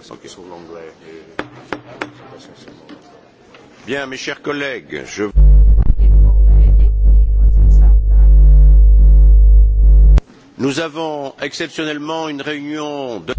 parce okay. que sur l'anglais. Et... Bien, mes chers collègues, je. Nous avons exceptionnellement une réunion de.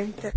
Presidente.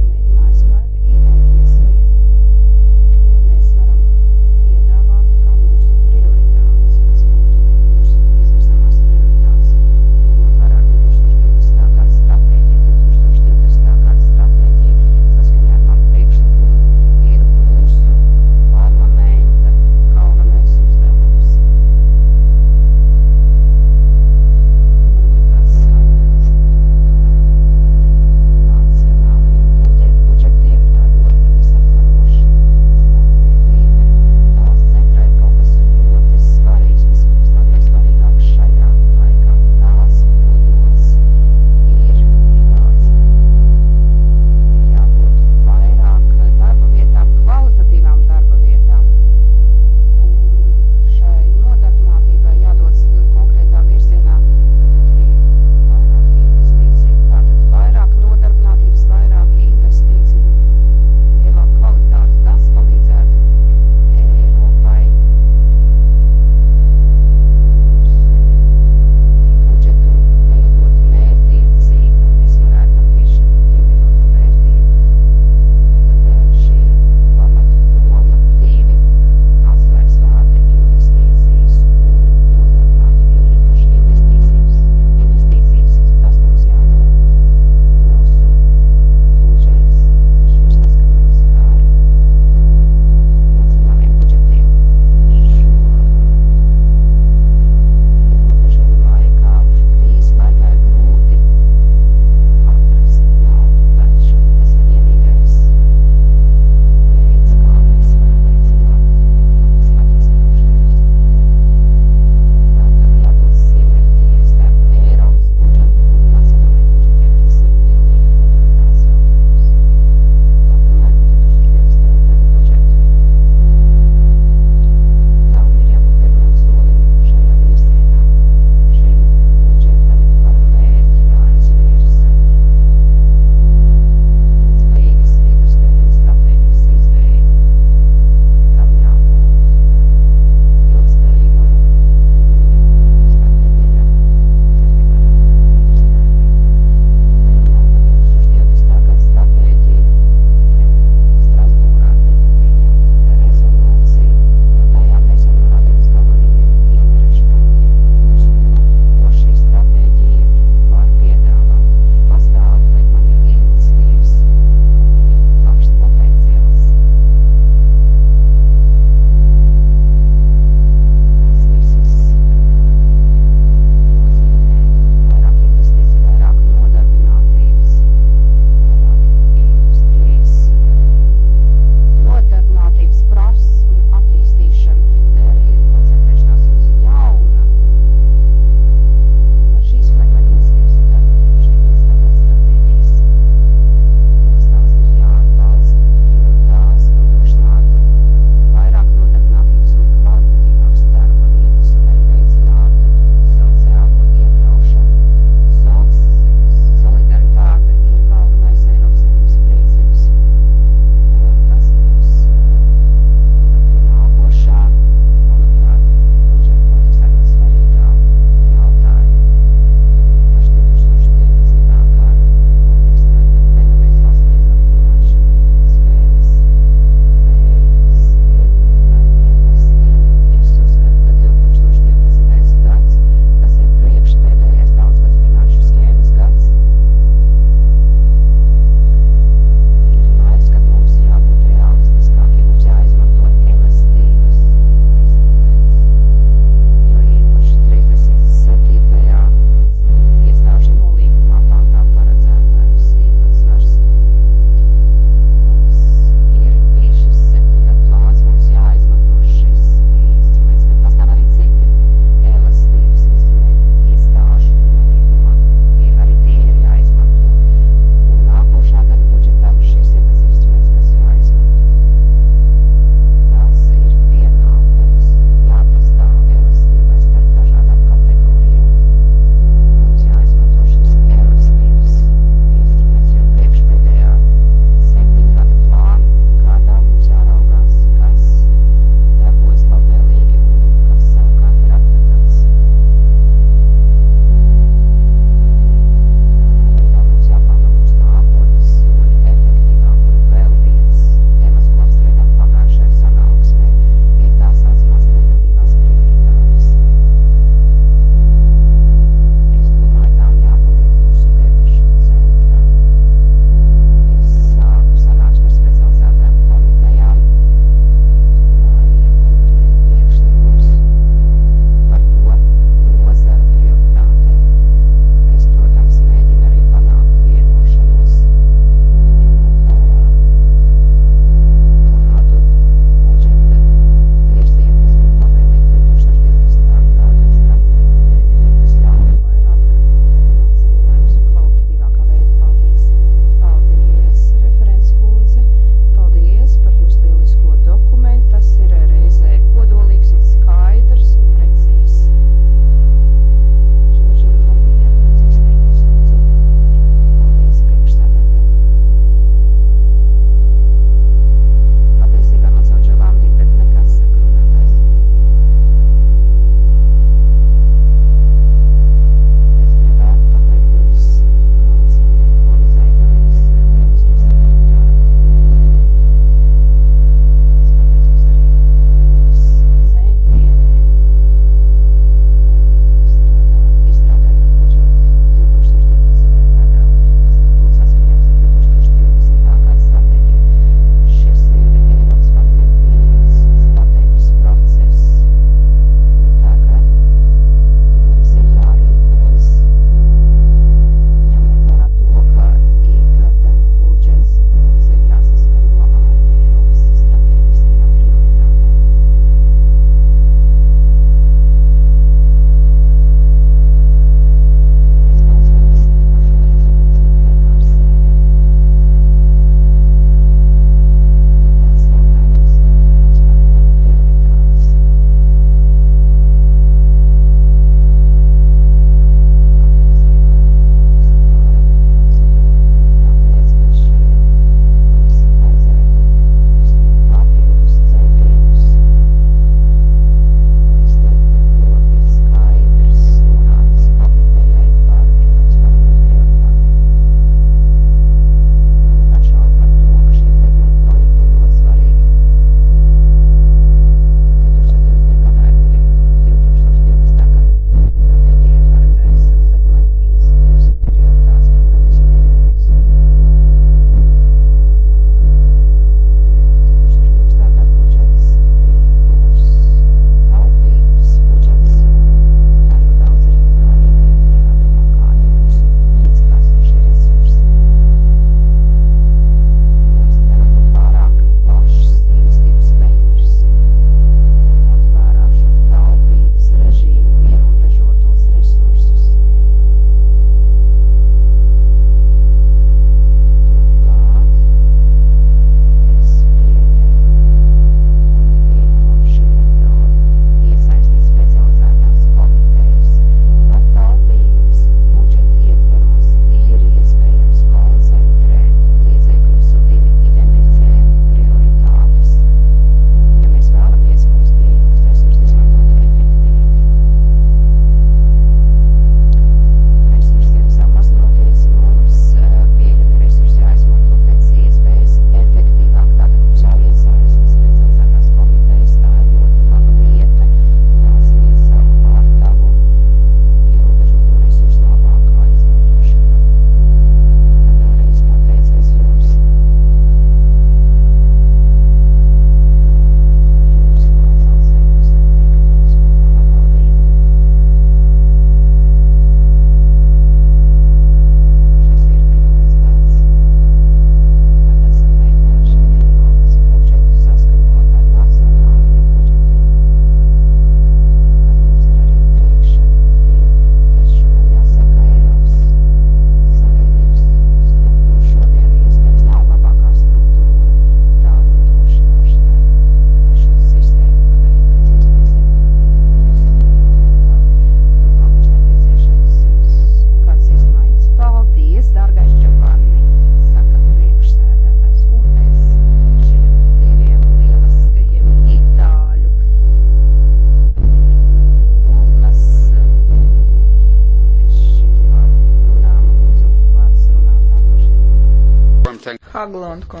Haglundku.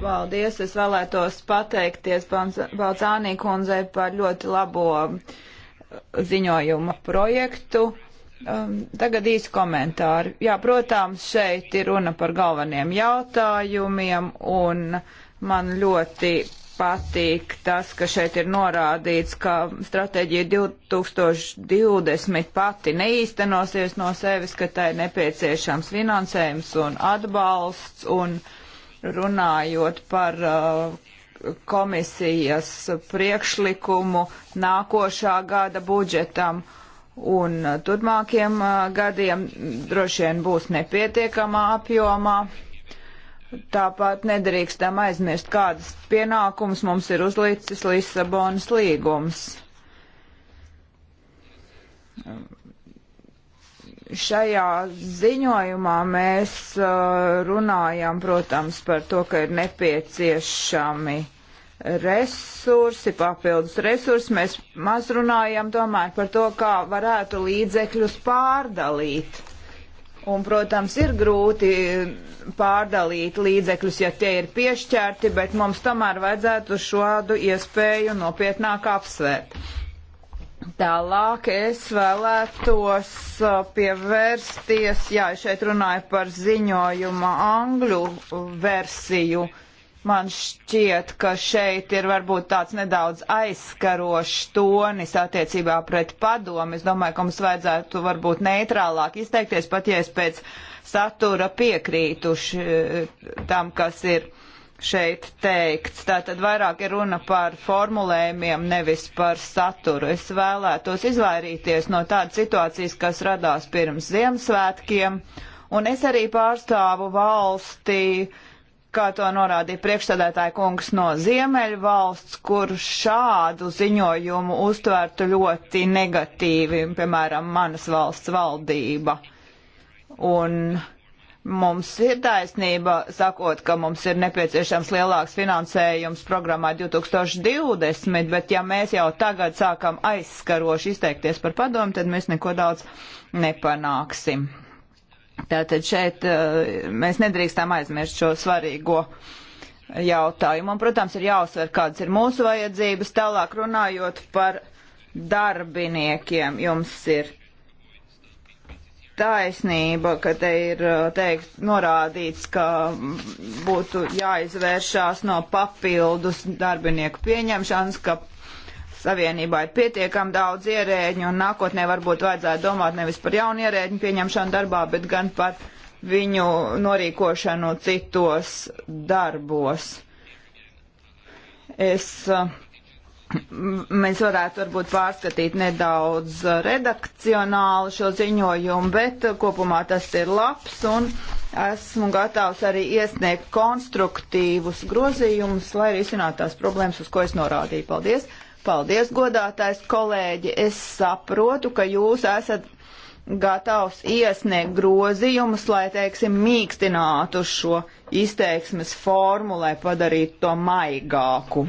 Paldies, es vēlētos pateikties Balcānī kundzei par ļoti labo eh, ziņojumu projektu. Um, tagad īsi komentāri. Jā, protams, šeit ir runa par galveniem jautājumiem, un man ļoti patīk tas, ka šeit ir norādīts, ka stratēģija 2020 pati neīstenosies no sevis, ka tai ir nepieciešams finansējums un atbalsts, un uh, runājot par uh, komisijas priekšlikumu nākošā gada budžetam un turpmākiem uh, gadiem droši vien būs nepietiekamā apjomā. Tāpat nedrīkstam aizmirst, kādas pienākumus mums ir uzlicis Lisabonas līgums Šajā ziņojumā mēs uh, runājam, protams, par to, ka ir nepieciešami resursi, papildus resursi. Mēs maz runājam domāju par to, kā varētu līdzekļus pārdalīt. Un, protams, ir grūti pārdalīt līdzekļus, ja tie ir piešķērti, bet mums tomēr vajadzētu šādu iespēju nopietnāk apsvērt. Tālāk es vēlētos uh, pievērsties, jā, šeit runāju par ziņojuma angļu versiju. Man šķiet, ka šeit ir varbūt tāds nedaudz aizskarošs tonis attiecībā pret padomu. Es domāju, ka mums vajadzētu varbūt neitrālāk izteikties, pat ja es pēc satura piekrītu š, tam, kas ir šeit teikts. Tātad vairāk ir runa par formulējumiem, nevis par saturu. Es vēlētos izvairīties no tādas situācijas, kas radās pirms Ziemassvētkiem, un es arī pārstāvu valstī, kā to norādīja priekšstādētāja kungs no Ziemeļu valsts, kur šādu ziņojumu uztvērtu ļoti negatīvi, piemēram, manas valsts valdība. Un uh, Mums ir taisnība sakot, ka mums ir nepieciešams lielāks finansējums programmā 2020, bet ja mēs jau tagad sākam aizskaroši izteikties par padomu, tad mēs neko daudz nepanāksim. Tātad šeit eh, mēs nedrīkstam aizmirst šo svarīgo jautājumu. Un, protams, ir jāuzsver, kādas ir mūsu vajadzības. Tālāk runājot par darbiniekiem, jums ir taisnība, ka te ir eh, teikt, norādīts, ka būtu jāizvēršās no papildus darbinieku pieņemšanas, ka Savienībā ir pietiekami daudz ierēģi un nākotnē varbūt vajadzētu domāt nevis par jaunu ierēģu pieņemšanu darbā, bet gan par viņu norīkošanu citos darbos. Es uh, mēs varētu varbūt pārskatīt nedaudz uh, redakcionāli šo ziņojumu, bet uh, kopumā tas ir labs un esmu gatavs arī iesniegt konstruktīvus grozījumus, lai arī izsinātu tās problēmas, uz ko es norādīju. Paldies! Paldies, godātais kolēģi! Es saprotu, ka jūs esat gatavs iesniegt grozījumus, lai, teiksim, mīkstinātu šo izteiksmes formu, lai padarītu to maigāku.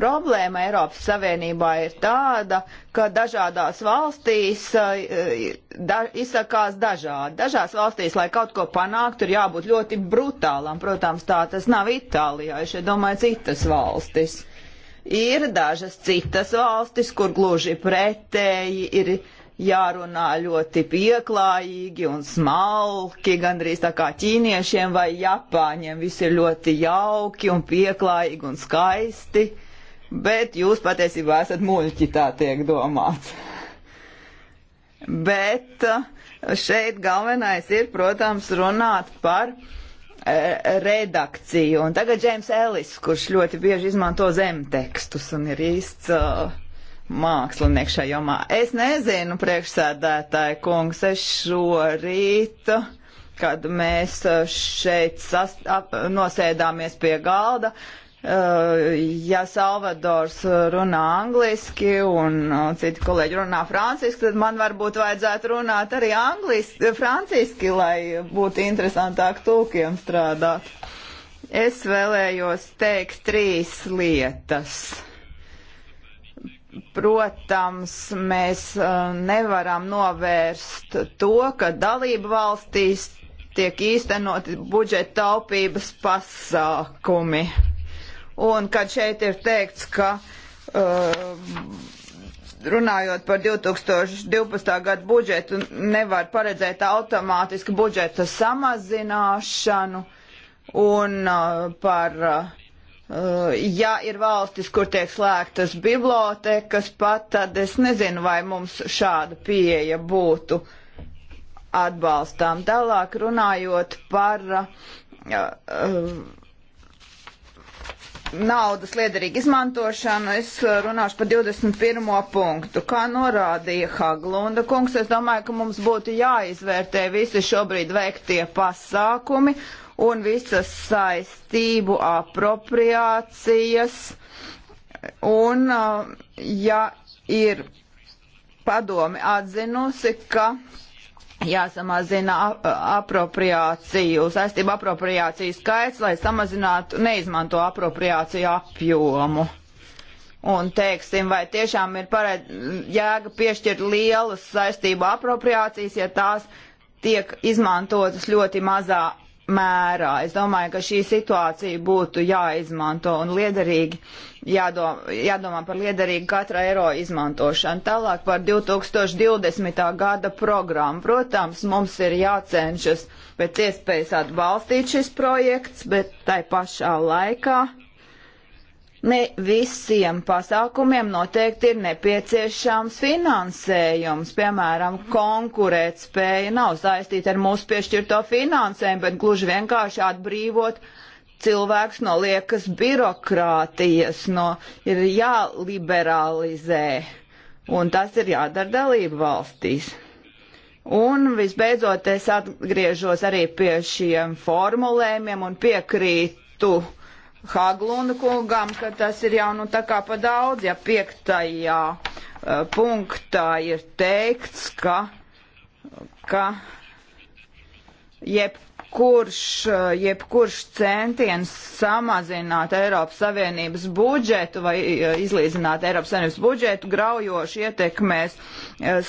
Problēma Eiropas Savienībā ir tāda, ka dažādās valstīs eh, da, izsakās dažādi. Dažās valstīs, lai kaut ko panāktu, ir jābūt ļoti brutālam. Protams, tā tas nav Itālijā, es šeit domāju citas valstis. Ir dažas citas valstis, kur gluži pretēji ir jārunā ļoti pieklājīgi un smalki, gandrīz tā kā ķīniešiem vai japāņiem. Viss ir ļoti jauki un pieklājīgi un skaisti. Uh, bet jūs patiesībā esat muļķi, tā tiek domāts. Bet eh, šeit galvenais ir, protams, runāt par eh, redakciju. Un tagad Džeims Ellis, kurš ļoti bieži izmanto zemtekstus un ir īsts uh, mākslinieks šajā jomā. Es nezinu, priekšsēdētāji kungs, es šorīt, kad mēs šeit sast, ap, nosēdāmies pie galda, uh, Uh, ja Salvadors runā angliski un uh, citi kolēģi runā franciski, tad man varbūt vajadzētu runāt arī angliski, franciski, lai būtu interesantāk tulkiem strādāt. Es vēlējos teikt trīs lietas. Protams, mēs uh, nevaram novērst to, ka dalību valstīs tiek īstenoti budžeta taupības pasākumi Un kad šeit ir teikts, ka uh, runājot par 2012. gadu budžetu, nevar paredzēt automātiski budžeta samazināšanu un uh, par. Uh, ja ir valstis, kur tiek slēgtas bibliotekas pat, tad es nezinu, vai mums šāda pieeja būtu atbalstām. Tālāk runājot par uh, uh, naudas liederīgu izmantošanu, es uh, runāšu par 21. punktu. Kā norādīja Haglunda kungs, es domāju, ka mums būtu jāizvērtē visi šobrīd veiktie pasākumi un visas saistību apropriācijas. Un, uh, ja ir padomi atzinusi, ka jāsamazina apropriāciju, saistību apropriāciju skaits, lai samazinātu neizmanto apropriāciju apjomu. Un teiksim, vai tiešām ir pareiz jēga piešķirt lielas saistību apropriācijas, ja tās tiek izmantotas ļoti mazā mērā. Es domāju, ka šī situācija būtu jāizmanto un liederīgi jādomā, jādomā par liederīgu katra eiro izmantošanu. Tālāk par 2020. gada programmu. Protams, mums ir jācenšas pēc iespējas atbalstīt šis projekts, bet tai pašā laikā Ne visiem pasākumiem noteikti ir nepieciešams finansējums. Piemēram, konkurētspēja nav saistīta ar mūsu piešķirto finansējumu, bet gluži vienkārši atbrīvot cilvēks no liekas birokrātijas, no ir jāliberalizē. Un tas ir jādara dalību valstīs. Un visbeidzot, es atgriežos arī pie šiem formulējumiem un piekrītu Haglunda kungam, ka tas ir jau nu tā kā pa daudz, ja piektajā uh, punktā ir teikts, ka, ka jeb kurš jebkurš centiens samazināt Eiropas Savienības budžetu vai e, izlīdzināt Eiropas Savienības budžetu graujoši ietekmēs e,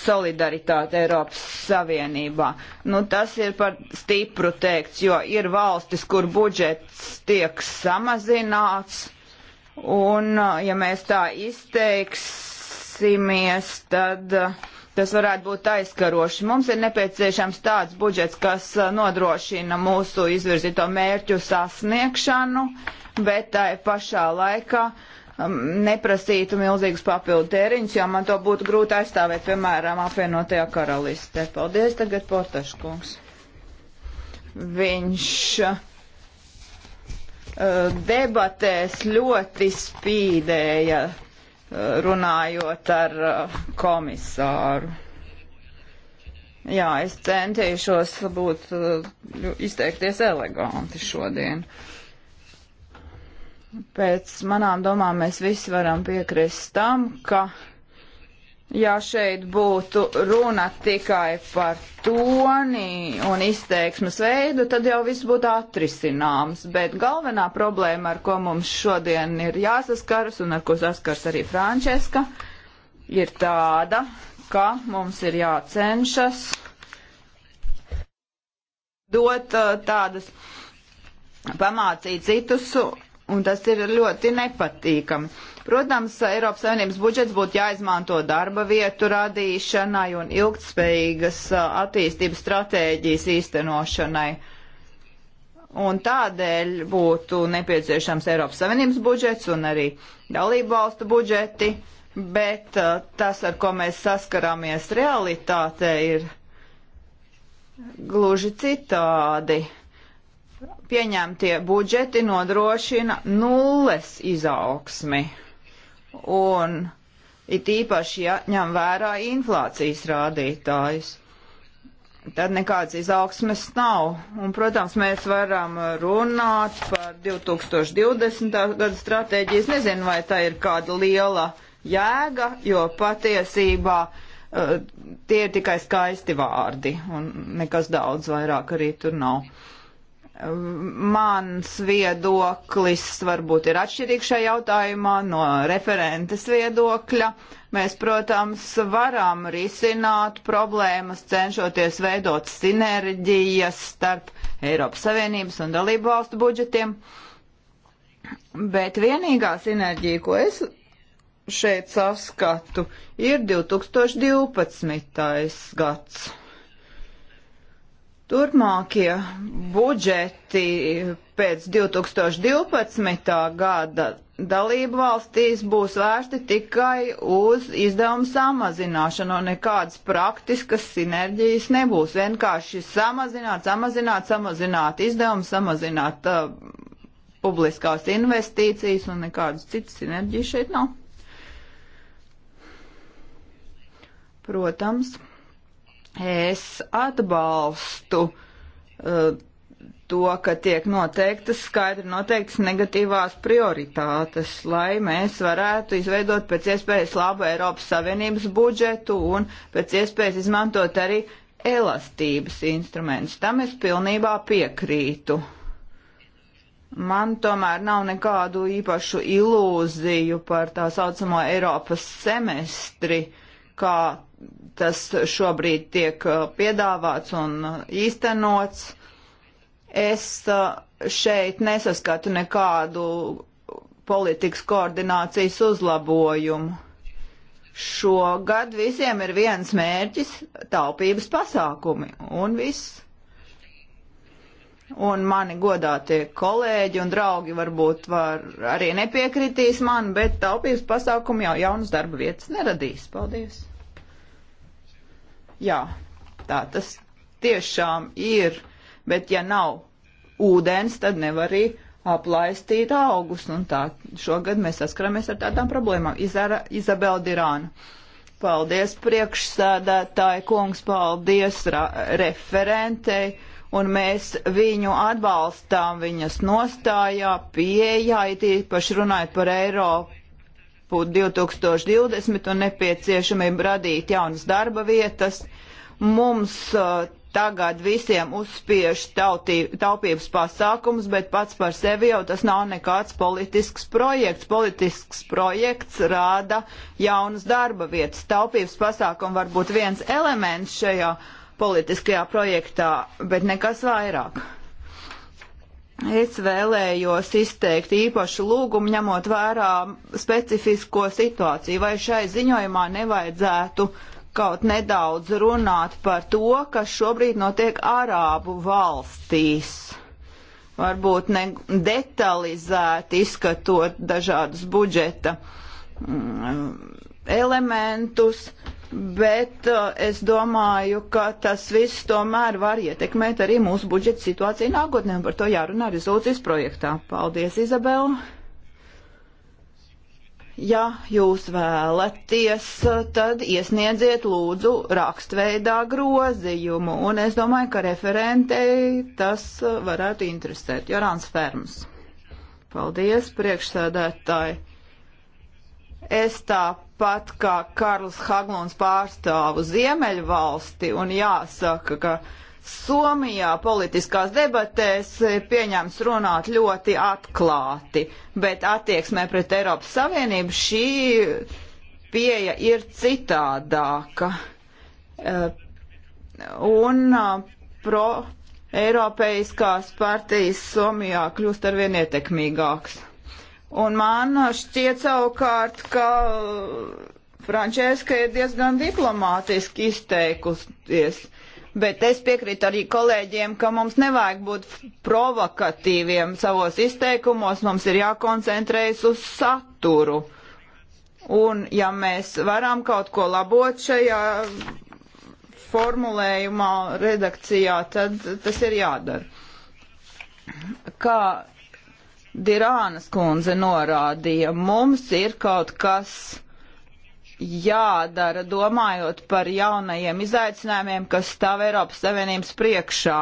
solidaritāti Eiropas Savienībā. Nu, tas ir par stipru teikts, jo ir valstis, kur budžets tiek samazināts, un e, ja mēs tā izteiksimies, tad. Uh, kas varētu būt aizskaroši. Mums ir nepieciešams tāds budžets, kas uh, nodrošina mūsu izvirzīto mērķu sasniegšanu, bet tai pašā laikā um, neprasītu milzīgus papildu tēriņus, jo man to būtu grūti aizstāvēt, piemēram, apvienotajā karalistē. Paldies tagad Portaškungs. Viņš uh, debatēs ļoti spīdēja runājot ar uh, komisāru. Jā, es centīšos būt, uh, izteikties eleganti šodien. Pēc manām domām mēs visi varam piekrist tam, ka uh, Ja šeit būtu runa tikai par toni un izteiksmes veidu, tad jau viss būtu atrisināms. Bet galvenā problēma, ar ko mums šodien ir jāsaskaras un ar ko saskars arī Frančeska, ir tāda, ka mums ir jācenšas dot uh, tādas pamācīt citus, un tas ir ļoti nepatīkami Protams, Eiropas Savienības budžets būtu jāizmanto darba vietu radīšanai un ilgtspējīgas attīstības stratēģijas īstenošanai. Un tādēļ būtu nepieciešams Eiropas Savienības budžets un arī dalību valstu budžeti, bet tas, ar ko mēs saskarāmies realitāte, ir gluži citādi pieņemtie budžeti nodrošina nulles izaugsmi un it īpaši, ja ņem vērā inflācijas rādītājus. Tad nekādas izaugsmes nav. Un, protams, mēs varam runāt par 2020. gada stratēģiju. Es nezinu, vai tā ir kāda liela jēga, jo patiesībā uh, tie ir tikai skaisti vārdi un nekas daudz vairāk arī tur nav. Mans viedoklis varbūt ir atšķirīgs šajā jautājumā no referentes viedokļa. Mēs, protams, varam risināt problēmas, cenšoties veidot sinerģijas starp Eiropas Savienības un dalību valstu budžetiem. Bet vienīgā sinerģija, ko es šeit saskatu, ir 2012. gads. Turpmākie budžeti pēc 2012. gada dalību valstīs būs vērsti tikai uz izdevumu samazināšanu, un nekādas praktiskas sinerģijas nebūs. Vienkārši samazināt, samazināt, samazināt izdevumu, samazināt uh, publiskās investīcijas, un nekādas citas sinerģijas šeit nav. Protams. Es atbalstu uh, to, ka tiek noteiktas skaidri noteiktas negatīvās prioritātes, lai mēs varētu izveidot pēc iespējas labu Eiropas Savienības budžetu un pēc iespējas izmantot arī elastības instrumentus. Tam es pilnībā piekrītu. Man tomēr nav nekādu īpašu ilūziju par tā saucamo Eiropas semestri, kā tas šobrīd tiek uh, piedāvāts un uh, īstenots. Es uh, šeit nesaskatu nekādu politikas koordinācijas uzlabojumu. Šogad visiem ir viens mērķis - taupības pasākumi un viss. Un mani godātie kolēģi un draugi varbūt var arī nepiekritīs man, bet taupības pasākumi jau jaunas darba vietas neradīs. Paldies! Jā, tā tas tiešām ir, bet ja nav ūdens, tad nevar arī aplaistīt augus, un tā šogad mēs saskaramies ar tādām problēmām. Izara, Izabela Dirāna. Paldies priekšsēdētāji, kungs, paldies referentei, un mēs viņu atbalstām viņas nostājā, pieejā, it īpaši runājot par Eiropu 2020 un nepieciešamību radīt jaunas darba vietas. Mums uh, tagad visiem uzspiež tautī, taupības pasākums, bet pats par sevi jau tas nav nekāds politisks projekts. Politisks projekts rāda jaunas darba vietas. Taupības pasākumi var būt viens elements šajā politiskajā projektā, bet nekas vairāk. Es vēlējos izteikt īpašu lūgumu, ņemot vērā specifisko situāciju, vai šai ziņojumā nevajadzētu kaut nedaudz runāt par to, kas šobrīd notiek Arābu valstīs. Varbūt ne detalizēti izskatot dažādus budžeta mm, elementus, bet uh, es domāju, ka tas viss tomēr var ietekmēt arī mūsu budžeta situāciju nākotnē, un par to jārunā rezolūcijas projektā. Paldies, Izabela! Ja jūs vēlaties, tad iesniedziet lūdzu rakstveidā grozījumu, un es domāju, ka referentei tas varētu interesēt. Jorāns Ferms. Paldies, priekšsēdētāji. Es tā tāpat kā Karls Haglunds pārstāvu Ziemeļu valsti, un jāsaka, ka Somijā politiskās debatēs pieņems runāt ļoti atklāti, bet attieksmē pret Eiropas Savienību šī pieeja ir citādāka. Eh, un eh, pro Eiropeiskās partijas Somijā kļūst arvien ietekmīgāks. Un man šķiet savukārt, ka Frančēska ir diezgan diplomātiski izteikusies. Bet es piekrītu arī kolēģiem, ka mums nevajag būt provokatīviem savos izteikumos, mums ir jākoncentrējas uz saturu. Un ja mēs varam kaut ko labot šajā formulējumā, redakcijā, tad tas ir jādara. Kā Dirānas kundze norādīja, mums ir kaut kas jādara, domājot par jaunajiem izaicinājumiem, kas stāv Eiropas Savienības priekšā.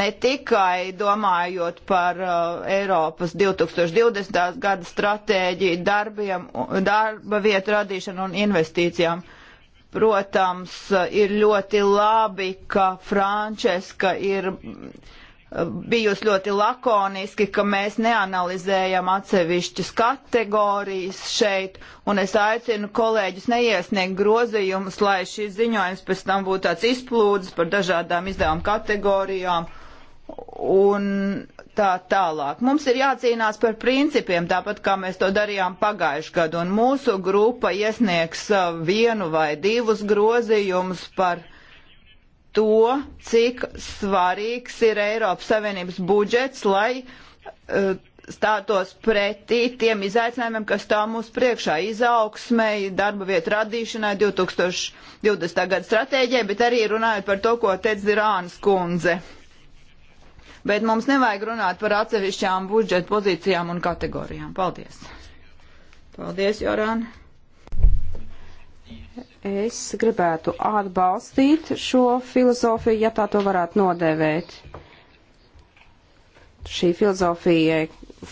Ne tikai domājot par uh, Eiropas 2020. gada stratēģiju, darbiem, darba vietu radīšanu un investīcijām. Protams, uh, ir ļoti labi, ka Frančeska ir uh, bijusi ļoti lakoniski, ka mēs neanalizējam atsevišķas kategorijas šeit, un es aicinu kolēģus neiesniegt grozījumus, lai šis ziņojums pēc tam būtu tāds izplūdes par dažādām izdevuma kategorijām un tā tālāk. Mums ir jācīnās par principiem, tāpat kā mēs to darījām pagājušajā gadu, un mūsu grupa iesniegs uh, vienu vai divus grozījumus par uh, to, cik svarīgs ir Eiropas Savienības budžets, lai uh, stātos pretī tiem izaicinājumiem, kas tā mums priekšā izaugsmai, darba vietu radīšanai 2020. gada stratēģijai, bet arī runājot par to, ko teica Zirānas kundze. Bet mums nevajag runāt par atsevišķām budžeta pozīcijām un kategorijām. Paldies! Paldies, Jorāna! Es gribētu atbalstīt šo filozofiju, ja tā to varētu nodēvēt. Šī filozofija,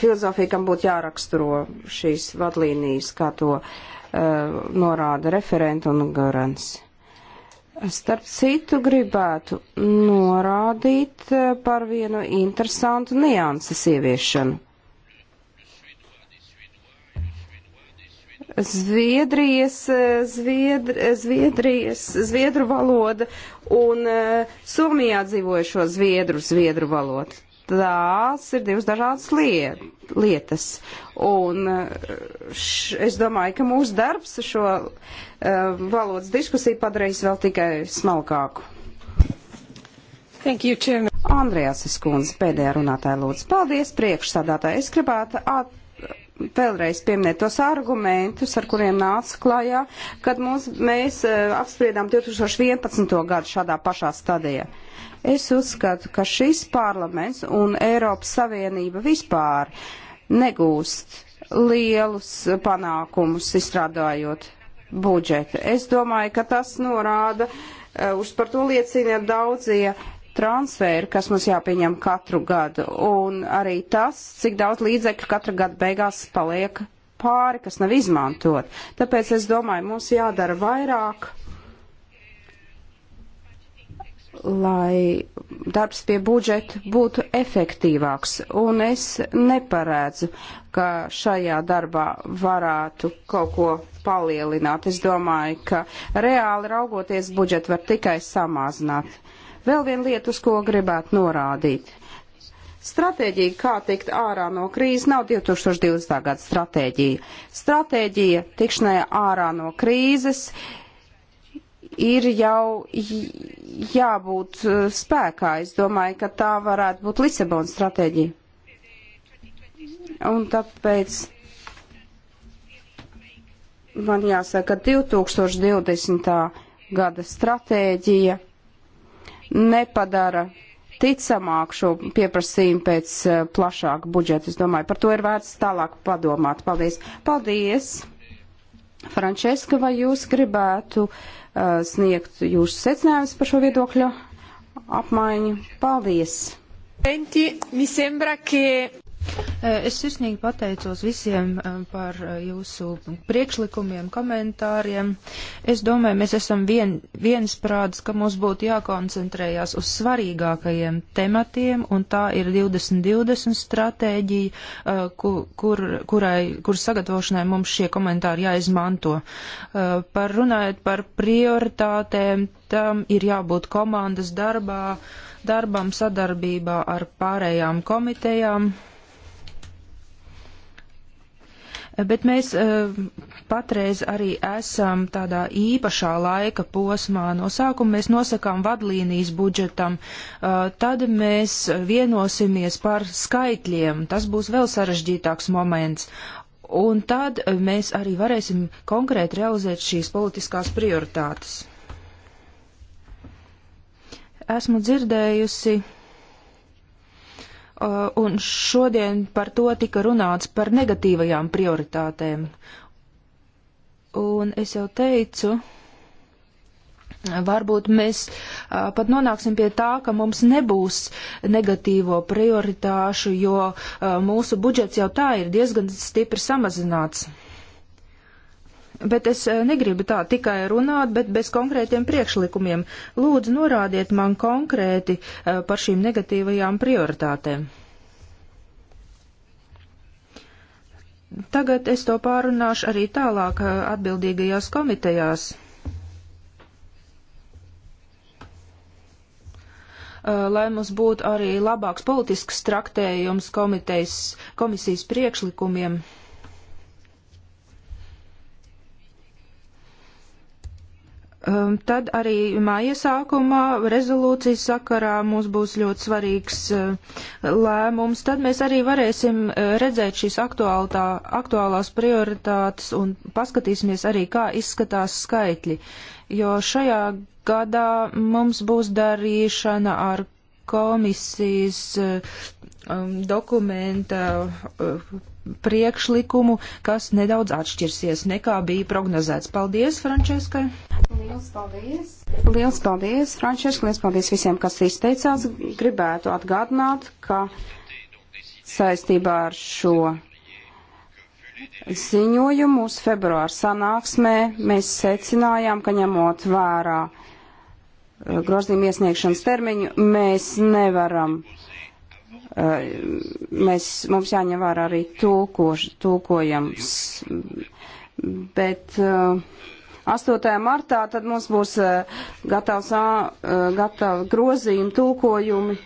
filozofija kam būtu jāraksturo šīs vadlīnijas, kā to uh, norāda referenta un garants. Starp citu, gribētu norādīt uh, par vienu interesantu nianses ieviešanu. Zviedrijas, Zviedri, Zviedrijas, Zviedru valoda un e, Somijā dzīvojušo Zviedru, Zviedru valodu. Tās ir divas dažādas liet, lietas. Un e, š, es domāju, ka mūsu darbs šo uh, valodas diskusiju padarīs vēl tikai smalkāku. Thank you, Chairman. Andrejāsis Kunze, pēdējā runātāja lūdzu. Paldies, priekšsādātāji. Es gribētu at vēlreiz pieminēt tos argumentus, ar kuriem nāca klajā, kad mums, mēs e, apspriedām 2011. gadu šādā pašā stadijā. Es uzskatu, ka šis parlaments un Eiropas Savienība vispār negūst lielus panākumus izstrādājot budžetu. Es domāju, ka tas norāda, e, uz par to liecina daudzie transferi, kas mums jāpieņem katru gadu, un arī tas, cik daudz līdzekļu katra gada beigās paliek pāri, kas nav izmantot. Tāpēc es domāju, mums jādara vairāk, lai darbs pie budžeta būtu efektīvāks, un es neparēdzu, ka šajā darbā varētu kaut ko palielināt. Es domāju, ka reāli raugoties budžetu var tikai samazināt. Vēl viena lieta, uz ko gribētu norādīt. Stratēģija, kā tikt ārā no krīzes, nav 2020. gada stratēģija. Stratēģija tikšanai ārā no krīzes ir jau jābūt uh, spēkā. Es domāju, ka tā varētu būt Lisabonas stratēģija. Un tāpēc man jāsaka, ka 2020. gada stratēģija nepadara ticamāk šo pieprasījumu pēc eh, plašāka budžeta. Es domāju, par to ir vērts tālāk padomāt. Paldies! Paldies! Frančeska, vai jūs gribētu uh, sniegt jūsu secinājumus par šo viedokļu apmaiņu? Paldies! Mi sembra, ka... Eh, es sirsnīgi pateicos visiem eh, par eh, jūsu priekšlikumiem, komentāriem. Es domāju, mēs esam vien, viensprāts, ka mums būtu jākoncentrējās uz svarīgākajiem tematiem, un tā ir 2020 stratēģija, kur, kur, kurai, kur sagatavošanai mums šie komentāri jāizmanto. Par runājot par prioritātēm, tam ir jābūt komandas darbā, darbam sadarbībā ar pārējām komitejām Bet mēs eh, patreiz arī esam tādā īpašā laika posmā. No sākuma mēs nosakām vadlīnijas budžetam, eh, tad mēs vienosimies par skaitļiem. Tas būs vēl sarežģītāks moments. Un tad mēs arī varēsim konkrēti realizēt šīs politiskās prioritātes. Esmu dzirdējusi Uh, un šodien par to tika runāts par negatīvajām prioritātēm. Un es jau teicu, varbūt mēs uh, pat nonāksim pie tā, ka mums nebūs negatīvo prioritāšu, jo uh, mūsu budžets jau tā ir diezgan stipri samazināts. Bet es eh, negribu tā tikai runāt, bet bez konkrētiem priekšlikumiem. Lūdzu, norādiet man konkrēti eh, par šīm negatīvajām prioritātēm. Tagad es to pārunāšu arī tālāk eh, atbildīgajās komitejās. Lai mums būtu arī labāks politisks traktējums komitejas, komisijas priekšlikumiem. Um, tad arī māja sākumā rezolūcijas sakarā mums būs ļoti svarīgs uh, lēmums. Tad mēs arī varēsim uh, redzēt šīs aktuāltā, aktuālās prioritātes un paskatīsimies arī, kā izskatās skaitļi. Jo šajā gadā mums būs darīšana ar komisijas uh, um, dokumenta. Uh, priekšlikumu, kas nedaudz atšķirsies nekā bija prognozēts. Paldies, Frančeskai! Liels paldies! Liels paldies, Frančeska! Liels paldies visiem, kas izteicās. Gribētu atgādināt, ka saistībā ar šo ziņojumu uz februāra sanāksmē mēs secinājām, ka ņemot vērā eh, grozījumu iesniegšanas termiņu, mēs nevaram Eh, mēs, mums jāņem vērā arī tulkoš, tulkojams. Bet 8. Eh, martā tad mums būs eh, gatavs, gatavi grozījumi, tulkojumi.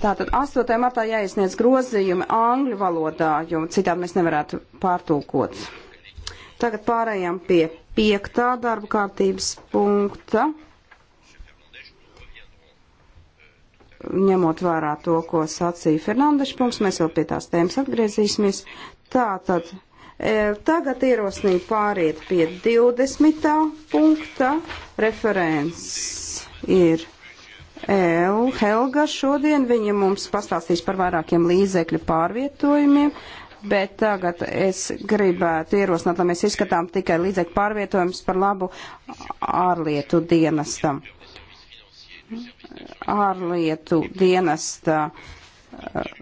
Tātad 8. martā jāiesniedz grozījumi angļu valodā, jo citādi mēs nevarētu pārtulkot. Tagad pārējām pie piektā darba kārtības punkta. ņemot vērā to, ko sacīja Fernandeša kungs, mēs vēl pie tās tēmas atgriezīsimies. Tātad, e, tagad ierosnīju pāriet pie 20. punkta. Referents ir El Helga šodien. Viņa mums pastāstīs par vairākiem līdzekļu pārvietojumiem. Bet tagad es gribētu ierosināt, lai mēs izskatām tikai līdzekļu pārvietojumus par labu ārlietu dienestam. Uh, ārlietu dienesta eh,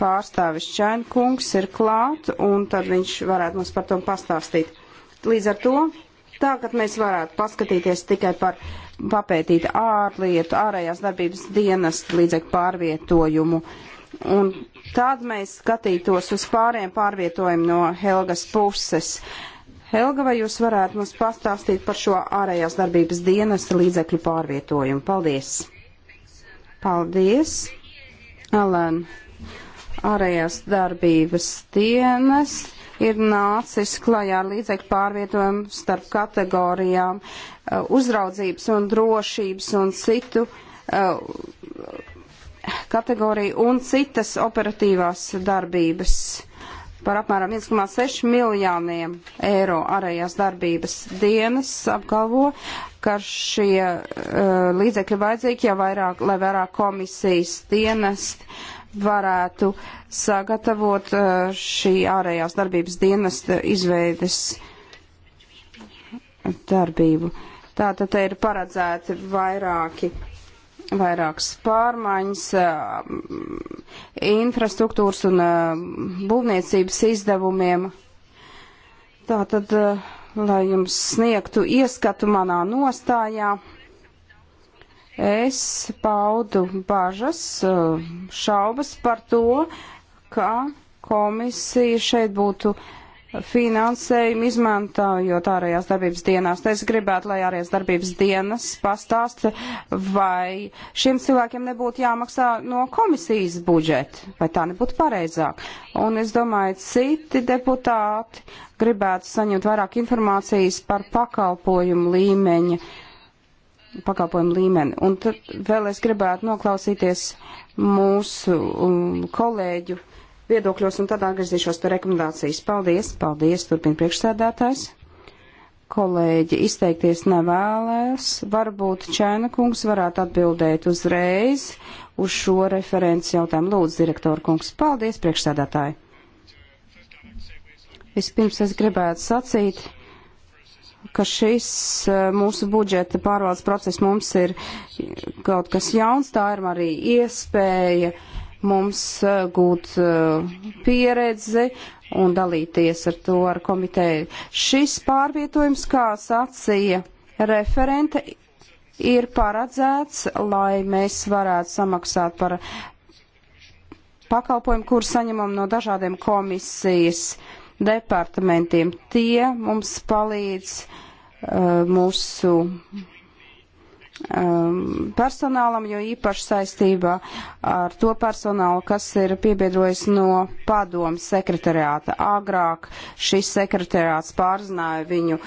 pārstāvis Čainkungs ir klāt, un tad viņš varētu mums par to pastāstīt. Līdz ar to tagad mēs varētu paskatīties tikai par papētīt ārlietu, ārējās darbības dienas līdzekļu pārvietojumu. Un tad mēs skatītos uz pāriem pārvietojumu no Helgas puses. Uh, Helga, vai jūs varētu mums pastāstīt par šo ārējās darbības dienas līdzekļu pārvietojumu? Paldies! Paldies, Alan! Ārējās darbības dienas ir nācis klajā ar līdzekļu pārvietojumu starp kategorijām uh, uzraudzības un drošības un citu uh, kategoriju un citas operatīvās darbības par apmēram 1,6 miljoniem eiro arējās darbības dienas apgalvo, ka šie uh, līdzekļi vajadzīgi, ja vairāk, lai vairāk komisijas dienesti varētu sagatavot uh, šī ārējās darbības dienesta izveides darbību. Tātad te ir paredzēti vairāki vairākas pārmaiņas, eh, infrastruktūras un eh, būvniecības izdevumiem. Tātad, eh, lai jums sniegtu ieskatu manā nostājā, es paudu bažas, šaubas par to, ka komisija šeit būtu uh, finansējumu izmantojot ārējās darbības dienās. Es gribētu, lai ārējās darbības dienas pastāsta, vai šiem cilvēkiem nebūtu jāmaksā no komisijas budžeta, vai tā nebūtu pareizāk. Un es domāju, citi deputāti gribētu saņemt vairāk informācijas par pakalpojumu līmeņa pakalpojumu līmeni. Un tad vēl es gribētu noklausīties mūsu um, kolēģu viedokļos, un tad atgriezīšos pie rekomendācijas. Paldies, paldies, turpina priekšsēdētājs. Kolēģi izteikties nevēlēs. Varbūt Čēna kungs varētu atbildēt uzreiz uz šo referents jautājumu. Lūdzu, direktora kungs, paldies, priekšsēdētāji. Vispirms es gribētu sacīt, ka šis eh, mūsu budžeta pārvaldes process mums ir kaut kas jauns, tā ir arī iespēja uh, mums eh, gūt eh, pieredzi un dalīties ar to ar komiteju. Šis pārvietojums, kā sacīja referente, ir paredzēts, lai mēs varētu samaksāt par pakalpojumu, kur saņemam no dažādiem komisijas departamentiem. Tie mums palīdz uh, mūsu um, personālam, jo īpaši saistībā ar to personālu, kas ir piebiedrojis no padomu sekretariāta. Agrāk šis sekretariāts pārzināja viņu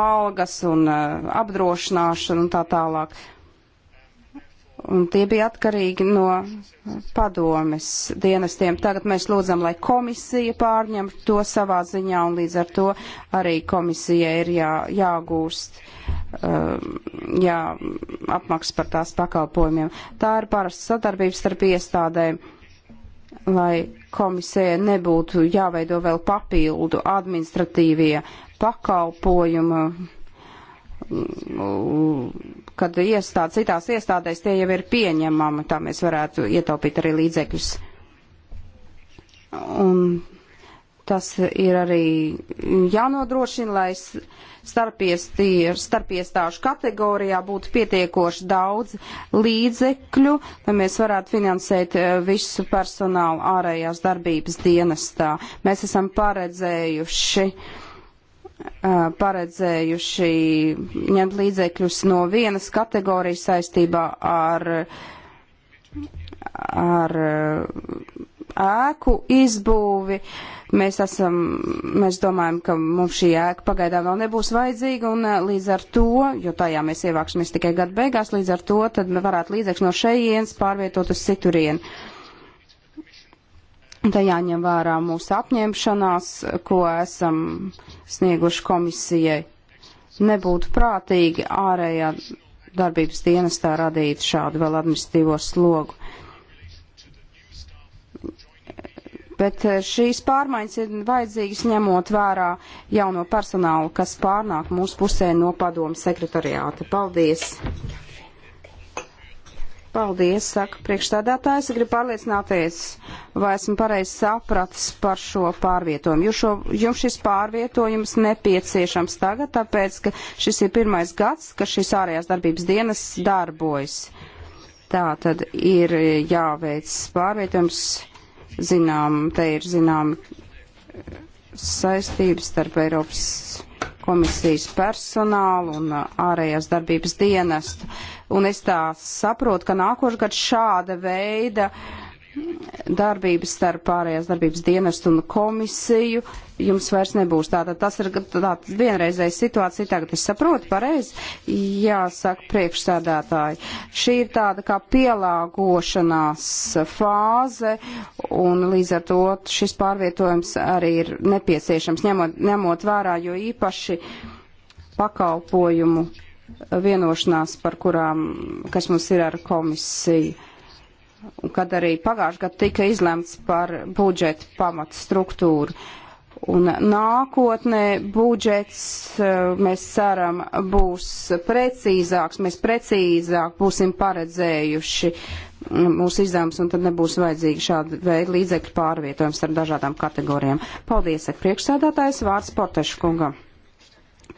algas un uh, apdrošināšanu un tā tālāk. Uh, un tie bija atkarīgi no padomes dienestiem. Tagad mēs lūdzam, lai komisija pārņem to savā ziņā, un līdz ar to arī komisija ir jā, jāgūst, um, jā, apmaks par tās pakalpojumiem. Tā ir parasta sadarbības starp iestādēm, lai komisija nebūtu jāveido vēl papildu administratīvie pakalpojumi kad iestād, citās iestādēs tie jau ir pieņemami, tā mēs varētu ietaupīt arī līdzekļus. Un tas ir arī jānodrošina, lai starpiestāžu kategorijā būtu pietiekoši daudz līdzekļu, lai mēs varētu finansēt eh, visu personālu ārējās darbības dienestā. Mēs esam paredzējuši uh, paredzējuši ņemt līdzekļus no vienas kategorijas saistībā ar, ar ēku izbūvi. Mēs, esam, mēs domājam, ka mums šī ēka pagaidām vēl nebūs vajadzīga, un līdz ar to, jo tajā mēs ievāksimies tikai gada beigās, līdz ar to tad varētu līdzekļus no šejienes pārvietot uz citurienu. Tā jāņem vērā mūsu apņemšanās, ko esam snieguši komisijai. Nebūtu prātīgi ārējā darbības dienestā radīt šādu vēl administratīvo slogu. Bet eh, šīs pārmaiņas ir vajadzīgas ņemot vērā jauno personālu, kas pārnāk mūsu pusē no padomu sekretariāta. Paldies! Paldies, saka priekšstādātājs. Gribu pārliecināties, vai esmu pareizi sapratis par šo pārvietojumu. Jūs šo, jums šis pārvietojums nepieciešams tagad, tāpēc, ka šis ir pirmais gads, ka šis ārējās darbības dienas darbojas. Tā tad ir jāveic pārvietojums, zinām, te ir zinām saistības starp Eiropas komisijas personālu un ārējās darbības dienestu. Uh, un es tā saprotu, ka nākošgad šāda veida darbības starp pārējās darbības dienestu un komisiju jums vairs nebūs. Tātad tas ir tāds vienreizējs situācija, tagad es saprotu pareizi, jāsaka priekšsēdētāji. Šī ir tāda kā pielāgošanās fāze un līdz ar to šis pārvietojums arī ir nepieciešams, ņemot, ņemot vērā jo īpaši pakalpojumu vienošanās, par kurām, kas mums ir ar komisiju. Kad arī pagājušajā gadā tika izlemts par budžeta pamatstruktūru. Un nākotnē budžets, eh, mēs ceram, būs precīzāks, mēs precīzāk būsim paredzējuši mūsu izdevumus, un tad nebūs vajadzīgi šāda veida līdzekļu pārvietojums ar dažādām kategorijām. Paldies, priekšsēdētājs, vārds Portešu kungam.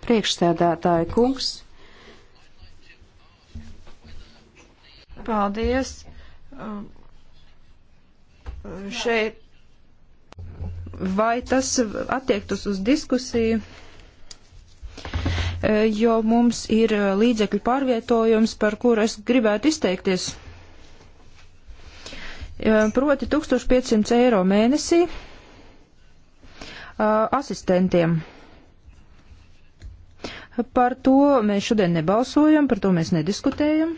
Priekšsēdētāja kungs. Paldies. Šeit. Vai tas attiektos uz diskusiju? Jo mums ir līdzekļu pārvietojums, par kur es gribētu izteikties. Proti 1500 eiro mēnesī asistentiem. Par to mēs šodien nebalsojam, par to mēs nediskutējam.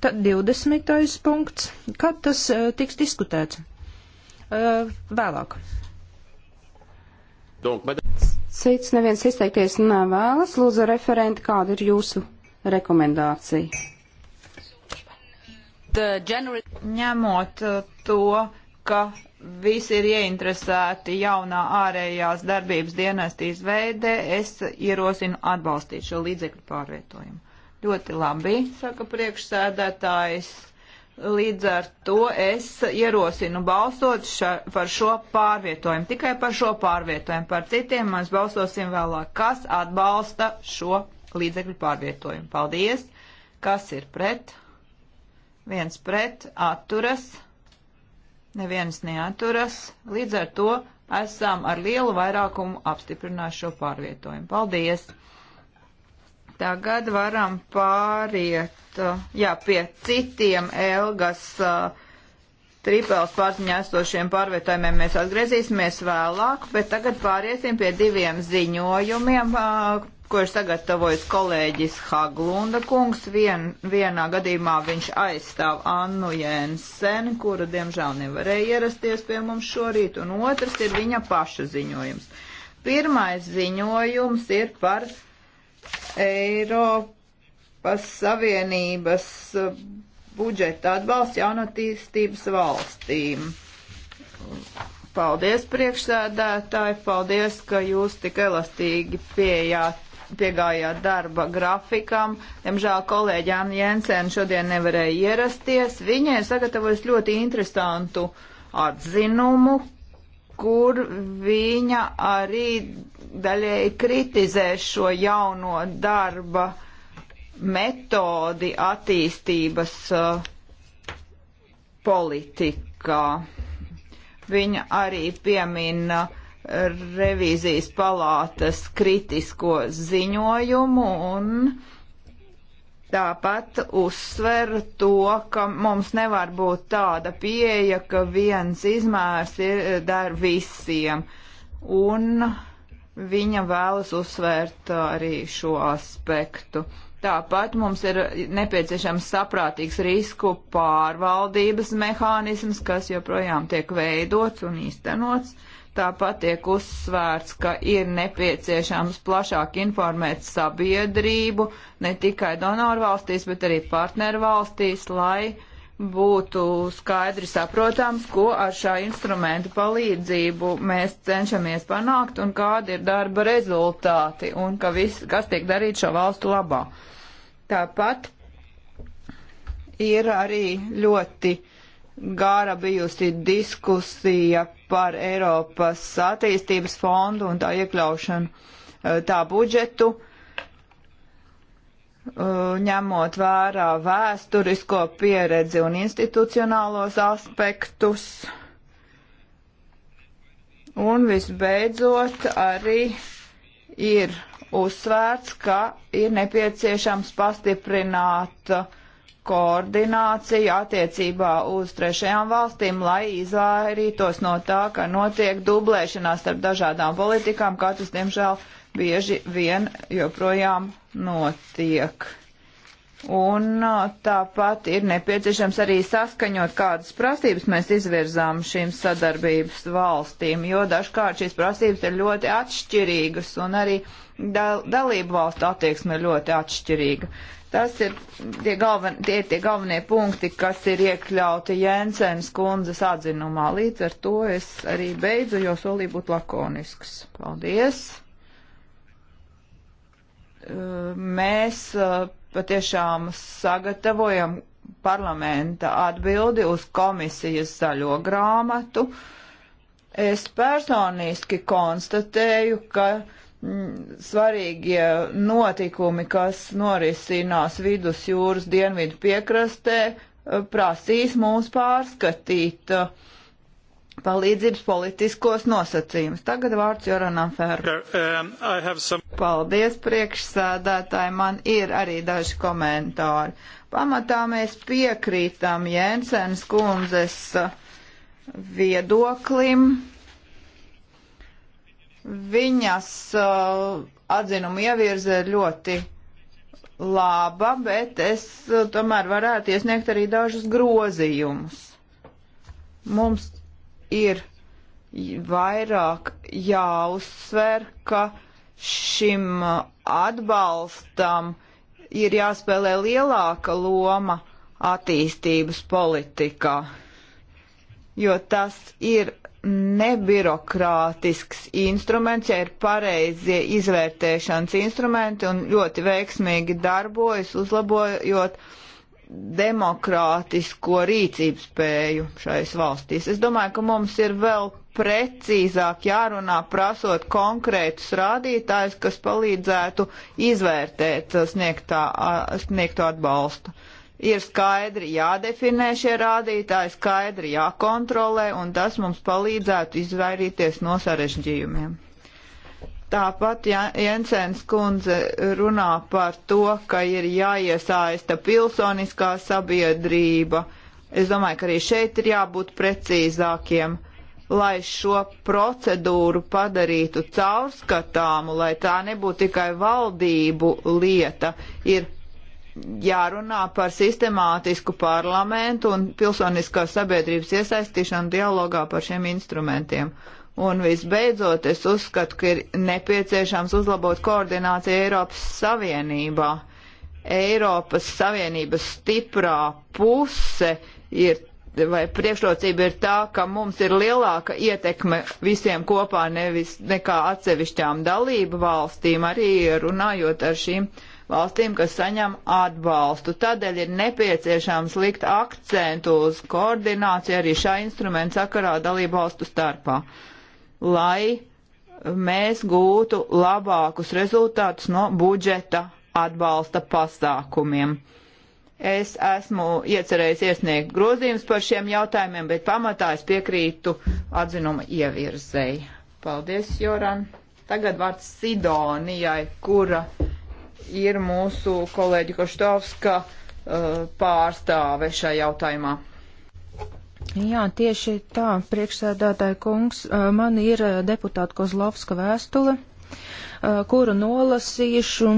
Tad 20. punkts. Kad tas eh, tiks diskutēts? Eh, vēlāk. Cits neviens izteikties nevēlas. Lūdzu, referenti, kāda ir jūsu rekomendācija? Ņemot eh, to, ka visi ir ieinteresēti jaunā ārējās darbības dienestīs veidē, es ierosinu atbalstīt šo līdzekļu pārvietojumu. Ļoti labi, saka priekšsēdētājs. Līdz ar to es ierosinu balsot ša, par šo pārvietojumu, tikai par šo pārvietojumu. Par citiem mēs balsosim vēlāk. Kas atbalsta šo līdzekļu pārvietojumu? Paldies! Kas ir pret? Viens pret, atturas, neviens neaturas. Līdz ar to esam ar lielu vairākumu apstiprinājuši šo pārvietojumu. Paldies! Tagad varam pāriet uh, jā, pie citiem Elgas uh, tripels pārziņā esošiem pārvietojumiem. Mēs atgriezīsimies vēlāk, bet tagad pāriesim pie diviem ziņojumiem, uh, ko ir sagatavojis kolēģis Haglunda kungs. Vien, vienā gadījumā viņš aizstāv Annu Jēnseni, kura diemžēl nevarēja ierasties pie mums šorīt, un otrs ir viņa paša ziņojums. Pirmais ziņojums ir par Eiropas Savienības eh, budžeta atbalsts jaunatīstības valstīm. Paldies priekšsēdētāji, paldies, ka jūs tik elastīgi pieejāt, piegājāt darba grafikam. Diemžēl kolēģi Anna Jensen šodien nevarēja ierasties. Viņai sagatavojas ļoti interesantu atzinumu, kur viņa arī daļēji kritizē šo jauno darba metodi attīstības uh, politikā. Viņa arī piemina revīzijas palātas kritisko ziņojumu un uh, Tāpat uzsver to, ka mums nevar būt tāda pieeja, ka viens izmērs ir dar visiem. Un viņa vēlas uzsvērt arī šo aspektu. Tāpat mums ir nepieciešams saprātīgs risku pārvaldības mehānisms, kas joprojām tiek veidots un īstenots. Uh, Tāpat tiek uzsvērts, ka ir nepieciešams plašāk informēt sabiedrību ne tikai donoru valstīs, bet arī partneru valstīs, lai būtu skaidri saprotams, ko ar šā instrumenta palīdzību mēs cenšamies panākt un kādi ir darba rezultāti un ka viss, kas tiek darīts šo valstu labā. Tāpat ir arī ļoti uh, Gāra bijusi diskusija par Eiropas attīstības fondu un tā iekļaušanu eh, tā budžetu, eh, ņemot vērā vēsturisko pieredzi un institucionālos aspektus. Un visbeidzot arī ir uzsvērts, ka ir nepieciešams pastiprināt uh, koordināciju attiecībā uz trešajām valstīm, lai izvairītos no tā, ka notiek dublēšanās starp dažādām politikām, kā tas, diemžēl, bieži vien joprojām notiek. Un uh, tāpat ir nepieciešams arī saskaņot, kādas prasības mēs izvirzām šīm sadarbības valstīm, jo dažkārt šīs prasības ir ļoti atšķirīgas un arī dal dalību valstu attieksme ir ļoti atšķirīga. Tas ir tie, galven, tie, tie galvenie punkti, kas ir iekļauti Jensens kundzes atzinumā. Līdz ar to es arī beidzu, jo solīju būt lakonisks. Paldies! Mēs patiešām sagatavojam parlamenta atbildi uz komisijas zaļo grāmatu. Es personiski konstatēju, ka Mm, svarīgie notikumi, kas norisinās vidus jūras dienvidu piekrastē, eh, prasīs mūs pārskatīt eh, palīdzības politiskos nosacījumus. Tagad vārds Joranam Ferru. Um, some... Paldies priekšsēdētāji, man ir arī daži komentāri. Pamatā mēs piekrītam Jensens kundzes eh, viedoklim Viņas uh, atzinumu ievirze ir ļoti laba, bet es uh, tomēr varētu iesniegt arī dažus grozījumus. Mums ir vairāk jāuzsver, ka šim uh, atbalstam ir jāspēlē lielāka loma attīstības politikā, jo tas ir nebirokrātisks instruments, ja ir pareizie izvērtēšanas instrumenti un ļoti veiksmīgi darbojas, uzlabojot demokrātisko rīcības spēju šais valstīs. Es domāju, ka mums ir vēl precīzāk jārunā prasot konkrētus rādītājus, kas palīdzētu izvērtēt sniegtā, sniegto atbalstu. Uh, ir skaidri jādefinē šie rādītāji, skaidri jākontrolē, un tas mums palīdzētu izvairīties no sarežģījumiem. Tāpat ja, Jensens kundze runā par to, ka ir jāiesaista pilsoniskā sabiedrība. Es domāju, ka arī šeit ir jābūt precīzākiem, lai šo procedūru padarītu caurskatāmu, lai tā nebūtu tikai valdību lieta. Ir jārunā par sistemātisku parlamentu un pilsoniskās sabiedrības iesaistīšanu dialogā par šiem instrumentiem. Un visbeidzot, es uzskatu, ka ir nepieciešams uzlabot koordināciju Eiropas Savienībā. Eiropas Savienības stiprā puse ir vai priekšrocība ir tā, ka mums ir lielāka ietekme visiem kopā nevis nekā atsevišķām dalību valstīm, arī runājot ar šīm uh, valstīm, kas saņem atbalstu. Tādēļ ir nepieciešams likt akcentu uz koordināciju arī šā instrumenta sakarā dalību valstu starpā, lai mēs gūtu labākus rezultātus no budžeta atbalsta pasākumiem. Es esmu iecerējis iesniegt grozījumus par šiem jautājumiem, bet pamatā es piekrītu atzinuma ievirzēji. Paldies, Joran! Tagad vārds Sidonijai, kura ir mūsu kolēģi Koštovska uh, pārstāve šajā jautājumā. Jā, tieši tā, priekšsēdētāja kungs, uh, man ir uh, deputāta Kozlovska vēstule, kuru nolasīšu,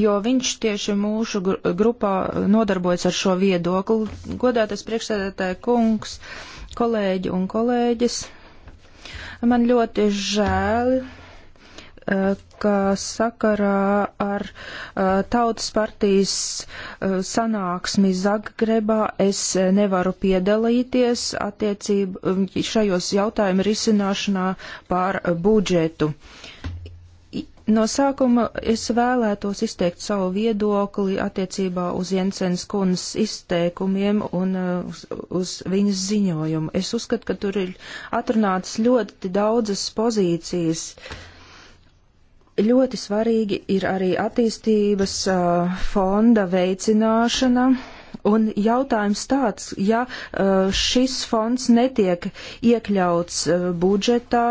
jo viņš tieši mūsu grupā nodarbojas ar šo viedokli. Godātais priekšsēdētāja kungs, kolēģi un kolēģis, man ļoti žēli, ka sakarā ar Tautas partijas sanāksmi Zagrebā es nevaru piedalīties attiecību um, šajos jautājumu risināšanā pār budžetu. No sākuma es vēlētos izteikt savu viedokli attiecībā uz Jensens kundas izteikumiem un uz, uz viņas ziņojumu. Es uzskatu, ka tur ir atrunātas ļoti daudzas pozīcijas. Uh, Ļoti svarīgi ir arī attīstības uh, fonda veicināšana. Un jautājums tāds, ja uh, šis fonds netiek iekļauts uh, budžetā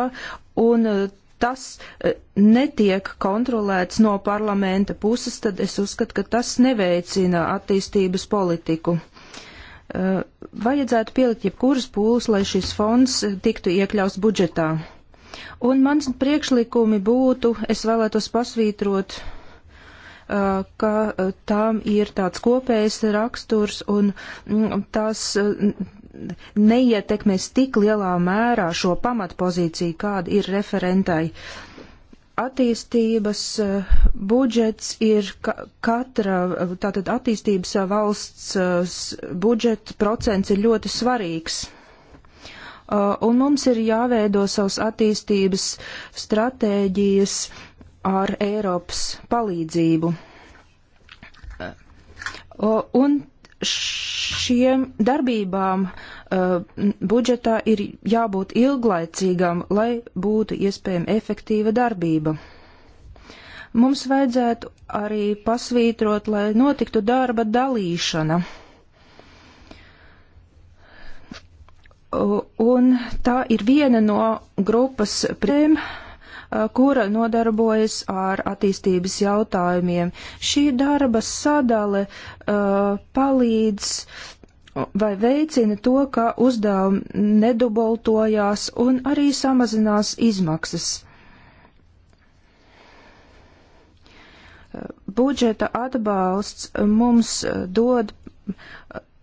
un uh, tas uh, netiek kontrolēts no parlamenta puses, tad es uzskatu, ka tas neveicina attīstības politiku. Uh, vajadzētu pielikt jebkuras pūles, lai šis fonds tiktu iekļauts budžetā. Un mans priekšlikumi būtu, es vēlētos pasvītrot, ka tām ir tāds kopējs raksturs un mm, tās neietekmēs tik lielā mērā šo pamatpozīciju, kāda ir referentai attīstības budžets ir katra, tātad attīstības valsts budžeta procents ir ļoti svarīgs Uh, un mums ir jāveido savas attīstības stratēģijas ar Eiropas palīdzību. Uh, un šiem darbībām uh, budžetā ir jābūt ilglaicīgam, lai būtu iespējama efektīva darbība mums vajadzētu arī pasvītrot, lai notiktu darba dalīšana. Un tā ir viena no grupas prēm, kura nodarbojas ar attīstības jautājumiem. Šī darba sadale uh, palīdz vai veicina to, ka uzdevumi neduboltojās un arī samazinās izmaksas. Budžeta atbalsts mums dod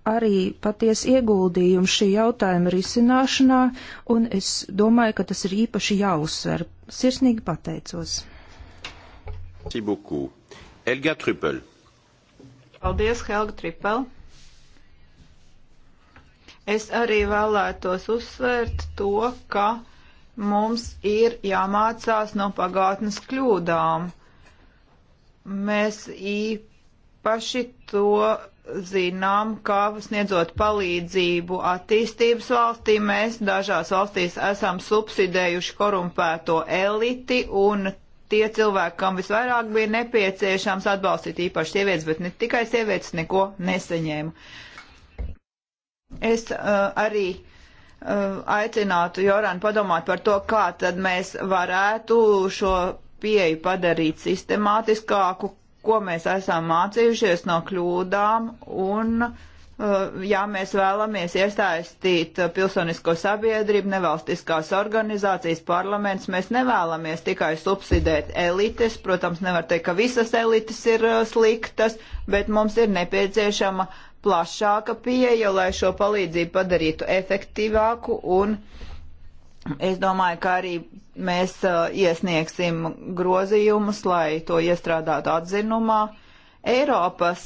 arī paties ieguldījums šī jautājuma risināšanā, un es domāju, ka tas ir īpaši jāuzsver. Sirsnīgi pateicos. Helga Trupel. Paldies, Helga Trupel. Es arī vēlētos uzsvērt to, ka mums ir jāmācās no pagātnes kļūdām. Mēs īpaši to zinām, ka sniedzot palīdzību attīstības valstīm, mēs dažās valstīs esam subsidējuši korumpēto eliti un tie cilvēki, kam visvairāk bija nepieciešams atbalstīt īpaši sievietes, bet ne tikai sievietes neko neseņēma. Es uh, arī uh, aicinātu Jorānu padomāt par to, kā tad mēs varētu šo pieeju padarīt sistemātiskāku, ko mēs esam mācījušies no kļūdām un uh, ja mēs vēlamies iesaistīt uh, pilsonisko sabiedrību, nevalstiskās organizācijas, parlaments, mēs nevēlamies tikai subsidēt elites. Protams, nevar teikt, ka visas elites ir uh, sliktas, bet mums ir nepieciešama plašāka pieeja, lai šo palīdzību padarītu efektīvāku un uh, Es domāju, ka arī mēs uh, iesniegsim grozījumus, lai to iestrādātu atzinumā. Eiropas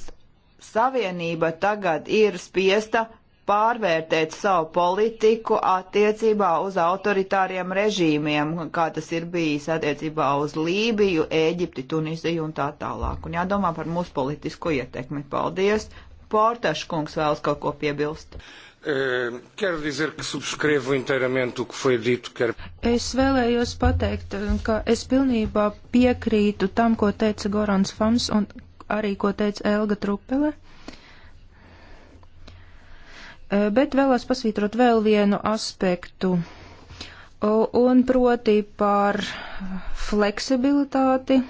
Savienība tagad ir spiesta pārvērtēt savu politiku attiecībā uz autoritāriem režīmiem, kā tas ir bijis attiecībā uz Lībiju, Ēģipti, Tunisiju un tā tālāk. Un jādomā par mūsu politisko ietekmi. Paldies! Portaškungs vēlas kaut ko piebilst. Uh, Uh, quero dizer que subscrevo inteiramente o que foi dito. Quero... Es vēlējos pateikt, eh, ka es pilnībā piekrītu tam, ko teica Gorans Fams un arī ko teica Elga Trupele. Uh, bet vēlos pasvītrot vēl vienu aspektu, uh, un proti par fleksibilitāti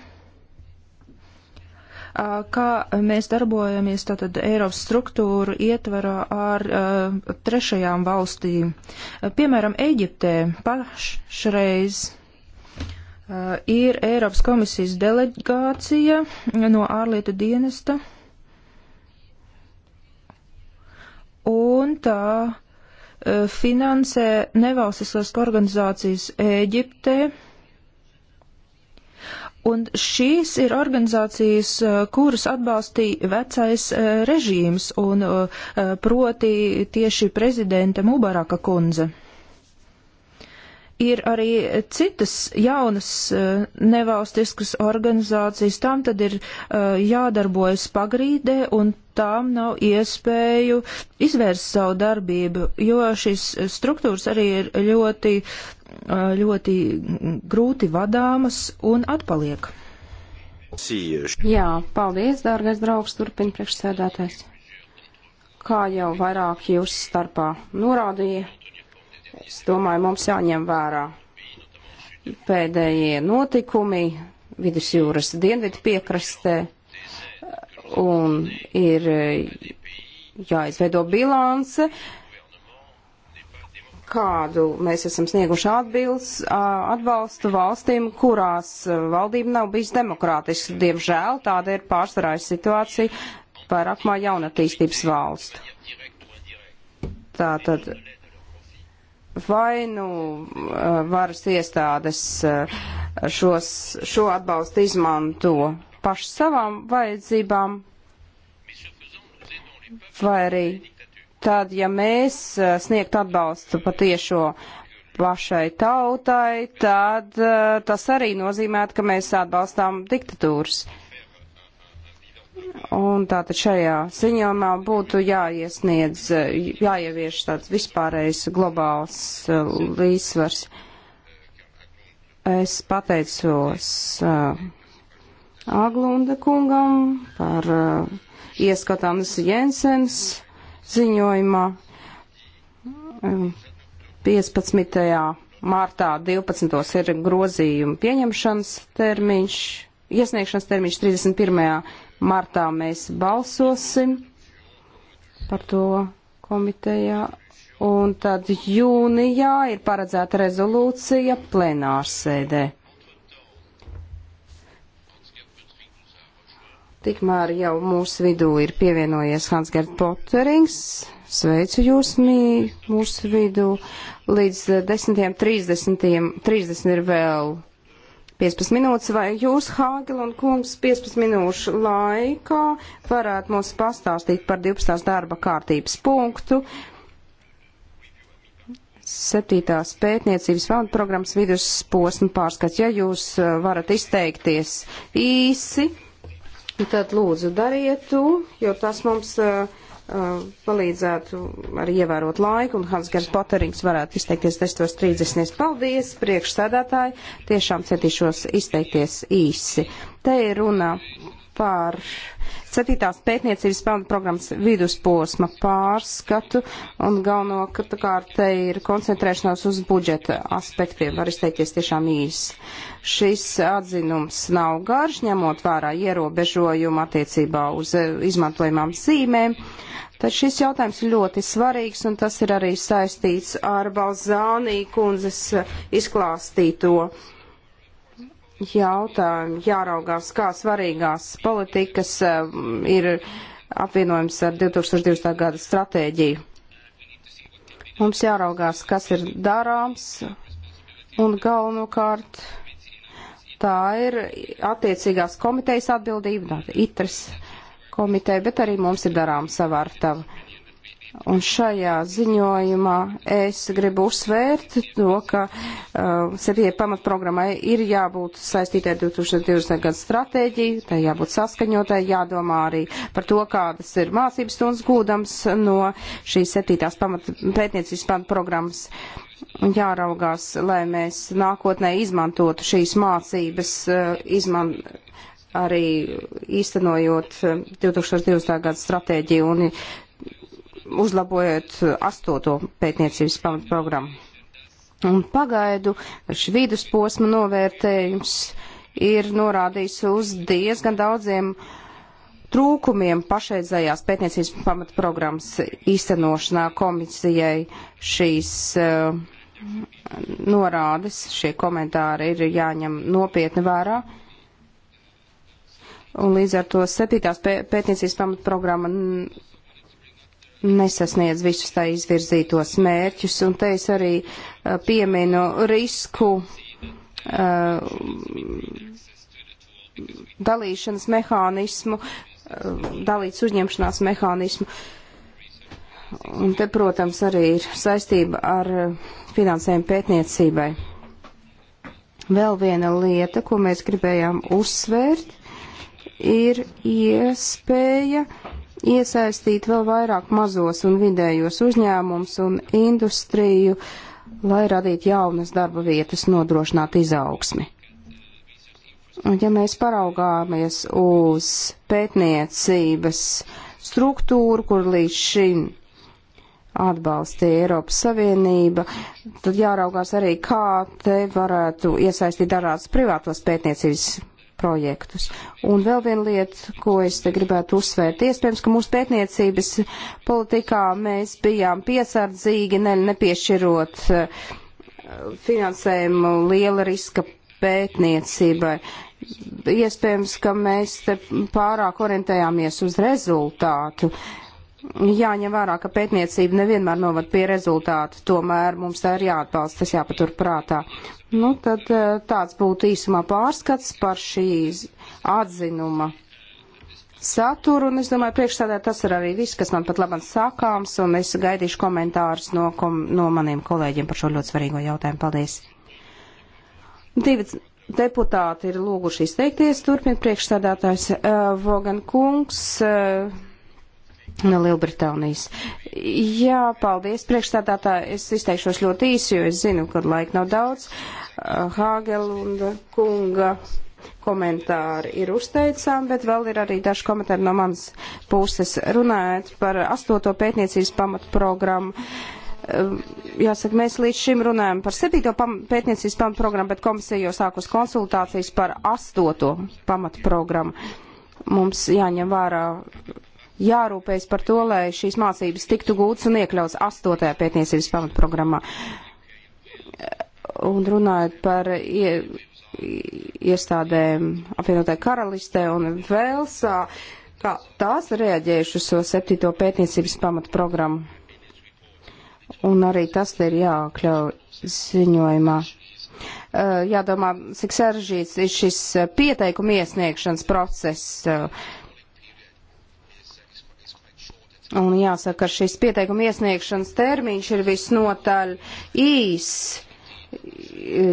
kā mēs darbojamies tātad Eiropas struktūru ietvarā ar uh, trešajām valstīm. Piemēram, Eģiptē pašreiz uh, ir Eiropas komisijas delegācija no ārlietu dienesta. Un tā uh, finansē nevalstiskās organizācijas Eģiptē, uh, Un šīs ir organizācijas, eh, kuras atbalstīja vecais eh, režīms, un eh, proti tieši prezidenta Mubaraka kundze. Ir arī citas jaunas nevalstiskas organizācijas, tām tad ir jādarbojas pagrīdē, un tām nav iespēju izvērst savu darbību, jo šīs struktūras arī ir ļoti ļoti grūti vadāmas un atpaliek. Jā, paldies, dārgais draugs, turpina priekšsēdētājs. Kā jau vairāk jūs starpā norādīja, es domāju, mums jāņem vērā pēdējie notikumi vidusjūras dienvidu piekrastē un ir jāizveido bilance kādu mēs esam snieguši atbildes, atbalstu valstīm, kurās valdība nav bijis demokrātiski. Diemžēl tāda ir pārstarājusi situācija vairākumā jaunatīstības valstu. Tātad vai nu varas iestādes šos, šo atbalstu izmanto paši savām vajadzībām, vai arī tad, ja mēs eh, sniegtu atbalstu patiešo pašai tautai, tad eh, tas arī nozīmētu, ka mēs atbalstām diktatūras. Un tātad šajā ziņojumā būtu jāiesniedz, eh, jāievieš tāds vispārējs globāls līdzsvars. Es pateicos uh, Aglunda kungam par uh, ieskatāms Jensens ziņojumā 15. mārtā 12. ir grozījuma pieņemšanas termiņš, iesniegšanas termiņš 31. martā mēs balsosim par to komitejā. Un tad jūnijā ir paredzēta rezolūcija plenārsēdē. Tikmēr jau mūsu vidū ir pievienojies Hansgard Potterings. Sveicu jūs mī, mūsu vidū. Līdz 10.30 eh, 30 ir vēl 15 minūtes, vai jūs, Hāgel un kungs, 15 minūšu laikā varētu mums pastāstīt par 12. darba kārtības punktu. Septītās pētniecības valda programmas vidusposma pārskats. Ja jūs eh, varat izteikties īsi Nu, tad lūdzu dariet to, jo tas mums uh, uh, palīdzētu arī ievērot laiku, un Hans Gers Poterings varētu izteikties 10.30. Paldies, priekšsēdētāji, tiešām centīšos izteikties īsi. Te ir runa par septītās pētniecības pamatprogrammas vidusposma pārskatu un galvenokārt te ir koncentrēšanās uz budžeta aspektiem, var izteikties tiešām īsi. Šis atzinums nav garš, ņemot vērā ierobežojumu attiecībā uz eh, izmantojumām zīmēm, tad šis jautājums ir ļoti svarīgs un tas ir arī saistīts ar Balzānī kundzes eh, izklāstīto jautājumu jāraugās, kā svarīgās politikas um, ir apvienojums ar 2020. gada stratēģiju. Mums jāraugās, kas ir darāms, un galvenokārt tā ir attiecīgās komitejas atbildība, itres komiteja, bet arī mums ir darām savā ar tavu. Un šajā ziņojumā es gribu uzsvērt to, ka uh, septītajai pamatprogrammai ir jābūt saistītai 2020. gada stratēģija, tai jābūt saskaņotai, jādomā arī par to, kādas ir mācības stundas gūdams no šīs septītās pamat, pētniecības pamatprogrammas. Un jāraugās, lai mēs nākotnē izmantotu šīs mācības, uh, izman, arī īstenojot 2020. Uh, gada stratēģiju un uzlabojot astoto pētniecības pamatprogrammu. Un pagaidu šī vidusposma novērtējums ir norādījis uz diezgan daudziem trūkumiem pašreizējās pētniecības pamatprogrammas īstenošanā komisijai šīs uh, norādes, šie komentāri ir jāņem nopietni vērā. Un līdz ar to septītās pētniecības pamatprogramma nesasniedz visus tā izvirzītos mērķus, un te es arī pieminu risku dalīšanas mehānismu, dalīts uzņemšanās mehānismu. Un te, protams, arī ir saistība ar finansējumu pētniecībai. Vēl viena lieta, ko mēs gribējām uzsvērt, ir iespēja uh, iesaistīt vēl vairāk mazos un vidējos uzņēmums un industriju, lai radītu jaunas darba vietas, nodrošinātu izaugsmi. Ja mēs paraugāmies uz pētniecības struktūru, kur līdz šim atbalstīja Eiropas Savienība, tad jāraugās arī, kā te varētu iesaistīt darāts privātos pētniecības projektus. Un vēl viena lieta, ko es te gribētu uzsvērt, iespējams, ka mūsu pētniecības politikā mēs bijām piesardzīgi, ne, nepiešķirot eh, finansējumu liela riska pētniecībai. Iespējams, ka mēs te pārāk orientējāmies uz rezultātu. Jāņem vērā, ka pētniecība nevienmēr novad pie rezultātu, tomēr mums tā ir jāatbalsta, tas jāpatur prātā. Nu, tad eh, tāds būtu īsumā pārskats par šīs atzinuma saturu, un es domāju, priekšstādā tas ir arī viss, kas man pat labam sākāms, un es gaidīšu komentārus no, kom, no maniem kolēģiem par šo ļoti svarīgo jautājumu. Paldies! Divi deputāti ir lūguši izteikties, turpiniet priekšstādātājs uh, eh, Vogan Kungs. Uh, no Lielbritānijas. Jā, paldies priekšstādātāji. Es izteikšos ļoti īsi, jo es zinu, ka laika nav daudz. Uh, Hāgelunda kunga komentāri ir uzteicām, bet vēl ir arī daži komentāri no manas puses. Runājot par astoto pētniecības pamatu programmu. Uh, jāsaka, mēs līdz šim runājam par septīto pam pētniecības pamatu programmu, bet komisija jau sākus konsultācijas par astoto pamatu programmu mums jāņem vērā jārūpējas par to, lai šīs mācības tiktu gūtas un iekļauts astotajā pētniecības pamatprogrammā. Un runājot par ie, iestādēm apvienotā karalistē un Velsā, kā tās reaģējuši uz so septīto pētniecības pamatprogrammu. Un arī tas te ir jākļauj ziņojumā jādomā, cik sarežģīts ir šis pieteikuma iesniegšanas process Un jāsaka, ka šis pieteikuma iesniegšanas termiņš ir visnotaļ īs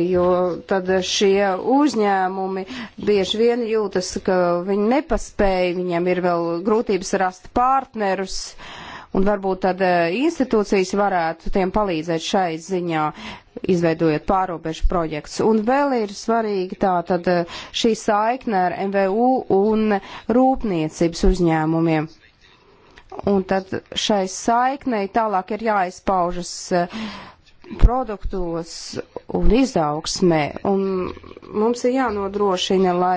jo tad šie uzņēmumi bieži vien jūtas, ka viņi nepaspēja, viņam ir vēl grūtības rast partnerus, un varbūt tad e, institūcijas varētu tiem palīdzēt šai ziņā, izveidojot pārobežu projekts. Un vēl ir svarīgi tā tad e, šī saikne ar MVU un rūpniecības uzņēmumiem. Un tad šai saiknei tālāk ir jāizpaužas eh, produktos un izaugsmē. Un mums ir jānodrošina, lai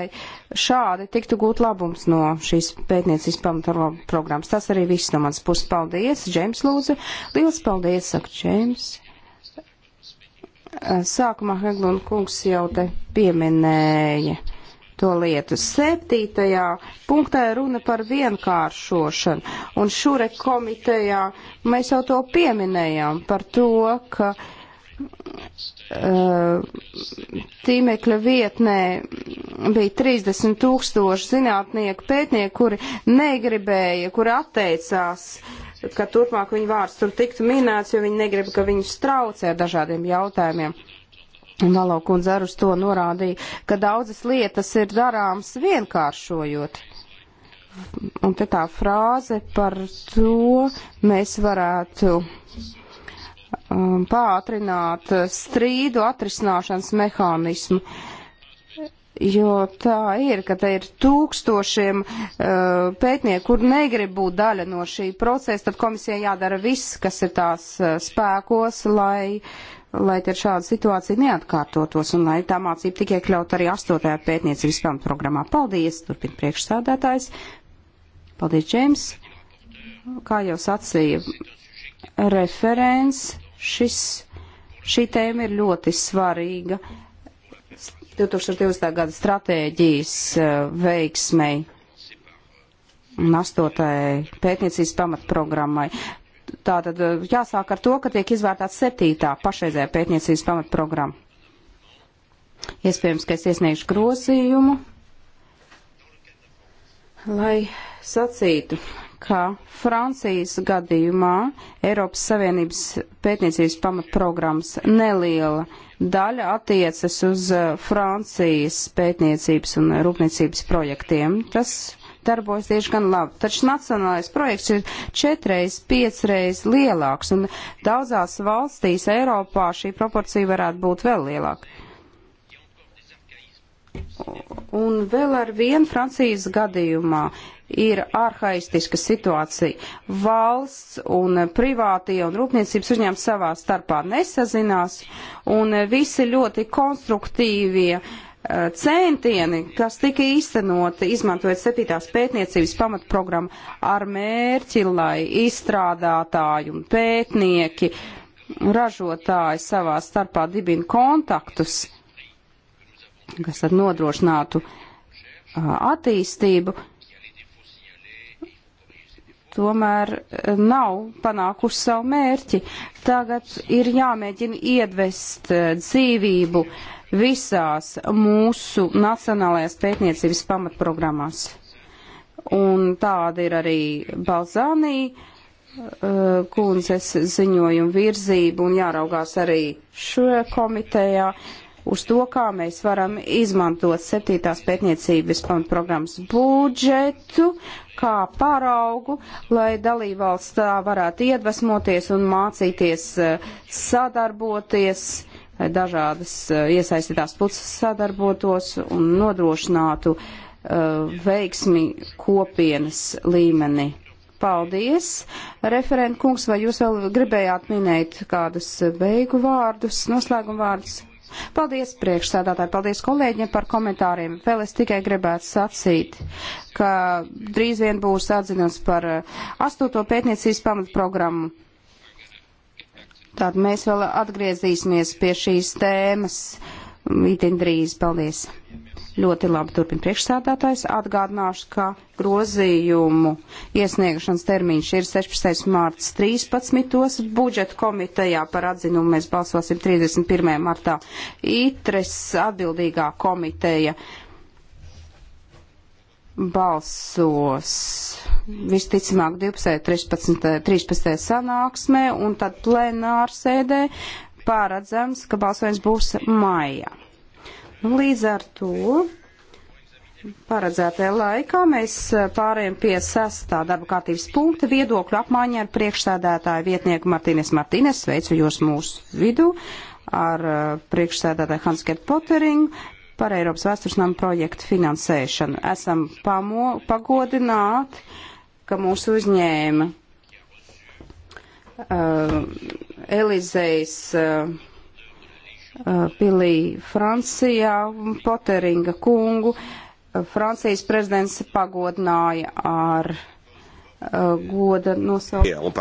šādi tiktu gūt labums no šīs pētniecības pamatarlo programmas. Tas arī viss no manas puses. Paldies, Džeims Lūdzu. Liels paldies, saka Džeims. Eh, sākumā Heglun kungs jau te pieminēja to lietu. Septītajā punktā runa par vienkāršošanu, un šure komitejā mēs jau to pieminējām par to, ka uh, tīmekļa vietnē bija 30 tūkstoši zinātnieku pētnieku, kuri negribēja, kuri atteicās, ka turpmāk viņu vārds tur tiktu minēts, jo viņi negrib, ka viņus traucē ar dažādiem jautājumiem. Galo kundze ar uz to norādīja, ka daudzas lietas ir darāmas vienkāršojot. Un te tā frāze par to mēs varētu um, pātrināt strīdu atrisināšanas mehānismu. Jo tā ir, ka te ir tūkstošiem uh, pētnieku, kur negrib būt daļa no šī procesa, tad komisija jādara viss, kas ir tās uh, spēkos, lai uh, lai ar šādu situāciju neatkārtotos un lai tā mācība tiek iekļaut arī 8. pētniecības pamatprogrammā. Paldies, turpina priekšsādātājs. Paldies, Džeims. Kā jau sacīja referents, šis, šī tēma ir ļoti svarīga. 2020. gada stratēģijas eh, veiksmei un astotajai pētniecības pamatprogrammai tātad eh, jāsāk ar to, ka tiek izvērtāta septītā pašreizējā pētniecības pamatprogramma. Iespējams, ka es iesniegšu grozījumu, lai sacītu, ka Francijas gadījumā Eiropas Savienības pētniecības pamatprogrammas neliela daļa attiecas uz eh, Francijas pētniecības un rūpniecības projektiem. Tas darbojas diezgan labi. Taču nacionālais projekts ir četreiz, piecreiz lielāks, un daudzās valstīs Eiropā šī proporcija varētu būt vēl lielāka. Un vēl ar vienu Francijas gadījumā ir arhaistiska situācija. Valsts un privātie un rūpniecības uzņēmumi savā starpā nesazinās, un visi ļoti konstruktīvie uh, Eh, centieni, kas tika īstenoti, izmantojot septītās pētniecības pamatprogrammu ar mērķi, lai izstrādātāji un pētnieki, ražotāji savā starpā dibina kontaktus, kas tad nodrošinātu eh, attīstību, tomēr eh, nav panākuši savu mērķi. Tagad ir jāmēģina iedvest dzīvību uh, visās mūsu nacionālajās pētniecības pamatprogrammās. Un tāda ir arī Balzānī uh, kundzes ziņojuma virzība un jāraugās arī šo komitejā uz to, kā mēs varam izmantot septītās pētniecības pamatprogrammas budžetu kā paraugu, lai dalībvalsts tā varētu iedvesmoties un mācīties uh, sadarboties dažādas eh, iesaistītās puses sadarbotos un nodrošinātu uh, veiksmi kopienas līmenī. Paldies, referent kungs, vai jūs vēl gribējāt minēt kādus beigu vārdus, noslēgumu vārdus? Paldies priekšsēdātāji, paldies kolēģiem par komentāriem. Vēl es tikai gribētu sacīt, ka drīz vien būs atzinums par eh, astoto pētniecības pamatprogrammu Tad mēs vēl atgriezīsimies pie šīs tēmas. Mītin drīz, paldies. Ļoti labi turpina priekšsādātājs. Atgādināšu, ka grozījumu iesniegšanas termiņš ir 16. mārts 13. Budžeta komitejā par atzinumu mēs balsosim 31. martā. ITRES atbildīgā komiteja balsos visticamāk 12. 13. 13. sanāksmē un tad plenārsēdē pārredzams, ka balsojums būs maijā. Nu, līdz ar to paredzētajā laikā mēs eh, pārējām pie sestā darba kārtības punkta viedokļu apmaiņa ar priekšsēdētāju vietnieku Martīnes Martīnes. Sveicu jūs mūsu vidu ar eh, priekšsēdētāju Hanskeru Poteringu par Eiropas vēstures namu projektu finansēšanu. Esam pamo, pagodināti ka mūsu uzņēma uh, Elizejas uh, uh, pilī Francijā Poteringa kungu. Uh, Francijas prezidents pagodināja ar uh, goda nosaukumu.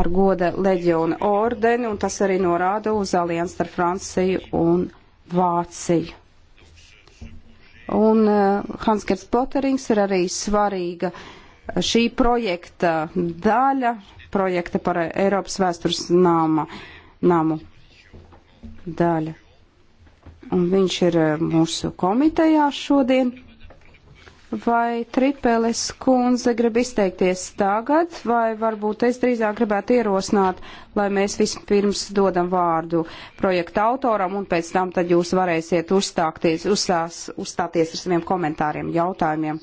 Ar goda leģiona ordeni, un tas arī norāda uz aliansu starp Franciju un Vāciju. Un uh, eh, Hanskers Poterings ir arī svarīga eh, šī projekta daļa, projekta par Eiropas vēstures nama, namu daļa. Un viņš ir eh, mūsu komitejā šodien. Vai Tripeles kundze grib izteikties tagad, vai varbūt es drīzāk gribētu ierosināt, lai mēs vispirms dodam vārdu projekta autoram, un pēc tam tad jūs varēsiet uzstāties, uzstās, uzstāties ar saviem komentāriem, jautājumiem.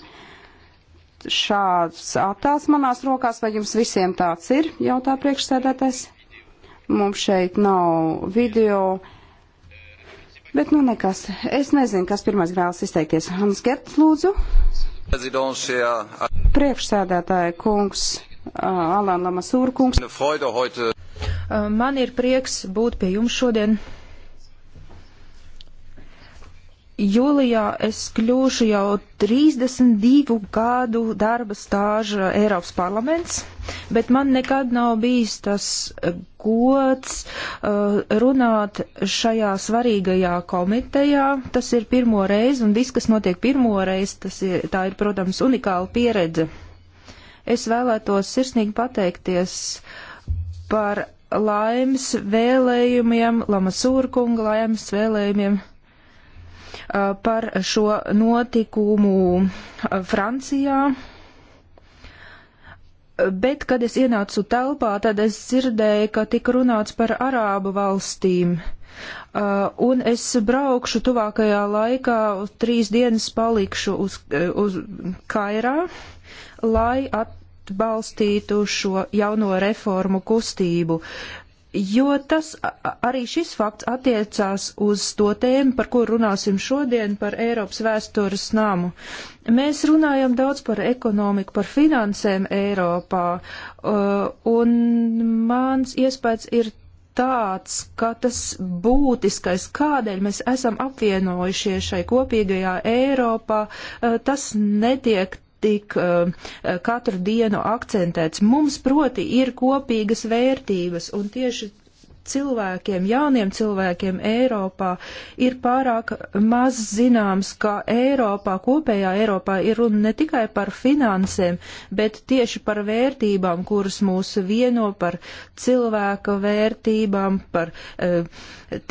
Šāds attēls manās rokās, vai jums visiem tāds ir, jautā priekšsēdētājs? Mums šeit nav video Bet nu nekas. Es nezinu, kas pirmais grāls izteikties. Hans Gerts, lūdzu. Priekšsēdētāja kungs, Alāna Lamasūra kungs. Man ir prieks būt pie jums šodien jūlijā es kļūšu jau 32 gadu darba stāža Eiropas parlaments, bet man nekad nav bijis tas eh, gods uh, runāt šajā svarīgajā komitejā. Tas ir pirmo reizi, un viss, kas notiek pirmo reizi, tas ir, tā ir, protams, unikāla pieredze. Es vēlētos sirsnīgi pateikties par laimes vēlējumiem, Lamasūra kunga laimes vēlējumiem Uh, par šo notikumu uh, Francijā. Bet, kad es ienācu telpā, tad es dzirdēju, ka tika runāts par arābu valstīm. Uh, un es braukšu tuvākajā laikā, trīs dienas palikšu uz, uh, uz Kairā, lai atbalstītu šo jauno reformu kustību. Uh, jo tas arī šis fakts attiecās uz to tēmu, par ko runāsim šodien, par Eiropas vēstures namu. Mēs runājam daudz par ekonomiku, par finansēm Eiropā, un mans iespējas ir tāds, ka tas būtiskais, kādēļ mēs esam apvienojušies šai kopīgajā Eiropā, tas netiek tik uh, katru dienu akcentēts. Mums proti ir kopīgas vērtības, un tieši cilvēkiem, jauniem cilvēkiem Eiropā ir pārāk maz zināms, ka Eiropā, kopējā Eiropā ir runa ne tikai par finansēm, bet tieši par vērtībām, kuras mūs vieno par cilvēka vērtībām, par e,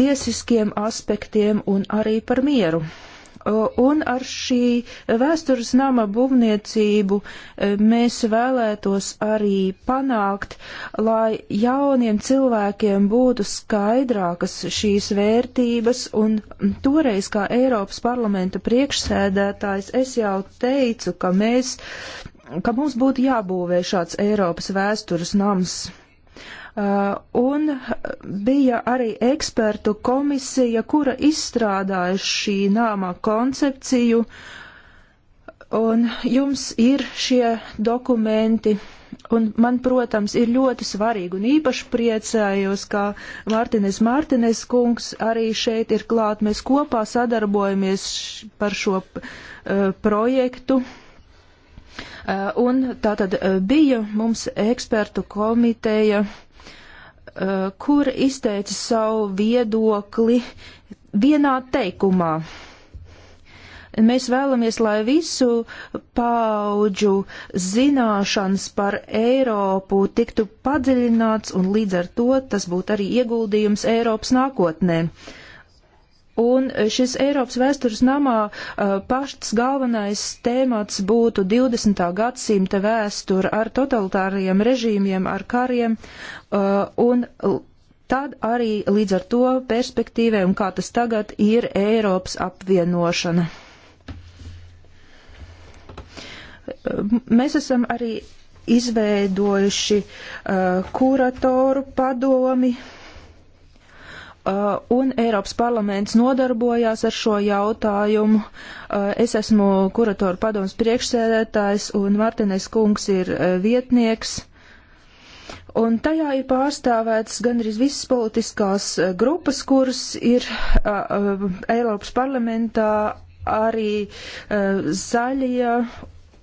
tiesiskiem aspektiem un arī par mieru. Un ar šī vēstures nama būvniecību e, mēs vēlētos arī panākt, lai jauniem cilvēkiem būtu skaidrākas šīs vērtības. Un toreiz, kā Eiropas parlamenta priekšsēdētājs, es jau teicu, ka mēs ka mums būtu jābūvē šāds Eiropas vēstures nams Uh, un bija arī ekspertu komisija, kura izstrādāja šī nāma koncepciju, un jums ir šie dokumenti. Un man, protams, ir ļoti svarīgi un īpaši priecājos, ka Mārtiņš Mārtiņš kungs arī šeit ir klāt. Mēs kopā sadarbojamies par šo uh, projektu. Uh, un tā tad uh, bija mums ekspertu komiteja. Uh, Eh, kur izteica savu viedokli vienā teikumā. Mēs vēlamies, lai visu paudžu zināšanas par Eiropu tiktu padziļināts, un līdz ar to tas būtu arī ieguldījums Eiropas nākotnē. Uh, Un šis Eiropas vēstures namā pašs galvenais tēmats būtu 20. gadsimta vēstura ar totalitāriem režīmiem, ar kariem, un tad arī līdz ar to perspektīvē, un kā tas tagad ir Eiropas apvienošana. Mēs esam arī izveidojuši uh, kuratoru padomi, uh, Uh, un Eiropas parlaments nodarbojās ar šo jautājumu. Uh, es esmu kuratoru padomas priekšsēdētājs un Martinēs kungs ir uh, vietnieks. Un tajā ir pārstāvētas gandrīz visas politiskās grupas, kuras ir Eiropas parlamentā arī zaļie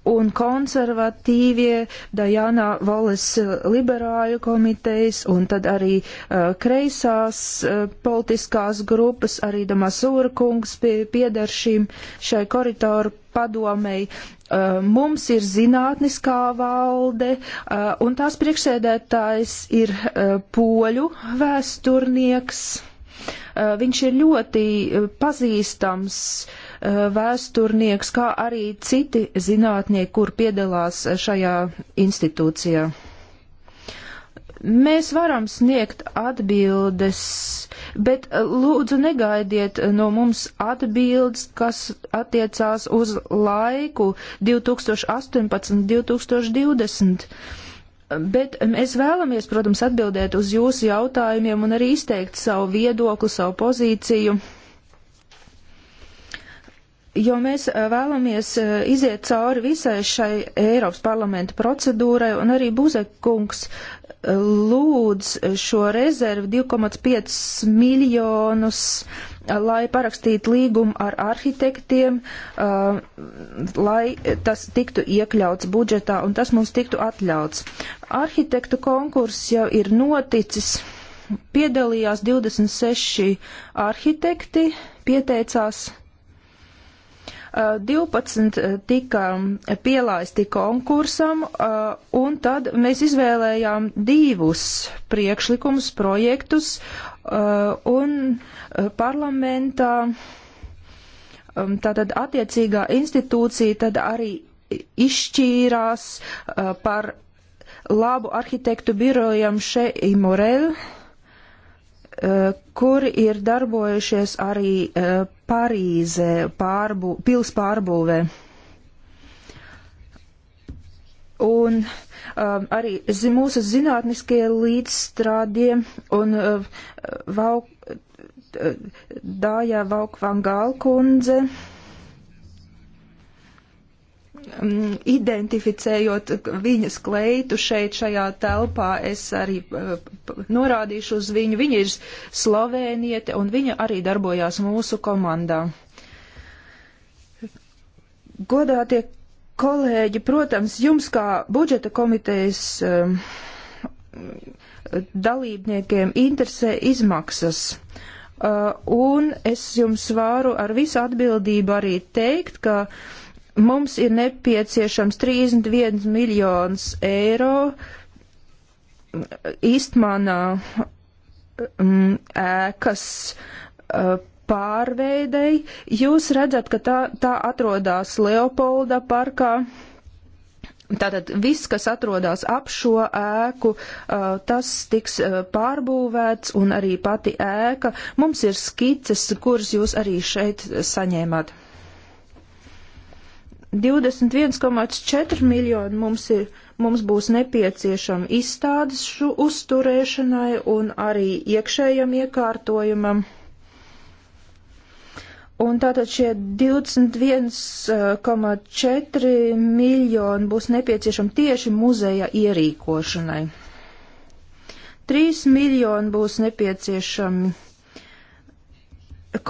un konservatīvie, Dajana Valis eh, liberāļu komitejas, un tad arī uh, kreisās uh, politiskās grupas, arī Damasūra kungs pie, piedar šīm šai koridoru padomei. Uh, mums ir zinātniskā valde, uh, un tās priekšsēdētājs ir uh, poļu vēsturnieks. Uh, viņš ir ļoti pazīstams uh, Eh, vēsturnieks, kā arī citi zinātnieki, kur piedalās šajā institūcijā. Mēs varam sniegt atbildes, bet eh, lūdzu negaidiet no mums atbildes, kas attiecās uz laiku 2018, 2020. Bet mēs vēlamies, protams, atbildēt uz jūsu jautājumiem un arī izteikt savu viedokli, savu pozīciju jo mēs vēlamies iziet cauri visai šai Eiropas parlamenta procedūrai, un arī Buzekungs lūdz šo rezervu 2,5 miljonus, lai parakstītu līgumu ar arhitektiem, lai tas tiktu iekļauts budžetā un tas mums tiktu atļauts. Arhitektu konkurss jau ir noticis. Piedalījās 26 arhitekti, pieteicās 12 tika pielaisti konkursam, un tad mēs izvēlējām divus priekšlikumus, projektus, un parlamentā tātad attiecīgā institūcija tad arī izšķīrās par labu arhitektu birojam Še Imorel. E Eh, kuri ir darbojušies arī eh, Parīzē pārbū, pils pārbūvē. Un um, arī mūsu zinātniskie līdzstrādie un uh, Vauk, Dājā Vaukvangālkundze. Uh, Mm, identificējot viņas kleitu šeit šajā telpā, es arī uh, norādīšu uz viņu. Viņa ir slovēniete un viņa arī darbojās mūsu komandā. Godātie kolēģi, protams, jums kā budžeta komitejas um, dalībniekiem interesē izmaksas. Uh, un es jums varu ar visu atbildību arī teikt, ka uh, mums ir nepieciešams 31 miljonus eiro Istmanā um, mm, ēkas uh, pārveidei. Jūs redzat, ka tā, tā atrodas Leopolda parkā. Tātad viss, kas atrodas ap šo ēku, tas tiks pārbūvēts un arī pati ēka. Mums ir skices, kuras jūs arī šeit saņēmāt. 21,4 miljoni mums, ir, mums būs nepieciešama izstādes šu uzturēšanai un arī iekšējam iekārtojumam. Un tātad šie 21,4 miljoni būs nepieciešami tieši muzeja ierīkošanai. 3 miljoni būs nepieciešami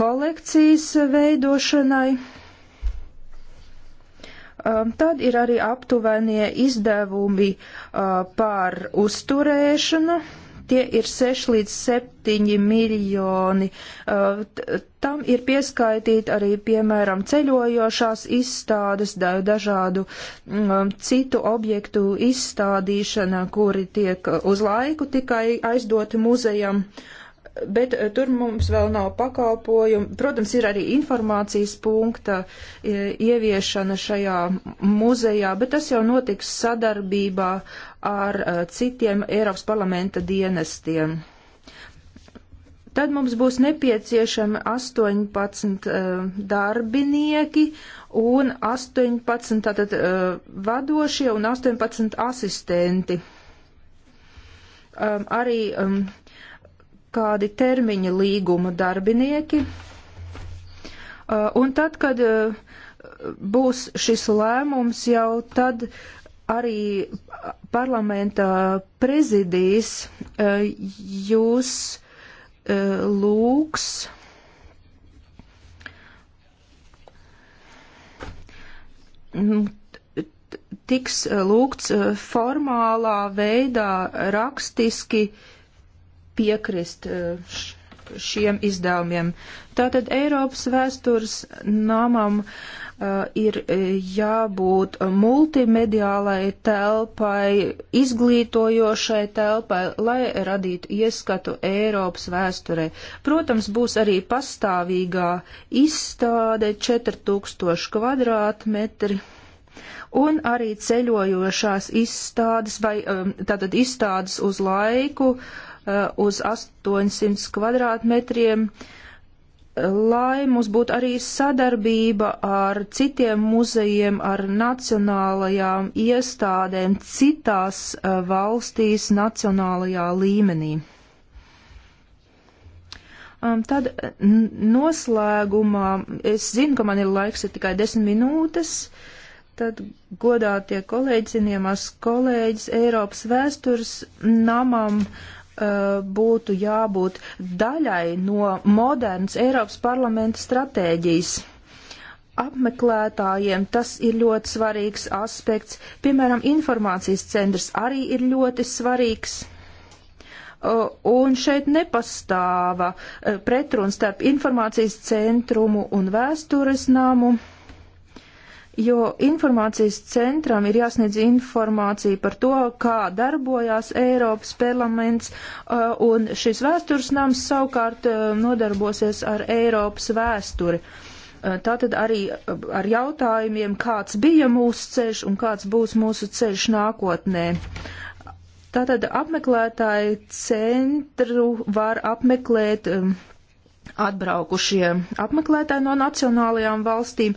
kolekcijas veidošanai Um, tad ir arī aptuvenie izdevumi uh, par uzturēšanu. Tie ir 6 līdz 7 miljoni. Uh, tam ir pieskaitīti arī, piemēram, ceļojošās izstādes, dažādu um, citu objektu izstādīšana, kuri tiek uh, uz laiku tikai aizdoti muzejam. Uh, bet eh, tur mums vēl nav pakalpojumu. Protams, ir arī informācijas punkta eh, ieviešana šajā muzejā, bet tas jau notiks sadarbībā ar eh, citiem Eiropas parlamenta dienestiem. Tad mums būs nepieciešami 18 uh, darbinieki un 18 tātad, uh, vadošie un 18 asistenti. Um, arī um, kādi termiņa līguma darbinieki. Uh, un tad, kad uh, būs šis lēmums, jau tad arī parlamenta prezidijs uh, jūs lūgs mm, tiks lūgts formālā veidā rakstiski uh, piekrist eh, šiem izdevumiem. Tātad Eiropas vēstures namam uh, ir eh, jābūt multimediālai telpai, izglītojošai telpai, lai radītu ieskatu Eiropas vēsturē. Protams, būs arī pastāvīgā izstāde 4000 kvadrātmetri un arī ceļojošās izstādes vai tātad izstādes uz laiku Uh, uz 800 kvadrātmetriem, lai mums būtu arī sadarbība ar citiem muzejiem, ar nacionālajām iestādēm citās uh, valstīs nacionālajā līmenī. Um, tad noslēgumā es zinu, ka man ir laiks ir tikai desmit minūtes. Tad godā tie kolēģi, cienījamās kolēģis Eiropas vēstures namam Uh, būtu jābūt daļai no modernas Eiropas parlamenta stratēģijas. Apmeklētājiem tas ir ļoti svarīgs aspekts, piemēram, informācijas centrs arī ir ļoti svarīgs. Uh, un šeit nepastāva uh, pretruns starp informācijas centrumu un vēstures namu jo informācijas centram ir jāsniedz informācija par to, kā darbojās Eiropas parlaments, uh, un šis vēstures nams savukārt uh, nodarbosies ar Eiropas vēsturi. Uh, Tātad arī ar jautājumiem, kāds bija mūsu ceļš un kāds būs mūsu ceļš nākotnē. Tātad apmeklētāju centru var apmeklēt um, atbraukušie apmeklētāji no nacionālajām valstīm,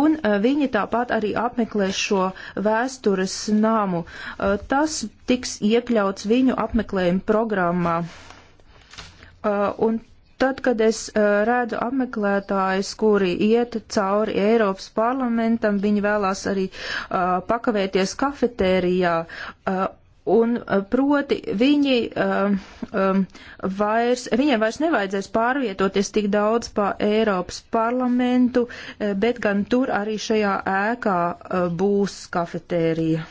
un eh, viņi tāpat arī apmeklēs šo vēstures nāmu. Eh, tas tiks iekļauts viņu apmeklējuma programmā. Eh, un tad, kad es redzu apmeklētājus, kuri iet cauri Eiropas parlamentam, viņi vēlās arī pakavēties kafetērijā Un eh, proti viņi um, um, vairs, viņiem vairs nevajadzēs pārvietoties tik daudz pa Eiropas parlamentu, bet gan tur arī šajā ēkā būs kafetērija.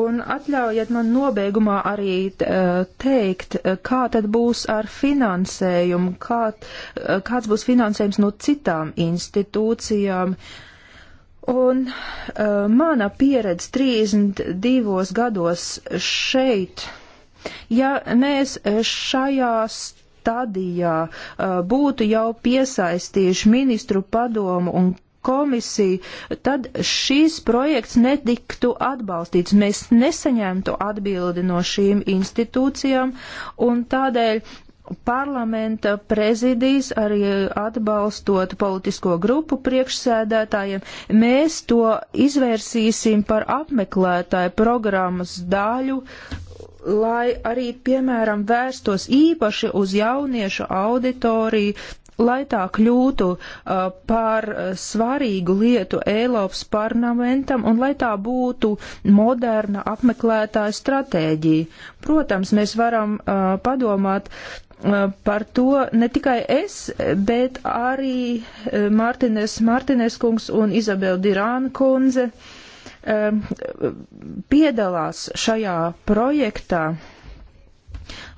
Un atļaujiet man nobeigumā arī teikt, kā tad būs ar finansējumu, kā, kāds būs finansējums no citām institūcijām. Uh, Un uh, mana pieredze 32 gados šeit, ja mēs šajā stadijā uh, būtu jau piesaistījuši ministru padomu un komisiju, tad šīs projekts netiktu atbalstīts. Mēs nesaņemtu atbildi no šīm institūcijām, un tādēļ Parlamenta prezidijs arī atbalstot politisko grupu priekšsēdētājiem, mēs to izvērsīsim par apmeklētāju programmas daļu, lai arī, piemēram, vērstos īpaši uz jauniešu auditoriju, lai tā kļūtu uh, par uh, svarīgu lietu Eiropas parlamentam un lai tā būtu moderna apmeklētāja stratēģija. Protams, mēs varam uh, padomāt uh, par to ne tikai es, bet arī uh, Mārtines, Mārtines kungs un Izabela Dirāna kundze um, piedalās šajā projektā.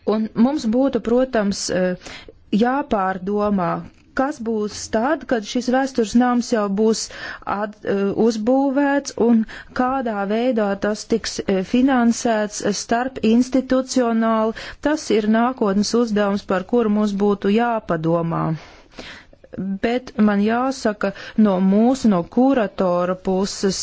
Un mums būtu, protams, uh, jāpārdomā, kas būs tad, kad šis vēstures nams jau būs at, eh, uzbūvēts un kādā veidā tas tiks eh, finansēts starp institucionāli. Tas ir nākotnes uzdevums, par kuru mums būtu jāpadomā. Bet man jāsaka no mūsu, no kuratora puses,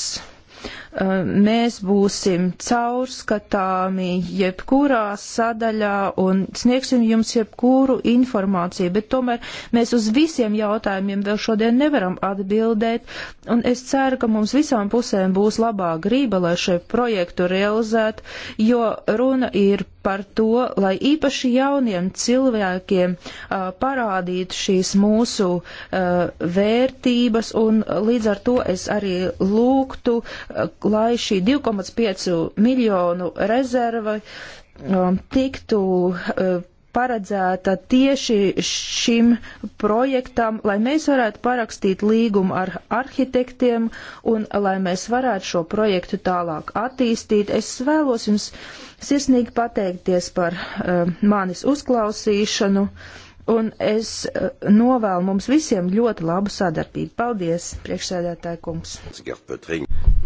Eh, mēs būsim caurskatāmi jebkurā sadaļā un sniegsim jums jebkuru informāciju, bet tomēr mēs uz visiem jautājumiem vēl šodien nevaram atbildēt, un es ceru, ka mums visām pusēm būs labā grība, lai šo projektu realizētu, jo runa ir par to, lai īpaši jauniem cilvēkiem uh, parādītu šīs mūsu uh, vērtības, un līdz ar to es arī lūgtu uh, lai šī 2,5 miljonu rezerva um, tiktu uh, paredzēta tieši šim projektam, lai mēs varētu parakstīt līgumu ar arhitektiem un lai mēs varētu šo projektu tālāk attīstīt. Es vēlos jums sirsnīgi pateikties par uh, manis uzklausīšanu. Uh, Un es eh, novēlu mums visiem ļoti labu sadarbību. Paldies, priekšsēdētāja kungs.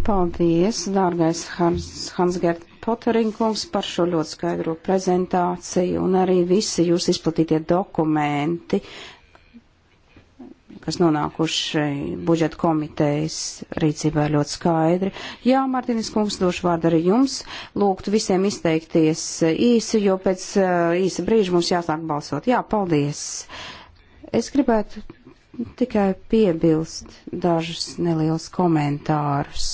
Paldies, dārgais Hans, Hansgert Poterinkungs, par šo ļoti skaidro prezentāciju un arī visi jūs izplatītie dokumenti kas nonākuši budžeta komitejas rīcībā ļoti skaidri. Jā, Mārtiņas kungs, došu vārdu arī jums. Lūgtu visiem izteikties īsi, jo pēc eh, īsa brīža mums jāsāk balsot. Jā, paldies. Es gribētu tikai piebilst dažus nelielus komentārus.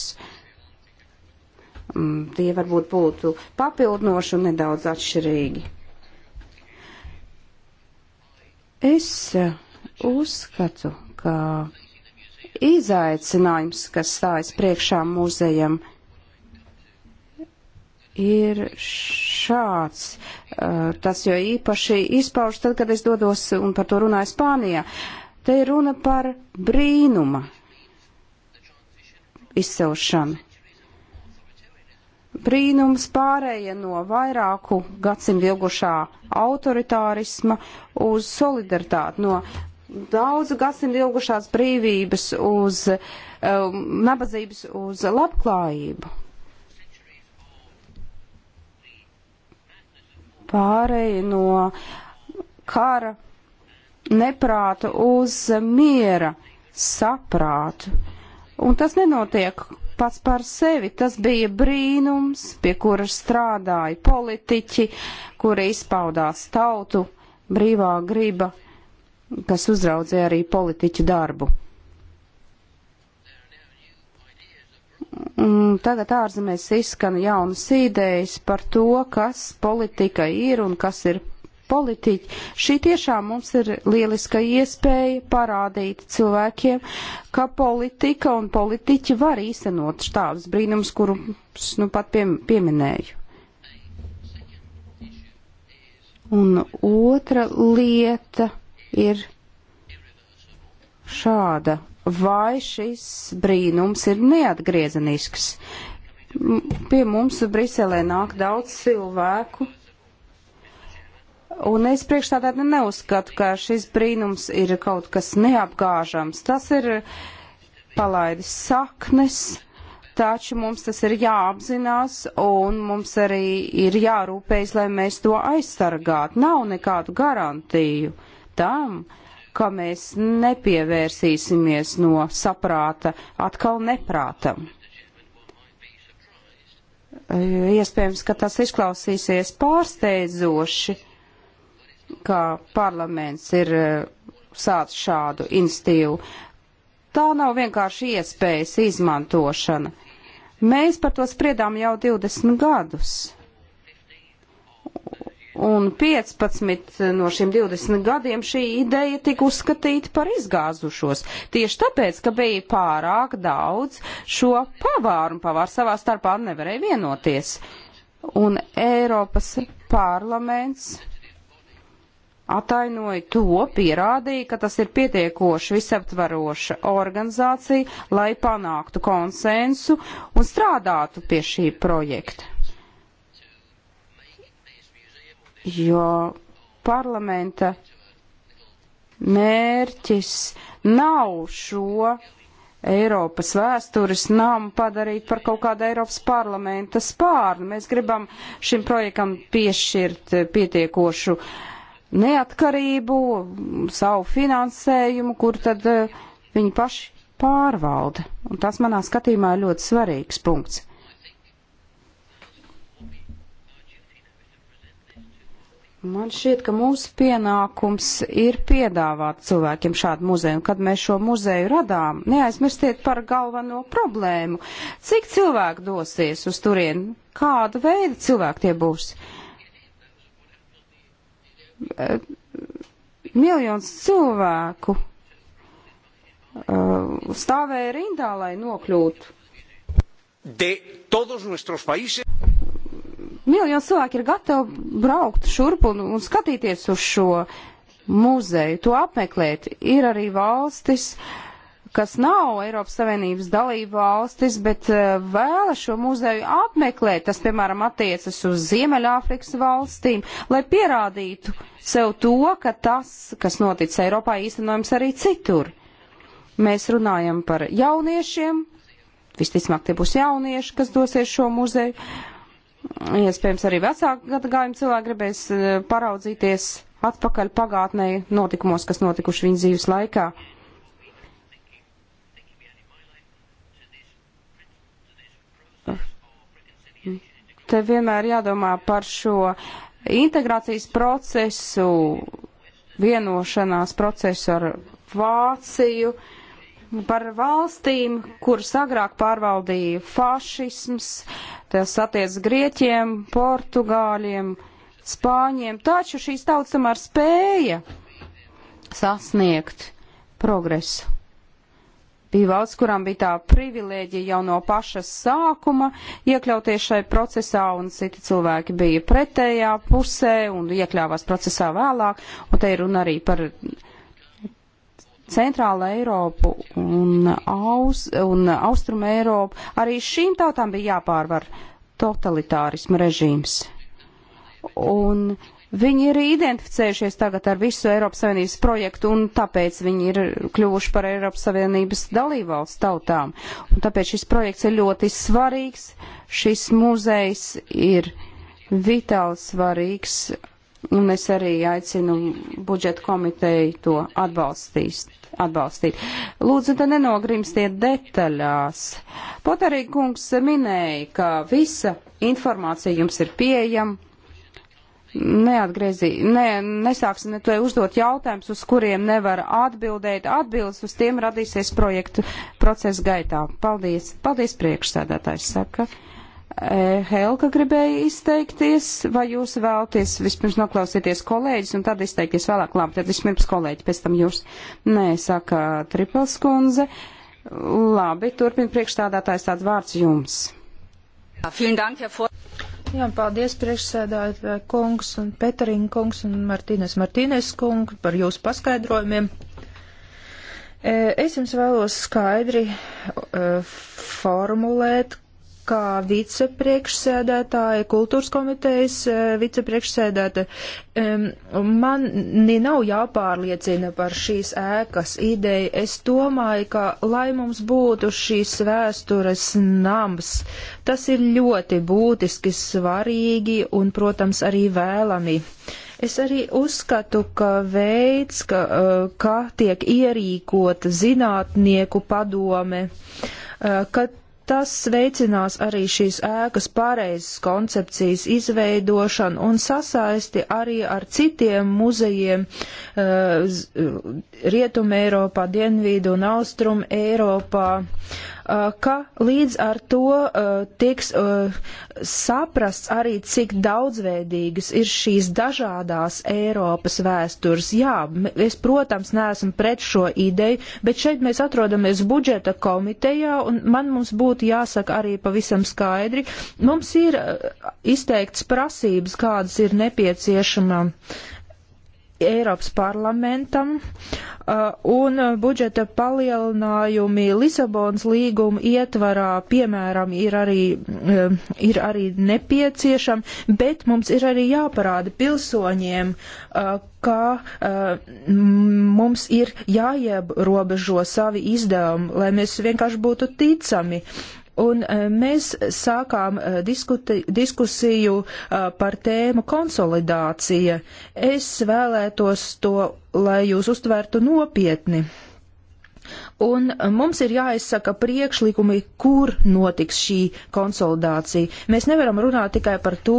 Mm, tie varbūt būtu papildinoši un nedaudz atšķirīgi. Es uh, Uzskatu, ka izaicinājums, kas stājas priekšā muzejam, ir šāds. Uh, tas jau īpaši izpaužas tad, kad es dodos un par to runāju Spānijā. Te ir runa par brīnuma izcelšanu. Brīnums pārēja no vairāku gadsimtu ilgušā autoritārisma uz solidaritāti, no daudzu gadsimtu ilgušās brīvības uz um, nabadzības uz labklājību. Pārēj no kara neprāta uz miera saprātu. Un tas nenotiek pats par sevi. Tas bija brīnums, pie kura strādāja politiķi, kuri izpaudās tautu brīvā griba kas uzraudzīja arī politiķu darbu. Un mm, tagad ārzemēs izskan jaunas idejas par to, kas politika ir un kas ir politiķi. Šī tiešām mums ir lieliska iespēja parādīt cilvēkiem, ka politika un politiķi var īstenot šādus brīnumus, kurus nu pat pie, pieminēju. Un otra lieta ir šāda. Vai šis brīnums ir neatgriezenisks? Pie mums Briselē nāk daudz cilvēku, Un es priekšstādātā neuzskatu, ka šis brīnums ir kaut kas neapgāžams. Tas ir palaidis saknes, taču mums tas ir jāapzinās un mums arī ir jārūpējas, lai mēs to aizsargātu. Nav nekādu garantiju. Uh, tam, ka mēs nepievērsīsimies no saprāta atkal neprātam. Iespējams, ka tas izklausīsies pārsteidzoši, ka parlaments ir e, sācis šādu institīvu. Tā nav vienkārši iespējas izmantošana. Mēs par to spriedām jau 20 gadus. Un 15 no šiem 20 gadiem šī ideja tika uzskatīta par izgāzušos. Tieši tāpēc, ka bija pārāk daudz šo pavāru un pavāru savā starpā nevarēja vienoties. Un Eiropas parlaments atainoja to, pierādīja, ka tas ir pietiekoši visaptvaroša organizācija, lai panāktu konsensu un strādātu pie šī projekta. jo parlamenta mērķis nav šo Eiropas vēstures namu padarīt par kaut kādu Eiropas parlamenta spārnu. Mēs gribam šim projektam piešķirt pietiekošu neatkarību, savu finansējumu, kur tad eh, viņi paši pārvalda. Un tas manā skatījumā ir ļoti svarīgs punkts. Man šķiet, ka mūsu pienākums ir piedāvāt cilvēkiem šādu muzeju. Kad mēs šo muzeju radām, neaizmirstiet par galveno problēmu. Cik cilvēku dosies uz turieni? Kāda veida cilvēki tie būs? Eh, miljons cilvēku eh, stāvēja rindā, lai nokļūtu. De todos nuestros países miljonu cilvēku ir gatavi braukt šurp un, un skatīties uz šo muzeju, to apmeklēt. Ir arī valstis, kas nav Eiropas Savienības dalība valstis, bet eh, vēlas šo muzeju apmeklēt. Tas, piemēram, attiecas uz Ziemeļāfrikas valstīm, lai pierādītu sev to, ka tas, kas notic Eiropā, īstenojams arī citur. Mēs runājam par jauniešiem, visticamāk tie būs jaunieši, kas dosies šo muzeju Iespējams, arī vecāku gadagājumu cilvēki gribēs e, paraudzīties atpakaļ pagātnē notikumos, kas notikuši viņas dzīves laikā. Te vienmēr jādomā par šo integrācijas procesu, vienošanās procesu ar Vāciju, par valstīm, kuras agrāk pārvaldīja fašisms, tas attiec grieķiem, portugāļiem, spāņiem, taču šīs tautas tomēr spēja sasniegt progresu. Bija valsts, kurām bija tā privilēģija jau no paša sākuma iekļauties šai procesā, un citi cilvēki bija pretējā pusē un iekļāvās procesā vēlāk, un te ir runa arī par Centrāla Eiropa un, Aus, un Austruma Eiropa, arī šīm tautām bija jāpārvar totalitārismu režīms. Un viņi ir identificējušies tagad ar visu Eiropas Savienības projektu, un tāpēc viņi ir kļuvuši par Eiropas Savienības dalībvalsts tautām. Un tāpēc šis projekts ir ļoti svarīgs, šis muzejs ir vitāli svarīgs un es arī aicinu budžeta komiteju to atbalstīt. atbalstīt. Lūdzu, te nenogrimstiet detaļās. Pat arī kungs minēja, ka visa informācija jums ir pieejama. Neatgriezī, ne, nesāksim ne to uzdot jautājumus, uz kuriem nevar atbildēt. Atbildes uz tiem radīsies projektu procesa gaitā. Paldies, paldies priekšsēdētājs saka. E, Helga gribēja izteikties, vai jūs vēlties vispirms noklausīties kolēģis un tad izteikties vēlāk? Labi, tad vispirms kolēģi, pēc tam jūs. Nē, saka Tripels kundze. Labi, turpin priekšstādātājs tāds vārds jums. Jā, paldies priekšsēdātāji kungs un Peterīna kungs un Martīnes Martīnes kungs par jūsu paskaidrojumiem. E, es jums vēlos skaidri e, formulēt, kā vicepriekšsēdētāja, kultūras komitejas eh, vicepriekšsēdētāja. Mani nav jāpārliecina par šīs ēkas ideju. Es domāju, ka, lai mums būtu šīs vēstures nams, tas ir ļoti būtiski svarīgi un, protams, arī vēlami. Es arī uzskatu, ka veids, ka, eh, ka tiek ierīkota zinātnieku padome, eh, ka Tas veicinās arī šīs ēkas pareizes koncepcijas izveidošanu un sasaisti arī ar citiem muzejiem uh, eh, Rietum Eiropā, Dienvīdu un Austrum Eiropā. Eh, ka līdz ar to eh, tiks eh, saprasts arī, cik daudzveidīgas ir šīs dažādās Eiropas vēstures. Jā, es, protams, neesmu pret šo ideju, bet šeit mēs atrodamies budžeta komitejā, un man mums būtu jāsaka arī pavisam skaidri, mums ir izteikts prasības, kādas ir nepieciešama. Uh, Eiropas parlamentam uh, un budžeta palielinājumi Lisabonas līguma ietvarā, piemēram, ir arī, uh, ir arī nepieciešami, bet mums ir arī jāparāda pilsoņiem, uh, ka mums ir jāiebrobežo savi izdevumi, lai mēs vienkārši būtu ticami. Un e, mēs sākām e, diskuti, diskusiju e, par tēmu konsolidācija. Es vēlētos to, lai jūs uztvērtu nopietni. Un eh, mums ir jāizsaka priekšlikumi, kur notiks šī konsolidācija. Mēs nevaram runāt tikai par to,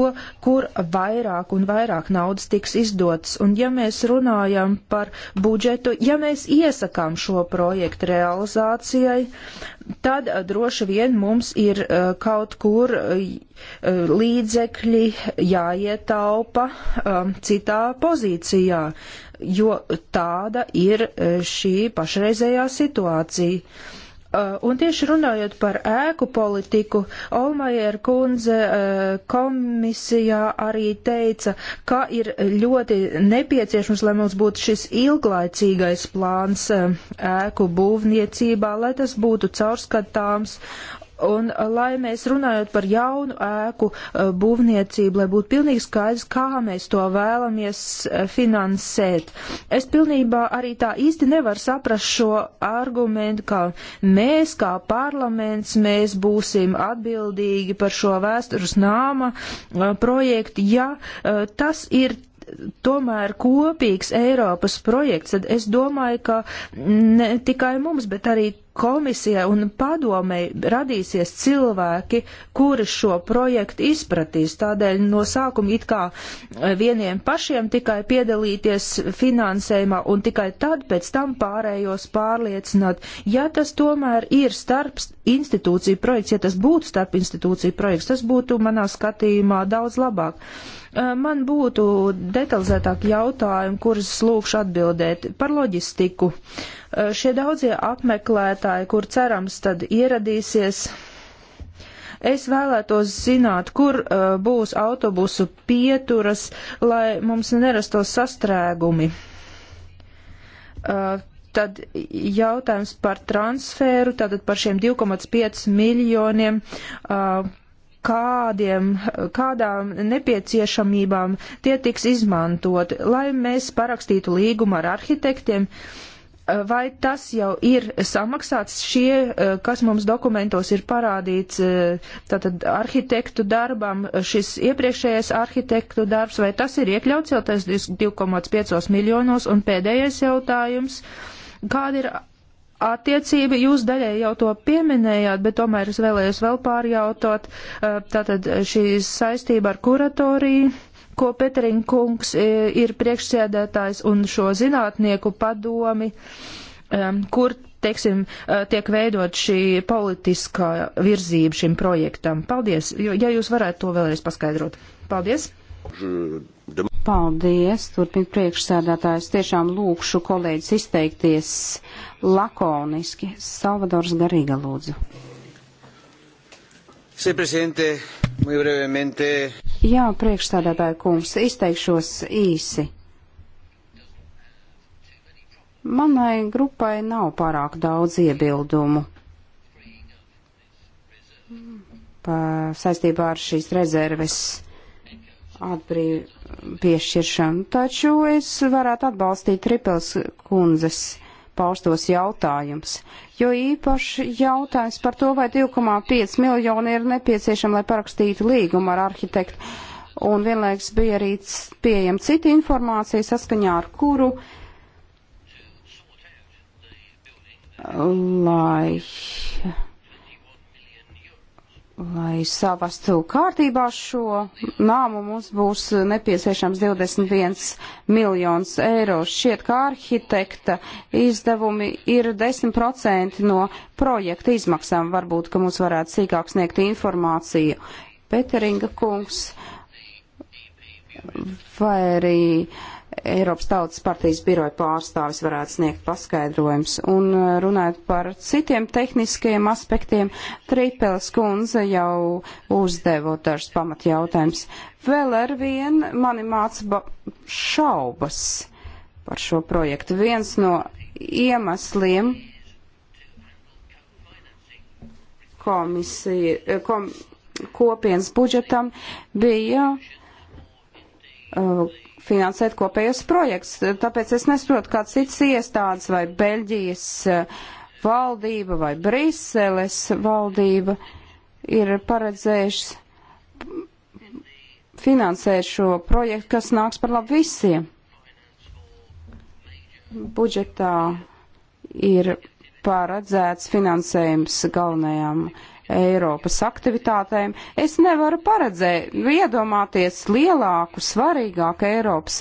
kur vairāk un vairāk naudas tiks izdots. Un ja mēs runājam par budžetu, ja mēs iesakām šo projektu realizācijai, tad eh, droši vien mums ir eh, kaut kur līdzekļi jāietaupa citā pozīcijā jo tāda ir e, šī pašreizējā situācija. E, un tieši runājot par ēku politiku, Olmajer kundze e, komisijā arī teica, ka ir ļoti nepieciešams, lai mums būtu šis ilglaicīgais plāns ēku būvniecībā, lai tas būtu caurskatāms Un, eh, lai mēs runājot par jaunu ēku eh, būvniecību, lai būtu pilnīgi skaidrs, kā mēs to vēlamies eh, finansēt. Es pilnībā arī tā īsti nevaru saprast šo argumentu, ka mēs kā parlaments, mēs būsim atbildīgi par šo vēstures nāma projektu, ja tas ir tomēr kopīgs Eiropas projekts, tad es domāju, ka ne tikai mums, bet arī komisijai un padomei radīsies cilvēki, kuri šo projektu izpratīs. Tādēļ no sākuma it kā vieniem pašiem tikai piedalīties finansējumā un tikai tad pēc tam pārējos pārliecināt. Ja tas tomēr ir starp institūciju projekts, ja tas būtu starp institūciju projekts, tas būtu manā skatījumā daudz labāk. Man būtu detalizētāk jautājumi, kurus lūkšu atbildēt par loģistiku. Šie daudzie apmeklētāji, kur cerams, tad ieradīsies. Es vēlētos zināt, kur uh, būs autobusu pieturas, lai mums nerastos sastrēgumi. Uh, tad jautājums par transferu, tātad par šiem 2,5 miljoniem, uh, kādiem, kādām nepieciešamībām tie tiks izmantot, lai mēs parakstītu līgumu ar arhitektiem. Vai tas jau ir samaksāts šie, kas mums dokumentos ir parādīts, tātad arhitektu darbam, šis iepriekšējais arhitektu darbs, vai tas ir iekļauts jau tas 2,5 miljonos? Un pēdējais jautājums, kāda ir attiecība. Jūs daļai jau to pieminējāt, bet tomēr es vēlējos vēl pārjautot. Tātad šī saistība ar kuratoriju, ko Peterina kungs ir priekšsēdētājs un šo zinātnieku padomi, kur, teiksim, tiek veidot šī politiskā virzība šim projektam. Paldies, ja jūs varētu to vēlreiz paskaidrot. Paldies! Paldies, turpin priekšsēdētājs. Tiešām lūkšu kolēģis izteikties lakoniski. Salvadors Garīga lūdzu. Sí, presidente, muy brevemente. Jā, priekšsēdētāja kungs, izteikšos īsi. Manai grupai nav pārāk daudz iebildumu pa, saistībā ar šīs rezerves atbrīv, piešķiršanu, taču es varētu atbalstīt Tripels kundzes paustos jautājums, jo īpaši jautājums par to, vai 2,5 miljoni ir nepieciešama, lai parakstītu līgumu ar arhitektu, un vienlaiks bija arī pieejama cita informācija, saskaņā ar kuru, lai lai savastu kārtībā šo nāmu, mums būs nepieciešams 21 miljons eiro. Šķiet, ka arhitekta izdevumi ir 10% no projekta izmaksām. Varbūt, ka mums varētu sīkāk sniegt informāciju. Peteringa kungs vai arī. Uh, Eiropas Tautas partijas biroja pārstāvis varētu sniegt paskaidrojums. Un uh, runājot par citiem tehniskajiem aspektiem, Trīpels kundze jau uzdeva dažs pamatjautājums. Vēl ar vien mani māca šaubas par šo projektu. Viens no iemesliem komisija, eh, kom, kopienas budžetam bija. Uh, finansēt kopējos projekts. Tāpēc es nesaprotu, kā citas iestādes vai Beļģijas eh, valdība vai Briseles valdība ir paredzējušas finansēt šo projektu, kas nāks par labu visiem. Budžetā ir paredzēts finansējums galvenajām uh, Eiropas aktivitātēm, es nevaru paredzēt, nu, iedomāties lielāku, svarīgāku Eiropas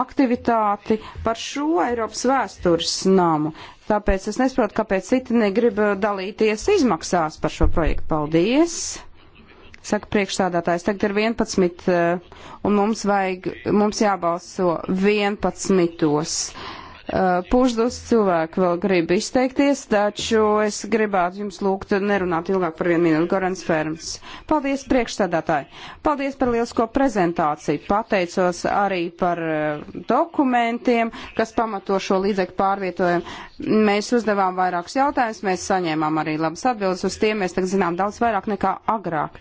aktivitāti par šo Eiropas vēstures namu. Tāpēc es nesaprotu, kāpēc citi negrib uh, dalīties izmaksās par šo projektu. Paldies! Saka priekšstādātājs, tagad ir 11, uh, un mums, vajag, mums jābalso 11. Eh, Pusdus cilvēki vēl grib izteikties, taču es gribētu jums lūgt nerunāt ilgāk par vienu minūtu. Gorans Ferms. Paldies priekšstādātāji. Paldies par lielisko prezentāciju. Pateicos arī par eh, dokumentiem, kas pamato šo līdzekļu pārvietojumu. Mēs uzdevām vairākus jautājumus, mēs saņēmām arī labas atbildes uz tiem. Mēs tagad zinām daudz vairāk nekā agrāk.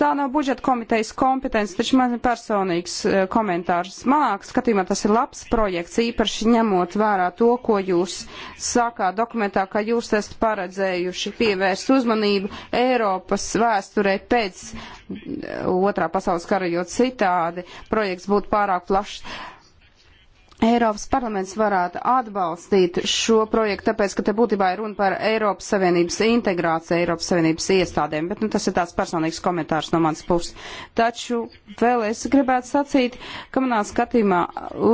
Tā nav budžeta komitejas kompetence, taču man ir personīgs eh, komentārs. Manāk skatījumā tas ir labs projekts, īpaši ņemot vērā to, ko jūs sakāt dokumentā, ka jūs esat paredzējuši pievērst uzmanību Eiropas vēsturē pēc otrā pasaules kara, jo citādi projekts būtu pārāk plašs. Eiropas parlaments varētu atbalstīt šo projektu, tāpēc, ka te būtībā ir runa par Eiropas Savienības integrāciju, Eiropas Savienības iestādēm, bet nu, tas ir tāds personīgs komentārs no manas puses. Taču vēl es gribētu sacīt, ka manā skatījumā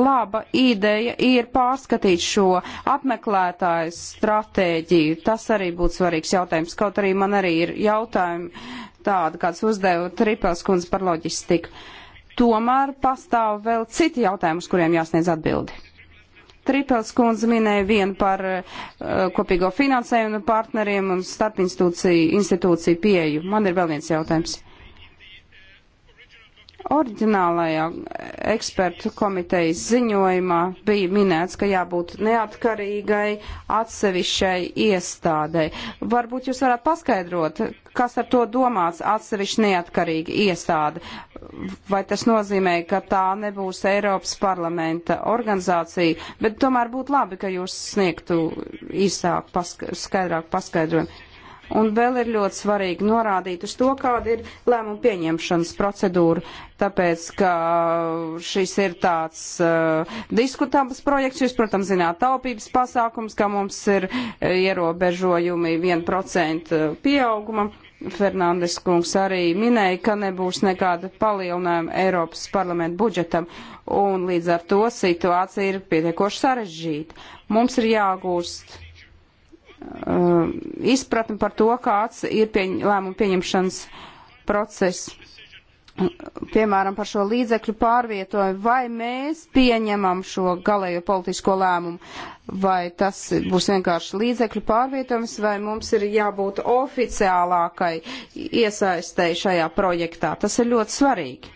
laba ideja ir pārskatīt šo apmeklētāju stratēģiju. Tas arī būtu svarīgs jautājums, kaut arī man arī ir jautājumi tādi, kāds uzdeva Tripelskundze par loģistiku. Uh, Tomēr pastāv vēl citi jautājumi, uz kuriem jāsniedz atbildi. Tripels kundze minēja vienu par uh, kopīgo finansējumu partneriem un starpinstitūciju institūciju pieeju. Man ir vēl viens jautājums. Orģinālajā ekspertu komitejas ziņojumā bija minēts, ka jābūt neatkarīgai atsevišķai iestādei. Varbūt jūs varētu paskaidrot, kas ar to domāts atsevišķi neatkarīga iestāde. Vai tas nozīmē, ka tā nebūs Eiropas parlamenta organizācija, bet tomēr būtu labi, ka jūs sniegtu īsāk, paska skaidrāk paskaidrojumu. Un vēl ir ļoti svarīgi norādīt uz to, kāda ir lēmuma pieņemšanas procedūra, tāpēc, ka šis ir tāds uh, diskutabls projekts, jūs, protams, zināt, taupības pasākums, ka mums ir uh, ierobežojumi 1% pieauguma. Fernandes kungs arī minēja, ka nebūs nekāda palielinājuma Eiropas parlamenta budžetam, un līdz ar to situācija ir pietiekoši sarežģīta. Mums ir jāgūst uh, izpratni par to, kāds ir pieņ, lēmumu pieņemšanas process. Piemēram, par šo līdzekļu pārvietojumu, vai mēs pieņemam šo galējo politisko lēmumu, vai tas būs vienkārši līdzekļu pārvietojums, vai mums ir jābūt oficiālākai iesaistēji šajā projektā. Tas ir ļoti svarīgi.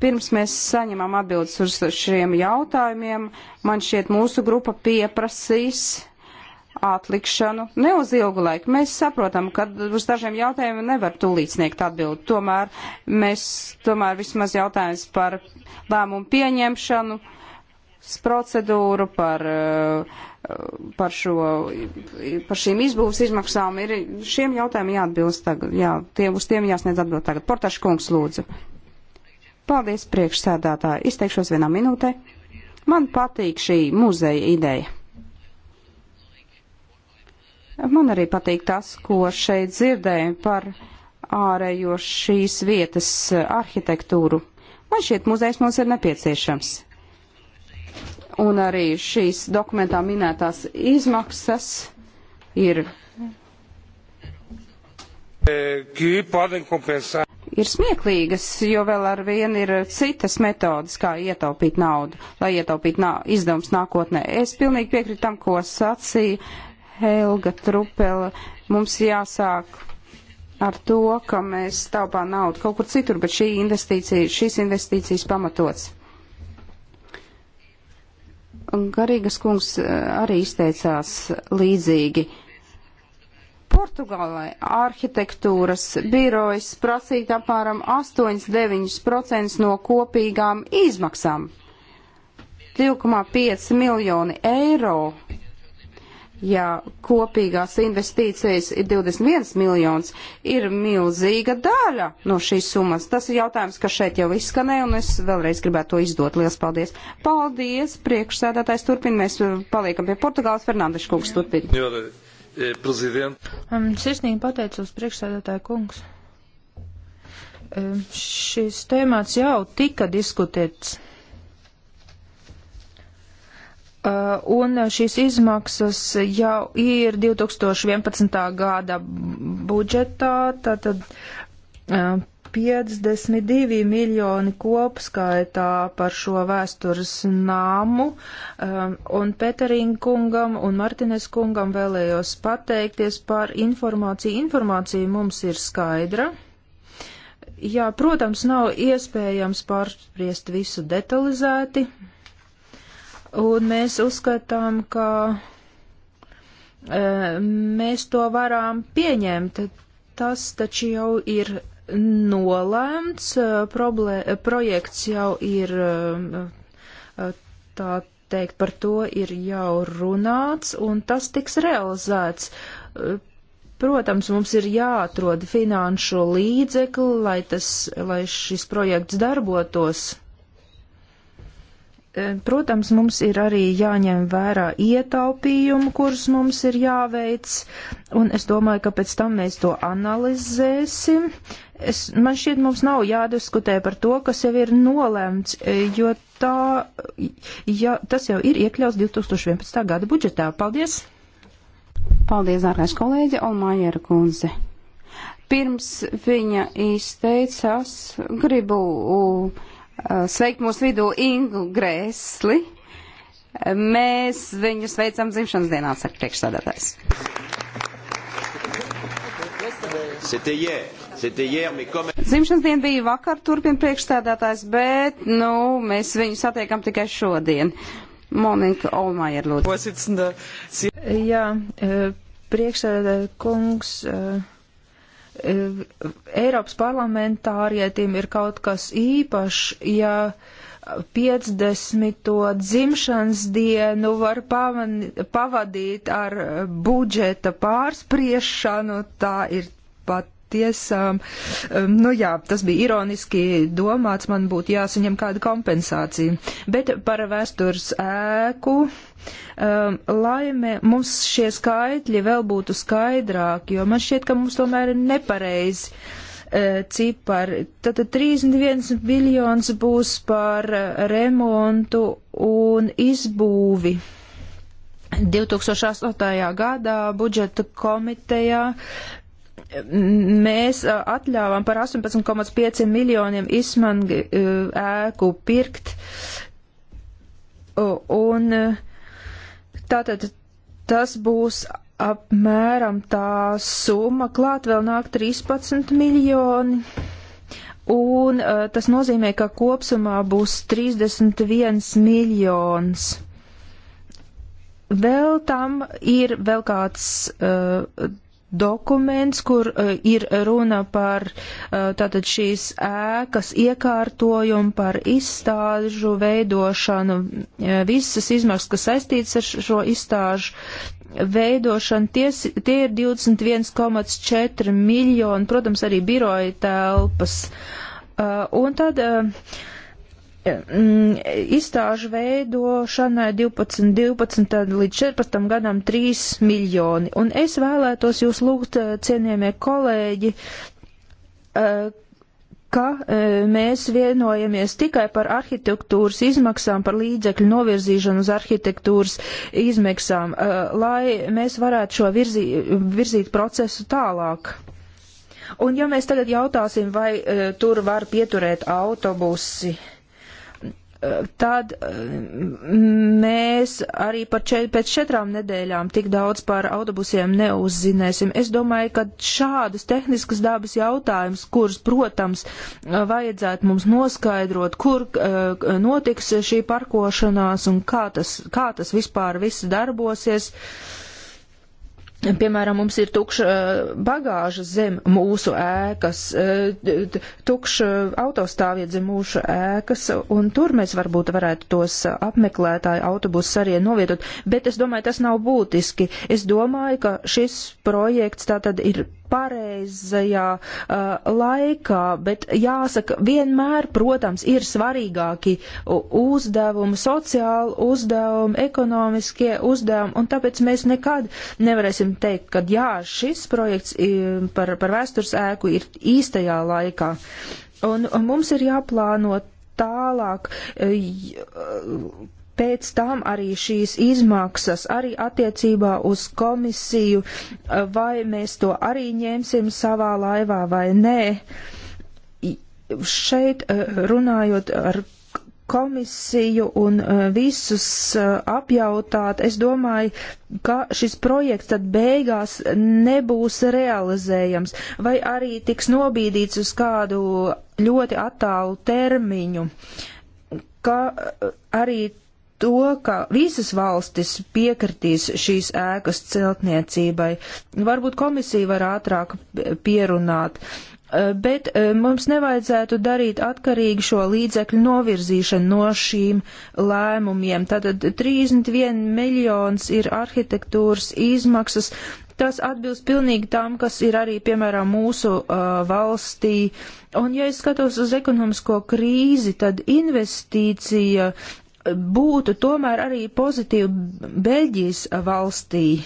Pirms mēs saņemam atbildes uz šiem jautājumiem, man šķiet mūsu grupa pieprasīs atlikšanu ne uz ilgu laiku. Mēs saprotam, ka uz dažiem jautājumiem nevar tūlīt sniegt atbildi. Tomēr mēs, tomēr vismaz jautājums par lēmumu pieņemšanu, procedūru, par, eh, par, šo, par šīm izbūves izmaksām ir šiem jautājumiem jāatbilst tagad. Jā, tie, uz tiem jāsniedz atbildi tagad. Portaša kungs lūdzu. Paldies priekšsēdētāji. Izteikšos vienā minūtē. Man patīk šī muzeja ideja Man arī patīk tas, ko šeit dzirdēju par ārējo šīs vietas arhitektūru. Man šķiet, muzejs mums ir nepieciešams. Un arī šīs dokumentā minētās izmaksas ir. Ir smieklīgas, jo vēl ar vienu ir citas metodas, kā ietaupīt naudu, lai ietaupītu nā, izdevums nākotnē. Es pilnīgi piekrītu tam, ko sacīja Helga Trupela, mums jāsāk ar to, ka mēs taupām naudu kaut kur citur, bet šī investīcija, šīs investīcijas pamatots. Un Garīgas kungs eh, arī izteicās līdzīgi. Portugālē arhitektūras birojas prasīja apmēram 8-9% no kopīgām izmaksām. 2,5 miljoni eiro ja kopīgās investīcijas ir 21 miljons, ir milzīga daļa no šīs summas. Tas ir jautājums, kas šeit jau izskanēja, un es vēlreiz gribētu to izdot. Lielas paldies! Paldies! Priekšsēdētājs turpina, mēs uh, paliekam pie Portugāles. Fernandeša kungs turpina. Eh, um, sirsnīgi pateicos priekšsēdētāju kungs. Um, šis tēmāts jau tika diskutēts Uh, un šīs izmaksas jau ir 2011. gada budžetā, tātad 52 uh, miljoni kopskaitā par šo vēstures nāmu, um, un Petering kungam un Martines kungam vēlējos pateikties par informāciju. Informācija mums ir skaidra. Jā, protams, nav iespējams pārspriest visu detalizēti, Un mēs uzskatām, ka eh, mēs to varam pieņemt. Tas taču jau ir nolēmts, eh, problē, projekts jau ir, eh, tā teikt, par to ir jau runāts, un tas tiks realizēts. Protams, mums ir jāatrod finanšu līdzekli, lai, tas, lai šis projekts darbotos. E, protams, mums ir arī jāņem vērā ietaupījumi, kurus mums ir jāveic, un es domāju, ka pēc tam mēs to analizēsim. Es, man šķiet, mums nav jādiskutē par to, kas jau ir nolēmts, e, jo tā, ja, tas jau ir iekļauts 2011. gada budžetā. Paldies! Paldies, ārkārtas kolēģe Olmājera kundze! Pirms viņa izteicās, gribu. Uh, Eh, sveikt mūsu vidū Ingu Grēsli. Eh, mēs viņu sveicam dzimšanas dienā, saka priekšstādātājs. Dzimšanas diena bija vakar, turpina priekšstādātājs, bet, nu, mēs viņu satiekam tikai šodien. Monika Olmajer, lūdzu. Jā, eh, priekšstādātājs kungs. Uh Eiropas parlamentārietim ir kaut kas īpašs, ja 50. dzimšanas dienu var pavani, pavadīt ar budžeta pārspriešanu, tā ir pat tiesām. Um, nu jā, tas bija ironiski domāts, man būtu jāsaņem kāda kompensācija. Bet par vēstures ēku. Um, laime mums šie skaitļi vēl būtu skaidrāki, jo man šķiet, ka mums tomēr ir nepareizi uh, cipari. Tad 31 biljons būs par eh, remontu un izbūvi. 2008. gadā budžeta komitejā mēs uh, atļāvām par 18,5 miljoniem izmangi uh, ēku pirkt. Un uh, tātad tas būs apmēram tā summa, klāt vēl nāk 13 miljoni. Un tas nozīmē, ka kopsumā būs 31 miljons. Vēl tam ir vēl kāds uh, dokuments, kur uh, ir runa par uh, tātad šīs ēkas iekārtojumu, par izstāžu veidošanu, uh, visas izmaksas, kas saistītas ar šo izstāžu veidošanu, ties, tie ir 21,4 miljoni, protams, arī biroja telpas. Uh, un tad uh, Mm, izstāžu veidošanai 12, 12 līdz 14 gadam 3 miljoni. Un es vēlētos jūs lūgt, eh, cienījamie kolēģi, eh, ka eh, mēs vienojamies tikai par arhitektūras izmaksām, par līdzekļu novirzīšanu uz arhitektūras izmaksām, lai mēs varētu šo virzī, virzīt procesu tālāk. Un ja mēs tagad jautāsim, vai tur var pieturēt autobusi, uh, tad mm, mēs arī čet, pēc četrām nedēļām tik daudz par autobusiem neuzzināsim. Es domāju, ka šādas tehniskas dabas jautājums, kurus, protams, vajadzētu mums noskaidrot, kur eh, notiks šī parkošanās un kā tas, kā tas vispār viss darbosies. Uh, Piemēram, mums ir tukša eh, bagāža zem mūsu ēkas, eh, tukša eh, autostāvvieta zem mūsu ēkas, un tur mēs varbūt varētu tos apmeklētāju autobusus arī novietot, bet es domāju, tas nav būtiski. Es domāju, ka šis projekts tātad ir pareizajā uh, laikā, bet jāsaka, vienmēr, protams, ir svarīgāki uzdevumi, sociāli uzdevumi, ekonomiskie uzdevumi, un tāpēc mēs nekad nevarēsim teikt, ka jā, šis projekts par, par vēstures ēku ir īstajā laikā. Un, un mums ir jāplāno tālāk, pēc tam arī šīs izmaksas, arī attiecībā uz komisiju, eh, vai mēs to arī ņemsim savā laivā vai nē. Šeit eh, runājot ar komisiju un eh, visus apjautāt, es domāju, ka šis projekts tad beigās nebūs realizējams vai arī tiks nobīdīts uz kādu ļoti attālu termiņu, ka arī to, ka visas valstis piekritīs šīs ēkas celtniecībai. Varbūt komisija var ātrāk pierunāt, eh, bet eh, mums nevajadzētu darīt atkarīgi šo līdzekļu novirzīšanu no šīm lēmumiem. Tātad 31 miljons ir arhitektūras izmaksas. Tas atbilst pilnīgi tam, kas ir arī, piemēram, mūsu uh, valstī. Un, ja es skatos uz ekonomisko krīzi, tad investīcija uh, būtu tomēr arī pozitīva Beļģijas valstī.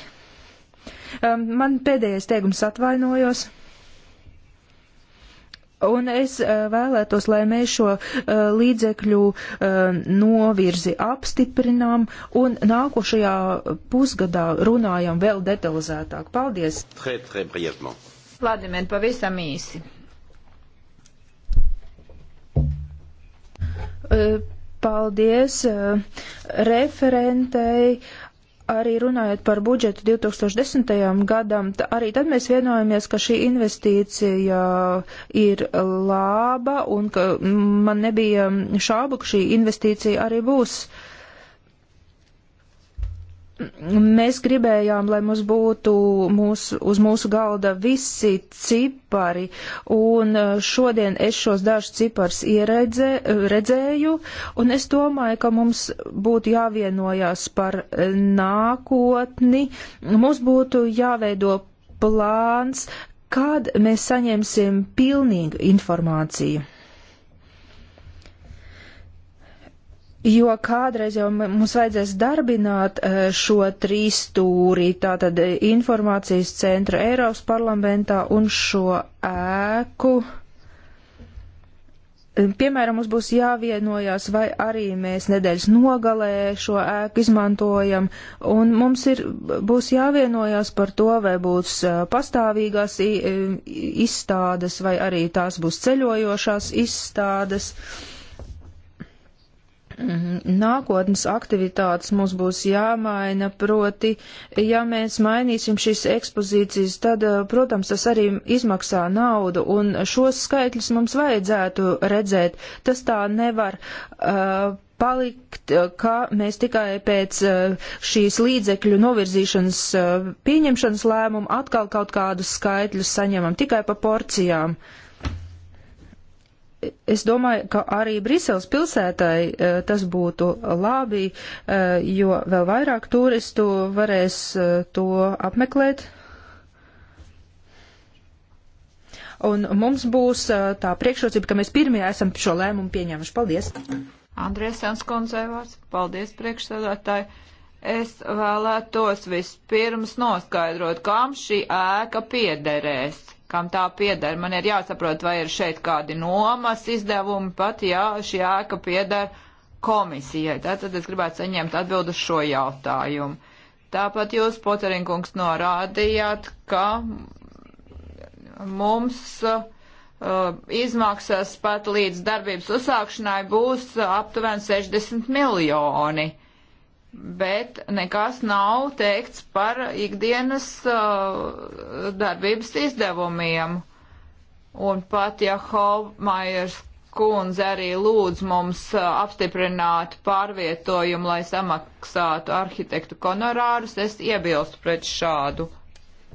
Um, man pēdējais teikums atvainojos. Un es uh, vēlētos, lai mēs šo uh, līdzekļu uh, novirzi apstiprinām un nākošajā pusgadā runājam vēl detalizētāk. Paldies! Vladimir, pavisam īsi. Uh, Paldies eh, referentei. Arī runājot par budžetu 2010. gadam, arī tad mēs vienojamies, ka šī investīcija ir laba un ka man nebija šābu, ka šī investīcija arī būs uh, mēs gribējām, lai mums būtu mūsu, uz mūsu galda visi cipari, un e, šodien es šos dažus ciparus ieredzē, redzēju, un es domāju, ka mums būtu jāvienojās par nākotni, mums būtu jāveido plāns, kad mēs saņemsim pilnīgu informāciju. Jo kādreiz jau mums vajadzēs darbināt e, šo trīs stūri, tātad informācijas centra Eiropas parlamentā un šo ēku. E, piemēram, mums būs jāvienojās, vai arī mēs nedēļas nogalē šo ēku izmantojam, un mums ir, būs jāvienojās par to, vai būs e, pastāvīgās izstādes, vai arī tās būs ceļojošās izstādes. Uh, Mhm. Nākotnes aktivitātes mums būs jāmaina, proti, ja mēs mainīsim šīs ekspozīcijas, tad, eh, protams, tas arī izmaksā naudu, un šos skaitļus mums vajadzētu redzēt. Tas tā nevar uh, palikt, eh, ka mēs tikai pēc uh, šīs līdzekļu novirzīšanas uh, pieņemšanas lēmumu atkal kaut kādus skaitļus saņemam tikai pa porcijām. Uh, Es domāju, ka arī Briseles pilsētai e, tas būtu labi, e, jo vēl vairāk turistu varēs e, to apmeklēt. Un mums būs tā priekšrocība, ka mēs pirmie esam šo lēmumu pieņēmuši. Paldies! Andrēsens konservārs, paldies priekšsēdētāji! Es vēlētos vispirms noskaidrot, kam šī ēka piederēs kam tā pieder. Man ir jāsaprot, vai ir šeit kādi nomas izdevumi, pat ja šī ēka pieder komisijai. Tātad es gribētu saņemt atbildu šo jautājumu. Tāpat jūs, Poterinkungs, norādījāt, ka mums uh, izmaksas pat līdz darbības uzsākšanai būs aptuveni 60 miljoni. Uh, bet nekas nav teikts par ikdienas uh, darbības izdevumiem. Un pat ja Holmajers kundze arī lūdz mums uh, apstiprināt pārvietojumu, lai samaksātu arhitektu honorārus, es iebilstu pret šādu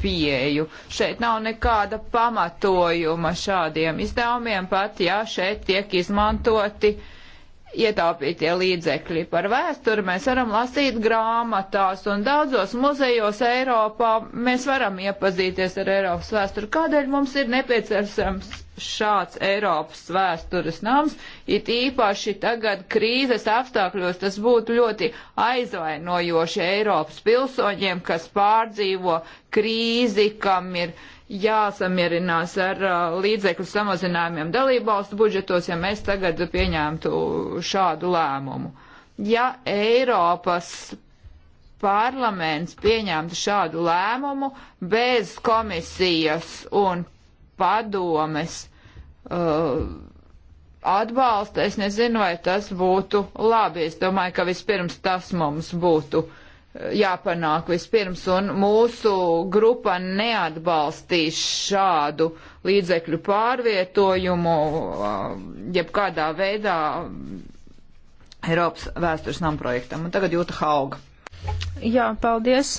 pieeju. Šeit nav nekāda pamatojuma šādiem izdevumiem, pat ja šeit tiek izmantoti uh, ietaupītie līdzekļi. Par vēsturi mēs varam lasīt grāmatās un daudzos muzejos Eiropā mēs varam iepazīties ar Eiropas vēsturi. Kādēļ mums ir nepieciešams šāds Eiropas vēstures nams, it īpaši tagad krīzes apstākļos tas būtu ļoti aizvainojoši Eiropas pilsoņiem, kas pārdzīvo krīzi, kam ir jāsamierinās ar uh, līdzekļu samazinājumiem dalībvalstu budžetos, ja mēs tagad pieņemtu šādu lēmumu. Ja Eiropas parlaments pieņemtu šādu lēmumu bez komisijas un padomes uh, atbalsta, es nezinu, vai tas būtu labi. Es domāju, ka vispirms tas mums būtu jāpanāk vispirms, un mūsu grupa neatbalstīs šādu līdzekļu pārvietojumu, jebkādā veidā Eiropas vēstures nam projektam. Un tagad jūta hauga. Jā, paldies.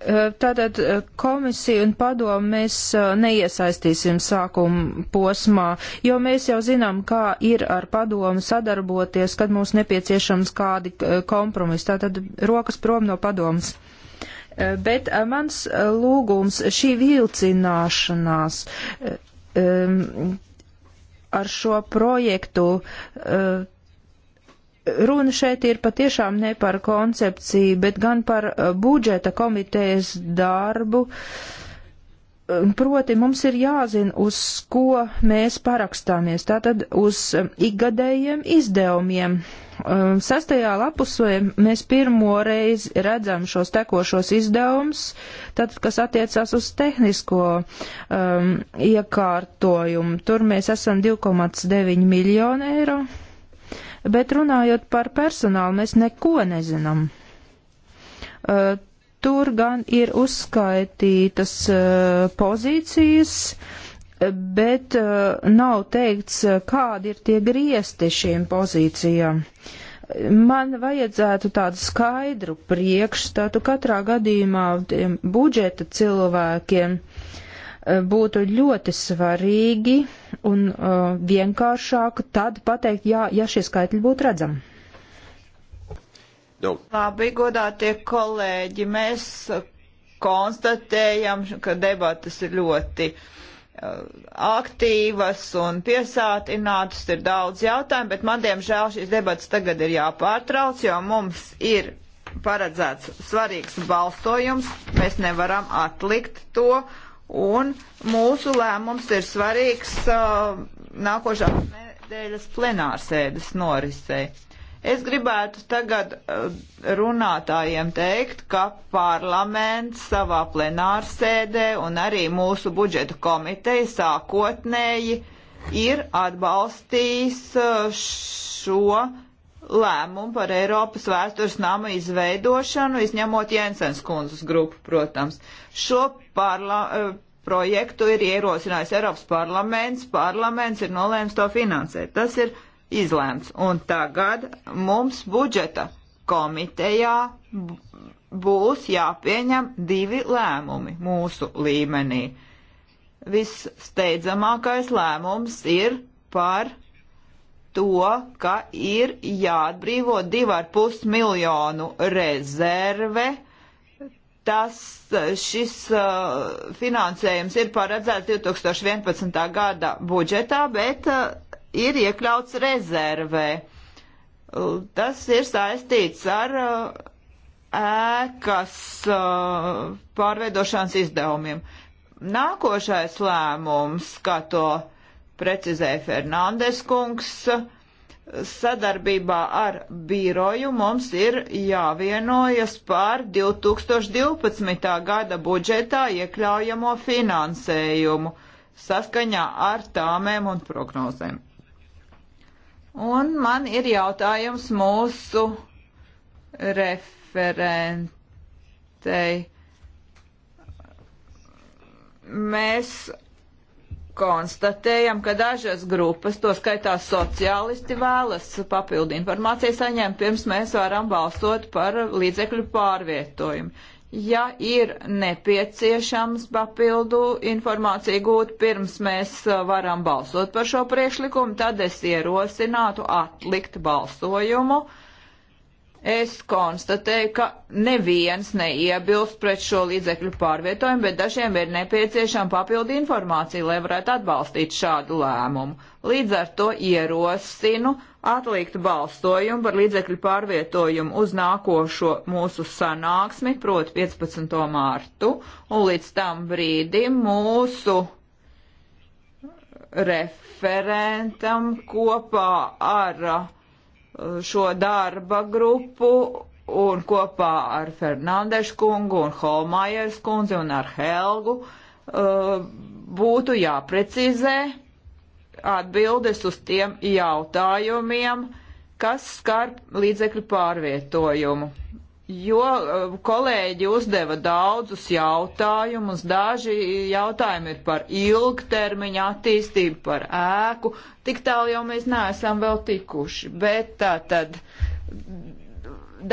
Eh, tātad eh, komisiju un padomu mēs eh, neiesaistīsim sākuma posmā, jo mēs jau zinām, kā ir ar padomu sadarboties, kad mums nepieciešams kādi kompromisi. Tātad rokas prom no padomas. Bet mans lūgums šī vilcināšanās ar šo projektu Runa šeit ir patiešām ne par koncepciju, bet gan par uh, budžeta komitejas darbu. Um, proti mums ir jāzina, uz ko mēs parakstāmies, tātad uz um, ikgadējiem izdevumiem. Um, sastajā lapusē mēs pirmo reizi redzam šos tekošos izdevumus, tātad, kas attiecās uz tehnisko um, iekārtojumu. Tur mēs esam 2,9 miljonu eiro Bet runājot par personālu, mēs neko nezinām. Tur gan ir uzskaitītas pozīcijas, bet nav teikts, kādi ir tie griesti šīm pozīcijām man vajadzētu tādu skaidru priekšstatu katrā gadījumā budžeta cilvēkiem būtu ļoti svarīgi un uh, vienkāršāka, tad pateikt, jā, ja šie skaitļi būtu redzami. No. Nu. Labi, godātie kolēģi, mēs konstatējam, ka debatas ir ļoti uh, aktīvas un piesātinātas, ir daudz jautājumu, bet man diemžēl šīs debatas tagad ir jāpārtrauc, jo mums ir paredzēts svarīgs balsojums, mēs nevaram atlikt to un mūsu lēmums ir svarīgs uh, nākošās nedēļas plenārsēdes norisei. Es gribētu tagad uh, runātājiem teikt, ka parlaments savā plenārsēdē un arī mūsu budžeta komiteja sākotnēji ir atbalstījis uh, šo lēmumu par Eiropas vēstures nama izveidošanu, izņemot Jensens kundzes grupu, protams. Šo parla eh, projektu ir ierosinājis Eiropas parlaments, parlaments ir nolēms to finansēt. Tas ir izlēmts. Un tagad mums budžeta komitejā būs jāpieņem divi lēmumi mūsu līmenī. Vissteidzamākais lēmums ir par to, ka ir jāatbrīvo 2,5 miljonu rezerve. Tas, šis uh, finansējums ir paredzēts 2011. gada budžetā, bet uh, ir iekļauts rezervē. Uh, tas ir saistīts ar uh, ēkas uh, pārveidošanas izdevumiem. Nākošais lēmums, kā to precizēja Fernandes kungs. Sadarbībā ar biroju mums ir jāvienojas par 2012. gada budžetā iekļaujamo finansējumu saskaņā ar tāmēm un prognozēm. Un man ir jautājums mūsu referentei. Mēs konstatējam, ka dažas grupas, to skaitā sociālisti, vēlas papildu informāciju saņemt, pirms mēs varam balsot par līdzekļu pārvietojumu. Ja ir nepieciešams papildu informāciju gūt, pirms mēs uh, varam balsot par šo priekšlikumu, tad es ierosinātu atlikt balsojumu uh, Es konstatēju, ka neviens neiebilst pret šo līdzekļu pārvietojumu, bet dažiem ir nepieciešama papildu informācija, lai varētu atbalstīt šādu lēmumu. Līdz ar to ierosinu atlikt balstojumu par līdzekļu pārvietojumu uz nākošo mūsu sanāksmi, proti 15. mārtu, un līdz tam brīdim mūsu referentam kopā ar Eh, šo darba grupu un kopā ar Fernandešu kungu un Holmajeras kundzi un ar Helgu uh, būtu jāprecizē atbildes uz tiem jautājumiem, kas skar līdzekļu pārvietojumu jo eh, kolēģi uzdeva daudzus jautājumus, daži jautājumi ir par ilgtermiņa attīstību, par ēku, tik tālu jau mēs neesam vēl tikuši, bet tā tad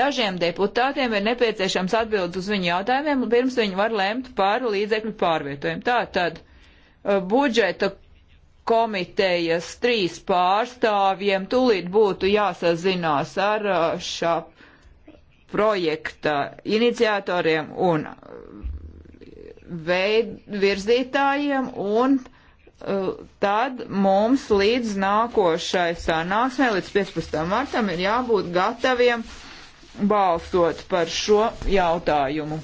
dažiem deputātiem ir nepieciešams atbildes uz viņu jautājumiem, pirms viņi var lemt par līdzekļu pārvietojumu. Tā tad eh, budžeta komitejas trīs pārstāvjiem tūlīt būtu jāsazinās ar eh, šā projekta iniciatoriem un veid, virzītājiem un uh, tad mums līdz nākošai sanāksmē, līdz 15. martam, ir jābūt gataviem balsot par šo jautājumu.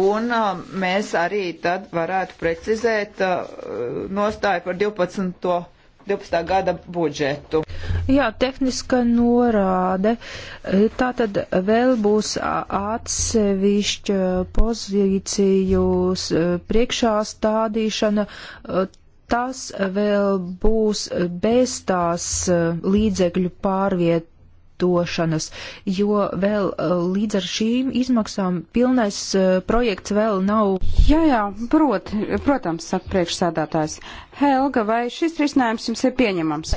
Un uh, mēs arī tad varētu precizēt uh, nostāju par 12. 12. gada budžetu. Jā, tehniska norāde. Tā tad vēl būs atsevišķa pozīcijas priekšā stādīšana. Tas vēl būs bez tās līdzekļu pārviet lietošanas, jo vēl eh, līdz ar šīm izmaksām pilnais eh, projekts vēl nav. Jā, jā, prot, protams, saka priekšsēdētājs. Helga, vai šis risinājums jums ir pieņemams?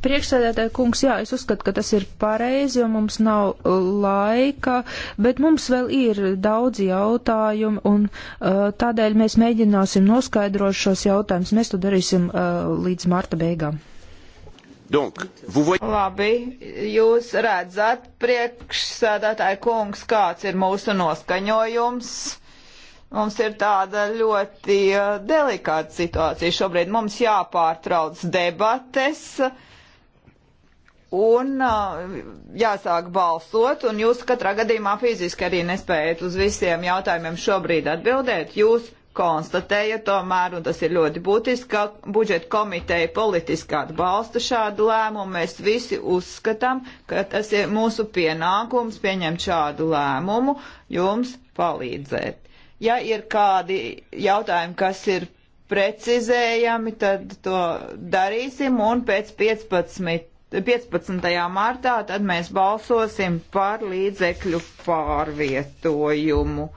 Priekšsēdētāja kungs, jā, es uzskatu, ka tas ir pareizi, jo mums nav eh, laika, bet mums vēl ir daudzi jautājumi, un tādēļ mēs mēģināsim noskaidrot šos jautājumus. Mēs to darīsim līdz marta beigām. Donc, vous voyez... Labi, jūs redzat, priekšsēdētāji kungs, kāds ir mūsu noskaņojums. Mums ir tāda ļoti uh, delikāta situācija. Šobrīd mums jāpārtrauc debates un uh, jāsāk balsot, un jūs katrā gadījumā fiziski arī nespējat uz visiem jautājumiem šobrīd atbildēt. Jūs konstatēja tomēr, un tas ir ļoti būtiski, ka budžeta komiteja politiski atbalsta šādu lēmumu. Mēs visi uzskatām, ka tas ir mūsu pienākums pieņemt šādu lēmumu, jums palīdzēt. Ja ir kādi jautājumi, kas ir precizējami, tad to darīsim, un pēc 15. 15. martā tad mēs balsosim par līdzekļu pārvietojumu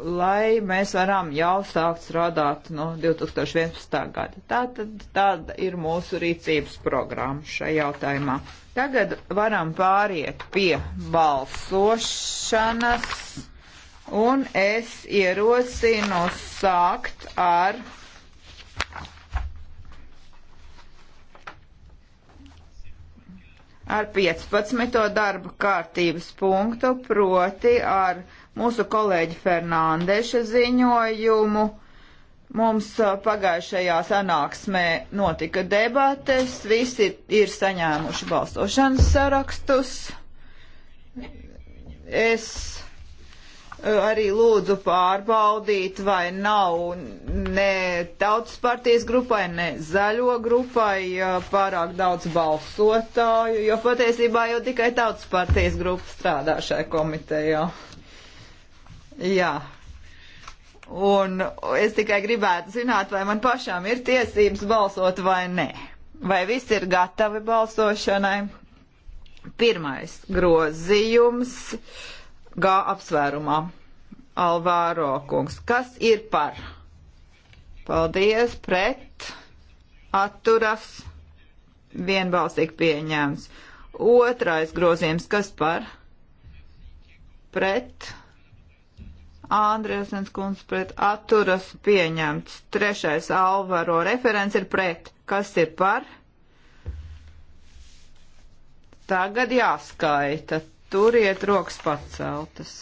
lai mēs varam jau sākt strādāt no 2011. gada. Tā tad tāda ir mūsu rīcības programma šajā jautājumā. Tagad varam pāriet pie balsošanas, un es ierosinu sākt ar. Ar 15. darba kārtības punktu, proti ar mūsu kolēģi Fernandeša ziņojumu. Mums pagājušajā sanāksmē notika debates, visi ir saņēmuši balsošanas sarakstus. Es arī lūdzu pārbaudīt, vai nav ne tautas partijas grupai, ne zaļo grupai pārāk daudz balsotāju, jo patiesībā jau tikai tautas partijas grupa strādā šai komitejā. Jā. Un es tikai gribētu zināt, vai man pašām ir tiesības balsot vai nē. Vai viss ir gatavi balsošanai? Pirmais grozījums G apsvērumā. Alvāro kungs. Kas ir par? Paldies, pret, atturas, vienbalsīgi pieņēmts. Otrais grozījums, kas par? Pret, Andriesens kundze pret atturas pieņemts. Trešais Alvaro referents ir pret. Kas ir par? Tagad jāskaita. Turiet rokas paceltas.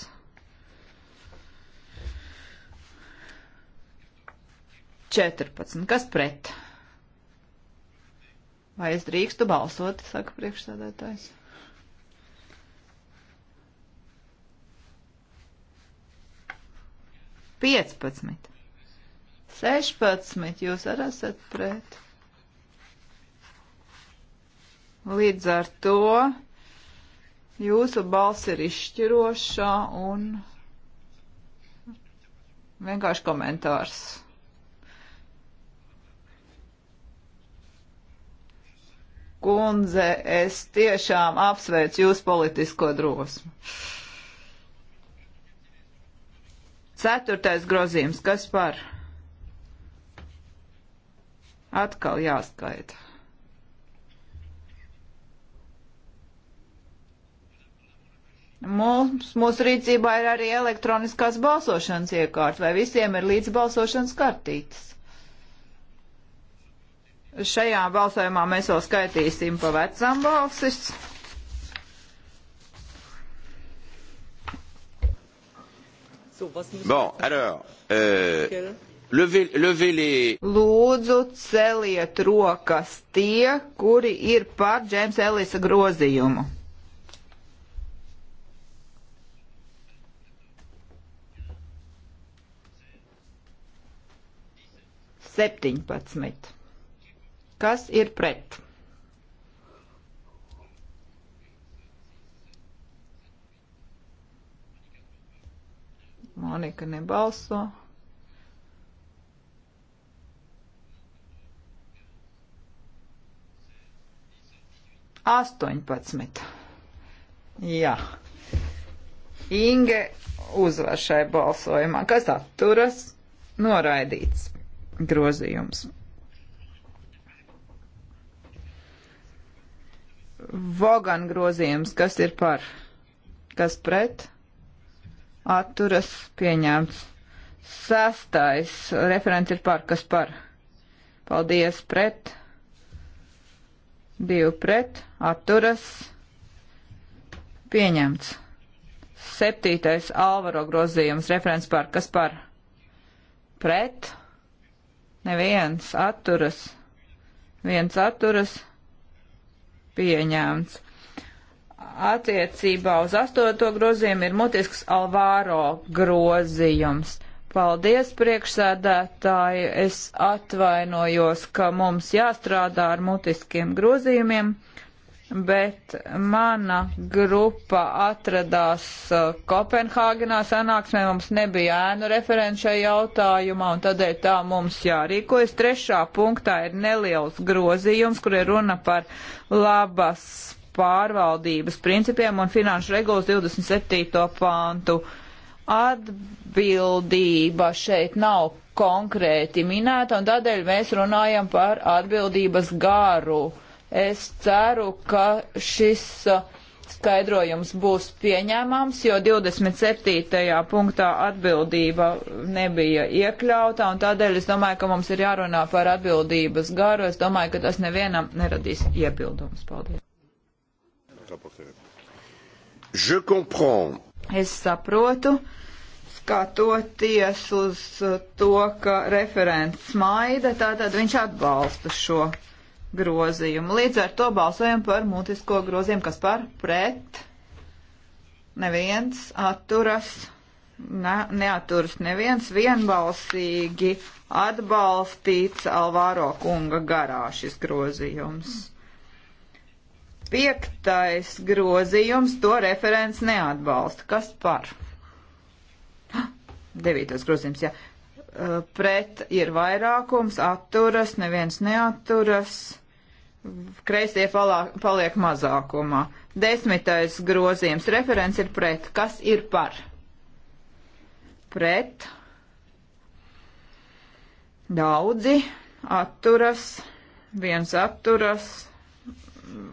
Četrpadsmit. Kas pret? Vai es drīkstu balsot, saka priekšsēdētājs. 15. 16. Jūs arī esat pret. Līdz ar to jūsu balss ir izšķirošā un vienkārši komentārs. Kundze, es tiešām apsveicu jūsu politisko drosmu. Ceturtais grozījums, kas par? Atkal jāskaita. Mums, mūsu rīcībā ir arī elektroniskās balsošanas iekārta, vai visiem ir līdz balsošanas kartītes. Šajā balsojumā mēs vēl skaitīsim pa vecām balsis. Bon, alors, euh, lever, lever les... Lūdzu, celiet rokas tie, kuri ir par Džeimsa Ellisa grozījumu. Septiņpadsmit. Kas ir pret? Monika nebalso. Astoņpadsmit. Jā. Inge uzvar šai balsojumā, kas atturas noraidīts grozījums. Vogan grozījums, kas ir par, kas pret? atturas pieņemts. Sestais referents ir par, kas par. Paldies pret. Divi pret, atturas pieņemts. Septītais Alvaro grozījums referents par, kas par. Pret. Neviens atturas. Viens atturas pieņemts attiecībā uz astoto grozījumu ir mutisks Alvāro grozījums. Paldies, priekšsēdētāji, es atvainojos, ka mums jāstrādā ar mutiskiem grozījumiem, bet mana grupa atradās uh, Kopenhāgenā sanāksmē, mums nebija ēnu referenčai jautājumā, un tādēļ tā mums jārīkojas. Trešā punktā ir neliels grozījums, kur ir runa par labas pārvaldības principiem un finanšu regulas 27. pāntu. Atbildība šeit nav konkrēti minēta, un tādēļ mēs runājam par atbildības garu. Es ceru, ka šis uh, skaidrojums būs pieņēmams, jo 27. punktā atbildība nebija iekļauta, un tādēļ es domāju, ka mums ir jārunā par atbildības garu. Es domāju, ka tas nevienam neradīs iebildumus. Paldies! Es saprotu, skatoties uz to, ka referents maida, tātad viņš atbalsta šo grozījumu. Līdz ar to balsojam par mutisko grozījumu, kas par pret neviens atturas, ne, neaturas neviens vienbalsīgi atbalstīts Alvāro kunga garā šis grozījums. Mm. Piektais grozījums to referents neatbalsta. Kas par? Devītais grozījums, jā. Uh, pret ir vairākums, atturas, neviens neatturas kreisie palā, paliek mazākumā. Desmitais grozījums referents ir pret. Kas ir par? Pret. Daudzi atturas, viens atturas,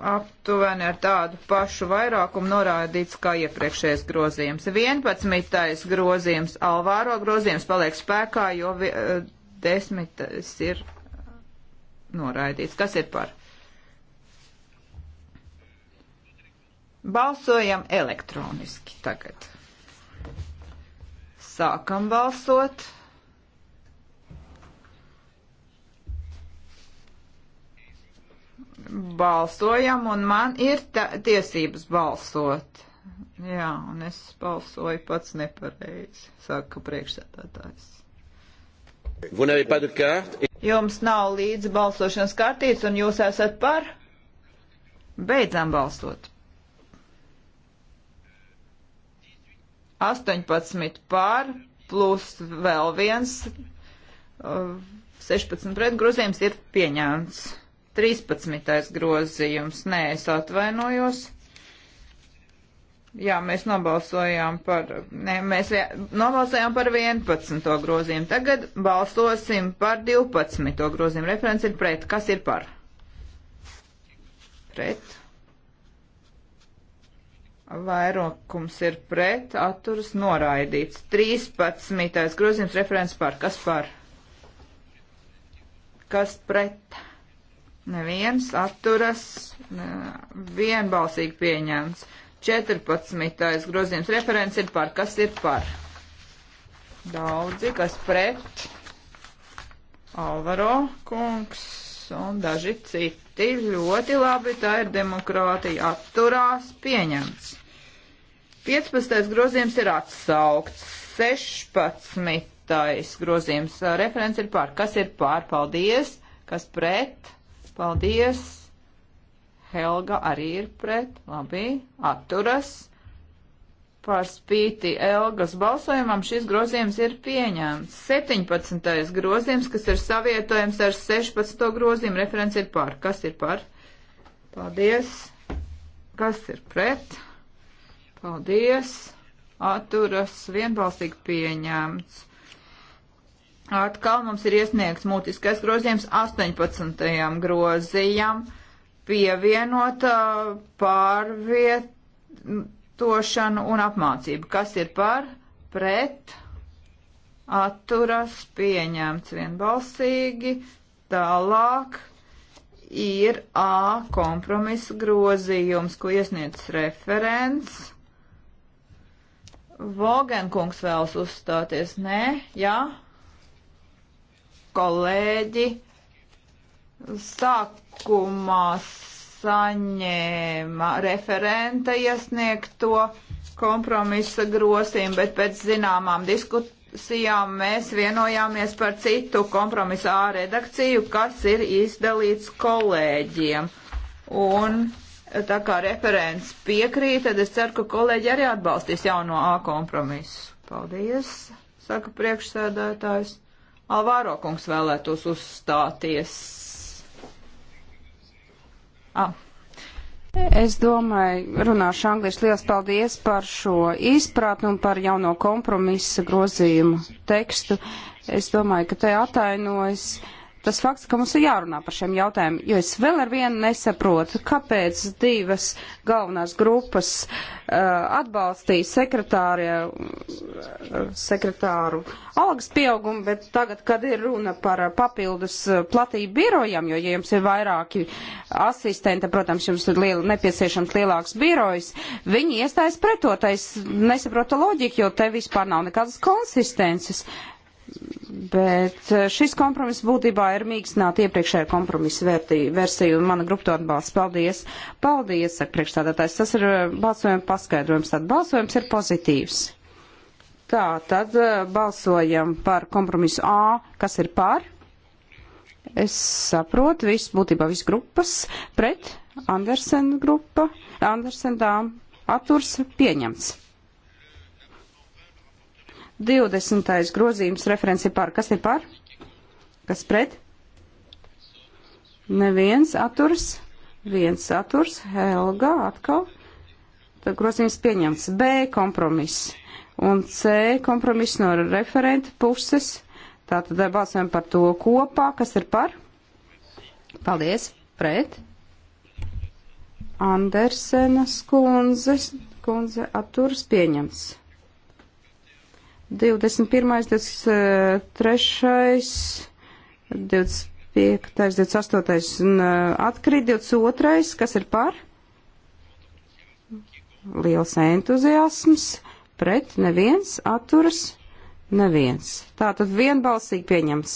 aptuveni ar tādu pašu vairākumu norādīts kā iepriekšējais grozījums. 11. grozījums, Alvāro grozījums paliek spēkā, jo 10. Eh, ir noraidīts. Kas ir par? Balsojam elektroniski tagad. Sākam balsot. balsojam, un man ir tiesības balsot. Jā, un es balsoju pats nepareizi, saka priekšsēdētājs. Jums nav līdzi balsošanas kartītes, un jūs esat par? Beidzam balsot. 18 pār, plus vēl viens, 16 uh, pret grozījums ir pieņemts. 13. grozījums. Nē, es atvainojos. Jā, mēs nobalsojām par, nē, mēs nobalsojām par 11. grozījumu. Tagad balsosim par 12. grozījumu. Referents ir pret. Kas ir par? Pret. Vairokums ir pret, atturas noraidīts. 13. grozījums referents par. Kas par? Kas pret? Neviens atturas vienbalsīgi pieņemts. 14. grozījums referents ir par. Kas ir par? Daudzi, kas pret. Alvaro kungs un daži citi. Ļoti labi, tā ir demokrātija. Atturās pieņemts. 15. grozījums ir atsaukts. 16. grozījums referents ir par. Kas ir par? Paldies. Kas pret? Paldies! Helga arī ir pret. Labi, atturas. Par spīti Elgas balsojumam šis grozījums ir pieņemts. 17. grozījums, kas ir savietojams ar 16. grozījumu, referents ir par. Kas ir par? Paldies. Kas ir pret? Paldies. Atturas vienbalsīgi pieņemts. Atkal mums ir iesniegts mutiskais grozījums 18. grozījam pievienot uh, pārvietošanu un apmācību. Kas ir par? Pret. Atturas pieņemts vienbalsīgi. Tālāk ir A kompromisa grozījums, ko iesniedz referents. Vogenkungs vēlas uzstāties. Nē, jā. Ja? kolēģi, sākumā saņēma referenta iesniegto kompromisa grosim, bet pēc zināmām diskusijām mēs vienojāmies par citu kompromisa A redakciju, kas ir izdalīts kolēģiem. Un tā kā referents piekrīt, tad es ceru, ka kolēģi arī atbalstīs jauno A kompromisu. Paldies, saka priekšsēdētājs. Alvāro kungs vēlētos uzstāties. Ah. Es domāju, runāšu angliski. Lielas paldies par šo izpratni un par jauno kompromisa grozījumu tekstu. Es domāju, ka te atainojas tas fakts, ka mums ir jārunā par šiem jautājumiem, jo es vēl ar vienu nesaprotu, kāpēc divas galvenās grupas uh, atbalstīja sekretāru, uh, sekretāru algas pieaugumu, bet tagad, kad ir runa par papildus uh, platību birojam, jo, ja jums ir vairāki asistenti, protams, jums ir liela, nepieciešams lielāks birojs, viņi iestājas pretotais nesaprota loģiku, jo te vispār nav nekādas konsistences. Uh, Bet eh, šis kompromiss būtībā ir mīkstināt iepriekšēju kompromisu versiju, un mana grupa to atbalsta. Paldies! Paldies, saka priekšstādātājs. Tas ir eh, balsojuma paskaidrojums. Tad balsojums ir pozitīvs. Tā, tad eh, balsojam par kompromisu A, kas ir par. Es saprotu, viss būtībā viss grupas pret Andersen grupa, Andersen dām atturs pieņemts. 20. grozījums referenci par. Kas ir par? Kas pret? Neviens atturs. Viens atturs. Helga atkal. Tad grozījums pieņemts. B kompromiss. Un C kompromiss no referenta puses. Tātad balsojam par to kopā. Kas ir par? Paldies. Pret. Andersenas kundzes, kundze atturs pieņems. 21., 23., 25., 28. un atkrīt 22. kas ir par? Liels entuziasms, pret neviens, atturas neviens. Tātad vienbalsīgi pieņems.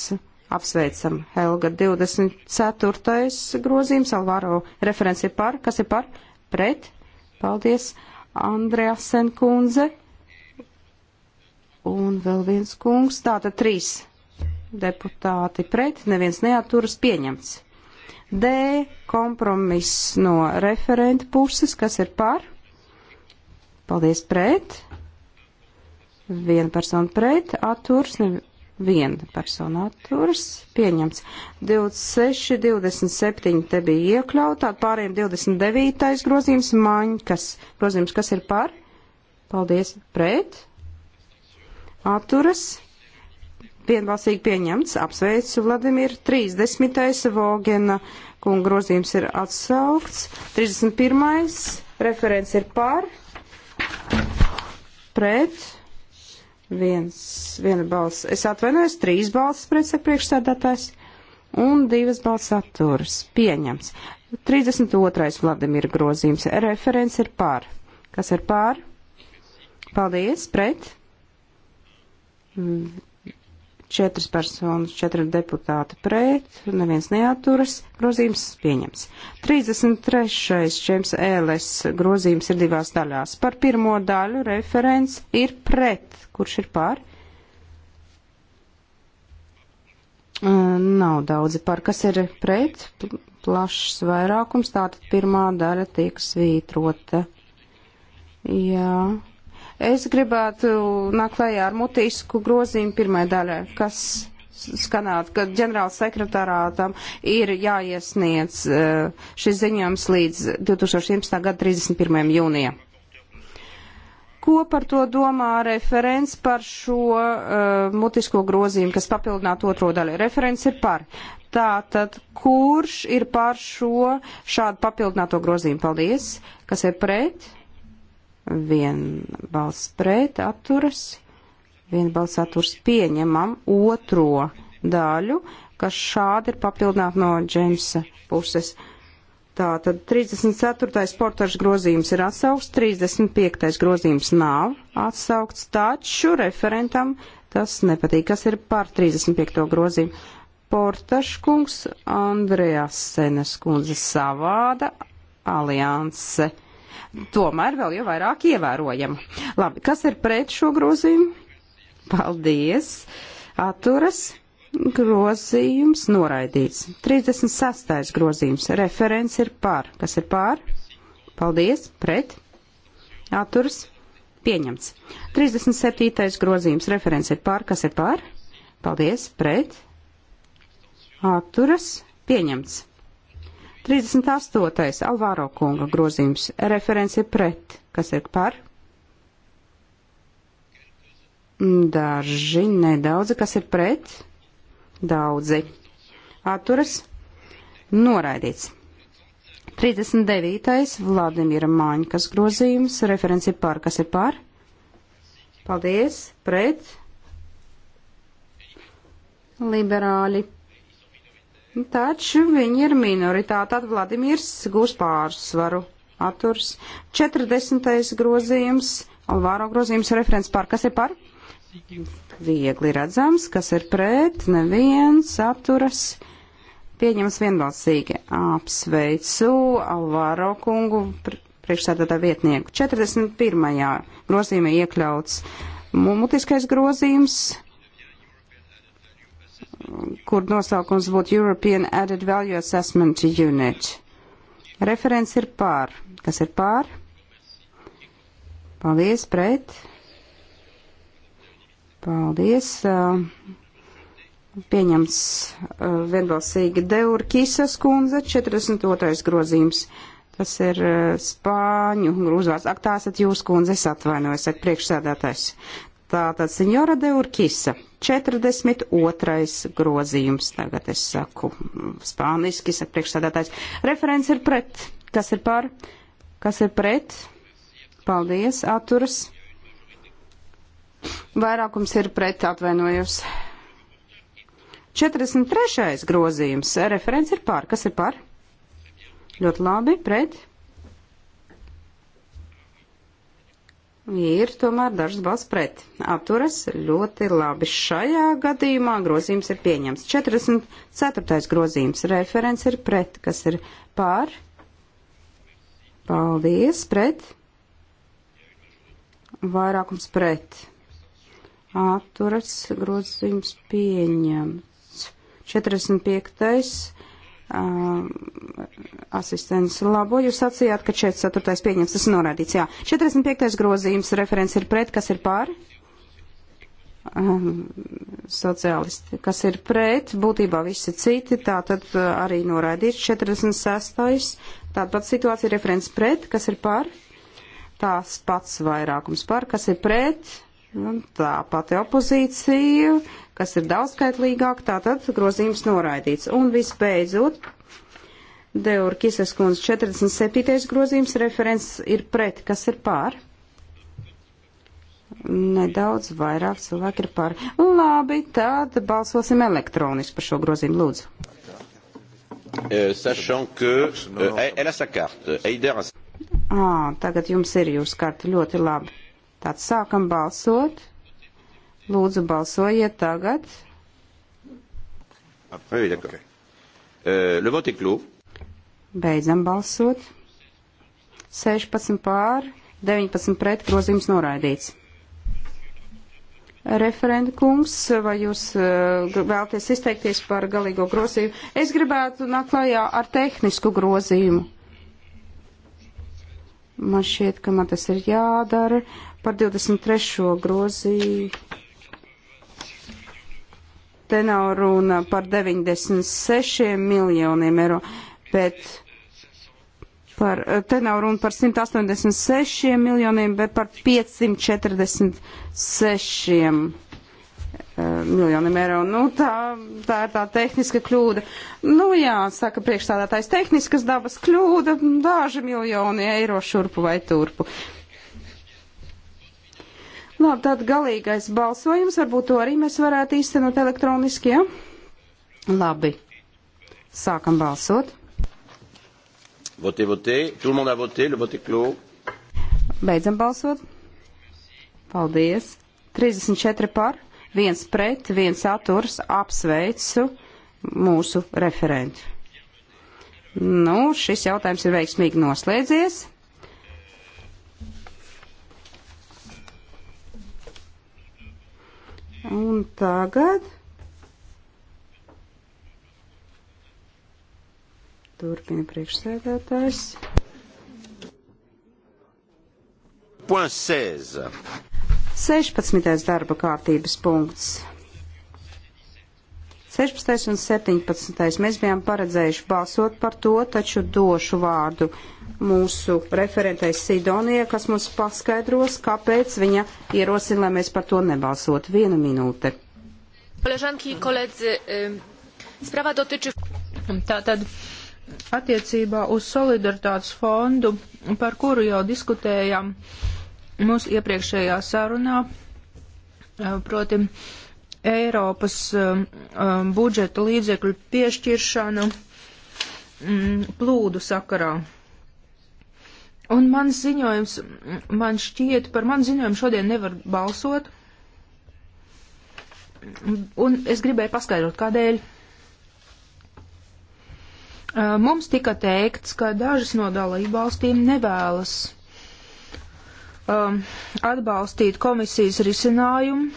Apsveicam Helga 24. grozījums, Alvaro referenci par, kas ir par, pret, paldies, Andreasen kundze, un vēl viens kungs, tātad trīs deputāti pret, neviens neaturas pieņemts. D kompromiss no referenta puses, kas ir par. Paldies pret. Viena persona pret, atturs, viena persona atturs, pieņemts. 26, 27 te bija iekļautā, pārējiem 29. grozījums maņkas. Grozījums, kas ir par? Paldies pret atturas vienbalsīgi pieņemts. Apsveicu Vladimir. 30. Vogena kunga grozījums ir atsaukts. 31. referents ir par. Pret. Viens, viena balss. Es atvainojos, trīs balss pret saka priekšsēdētājs. Un divas balss atturas. Pieņemts. 32. Vladimir grozījums. Referents ir par. Kas ir par? Paldies. Pret. Četras personas, četri deputāti pret, neviens neaturas, grozījums pieņems. 33. Čems Ēles grozījums ir divās daļās. Par pirmo daļu referents ir pret, kurš ir pār. Nav daudzi par, kas ir pret, plašs vairākums, tātad pirmā daļa tiek svītrota. Jā, Es gribētu nākt klajā ar mutisku grozījumu pirmai daļai, kas skanētu, ka ģenerāla sekretārātam ir jāiesniedz e, šis ziņojums līdz 2011. gada 31. jūnijam. Ko par to domā referents par šo uh, mutisko grozījumu, kas papildinātu otro daļu? Referents ir par. Tātad, kurš ir par šo šādu papildināto grozījumu? Paldies. Kas ir pret? viena balss pret atturas, viena balss atturas pieņemam otro daļu, kas šādi ir papildināta no Džeimsa puses. Tātad 34. portažs grozījums ir atsaukts, 35. grozījums nav atsaukts, taču referentam tas nepatīk, kas ir par 35. grozījumu. Portaškungs Andrejas Senes kundze savāda alianse tomēr vēl jau vairāk ievērojama. Labi, kas ir pret šo grozījumu? Paldies! Atturas grozījums noraidīts. 36. grozījums. Referents ir pār. Kas ir pār? Paldies! Pret! Atturas pieņemts. 37. grozījums. Referents ir pār. Kas ir pār? Paldies! Pret! Atturas pieņemts. 38. Alvāro kunga grozījums. Referents ir pret. Kas ir par? Daži, nedaudzi. Kas ir pret? Daudzi. Atturas. Noraidīts. 39. Vladimira Māņkas grozījums. Referents ir par. Kas ir par? Paldies. Pret. Liberāļi Taču viņi ir minoritāte, tad Vladimirs gūs pārsvaru. Atturs 40. grozījums, Alvāro grozījums referents par, kas ir par? Viegli redzams, kas ir pret, neviens atturas pieņems vienbalsīgi. Apsveicu Alvaro kungu priekšsēdētā vietnieku. 41. grozījumā iekļauts mutiskais grozījums kur nosaukums būtu European Added Value Assessment Unit. Referents ir pār. Kas ir pār? Paldies, pret. Paldies. Pieņems vienbalsīgi Deurkīsas kundze, 42. grozījums. Tas ir spāņu grūzvārds. Ak, tā esat jūs, kundze, es atvainojos, saka priekšsēdētājs. Tātad senjora Deurkisa, 42. grozījums, tagad es saku mm, spāniski, saka priekšstādātājs. Referents ir pret. Kas ir par? Kas ir pret? Paldies, atturas. Vairākums ir pret, atvainojos. 43. grozījums. Referents ir par. Kas ir par? Ļoti labi, pret. ir tomēr dažas balss pret. Apturas ļoti labi. Šajā gadījumā grozījums ir pieņemts. 44. grozījums referents ir pret, kas ir pār. Paldies, pret. Vairākums pret. Apturas grozījums pieņemts. 45. Um, asistents labo. Jūs sacījāt, ka 44. pieņems, tas ir norādīts, jā. 45. grozījums referents ir pret, kas ir pār? Um, sociālisti, kas ir pret, būtībā visi citi, tā tad uh, arī norādīts 46. Tāpat situācija referents pret, kas ir pār? Tās pats vairākums pār, kas ir pret? Un tā pati opozīcija, kas ir daudzskaitlīgāk, tātad grozījums noraidīts. Un visbeidzot, Deur Kises kundz 47. grozījums referents ir pret, kas ir pār. Nedaudz vairāk cilvēki ir pār. Labi, tad balsosim elektroniski par šo grozījumu, lūdzu. Uh, sachant, ka uh, elle a sa carte. Eider a... Ah, tagad jums ir jūsu karte ļoti labi. Tad sākam balsot. Lūdzu, balsojiet tagad. Après, d'accord. Euh, le vote est clos. Beidzam balsot. 16 pār, 19 pret, grozījums noraidīts. Referenta kungs, vai jūs uh, eh, vēlties izteikties par galīgo grozījumu? Es gribētu nākt klajā ar tehnisku grozījumu. Man šķiet, ka man tas ir jādara. Uh, Par 23. grozīju te nav runa par 96 miljoniem eiro, bet par, te nav runa par 186 miljoniem, bet par 546 eh, miljoniem eiro. Nu, tā, tā ir tā tehniska kļūda. Nu jā, saka priekšstādātājs, tehniskas dabas kļūda, daži miljoni eiro šurpu vai turpu. Uh, Labi, tad galīgais balsojums, varbūt to arī mēs varētu īstenot elektroniski, ja? Labi. Sākam balsot. Votē, votē. Tout le monde a voté, le vote est clos. Beidzam balsot. Paldies. 34 par, 1 pret, 1 atturs. Apsveicu mūsu referentu. Nu, šis jautājums ir veiksmīgi noslēdzies. Un tagad turpina priekšsēdētājs. Point 16. 16. darba kārtības punkts. 16. un 17. mēs bijām paredzējuši balsot par to, taču došu vārdu mūsu referentais Sidonija, kas mums paskaidros, kāpēc viņa ierosina, lai mēs par to nebalsotu. Viena minūte. Koležanki, koledzi, sprava dotyči. Tātad attiecībā uz solidaritātes fondu, par kuru jau diskutējām mūsu iepriekšējā sarunā, e, proti Eiropas e, e, budžeta līdzekļu piešķiršanu plūdu sakarā. Un mans ziņojums, man šķiet, par manu ziņojumu šodien nevar balsot. Un es gribēju paskaidrot, kādēļ. Mums tika teikts, ka dažas no dalību valstīm nevēlas um, atbalstīt komisijas risinājumu,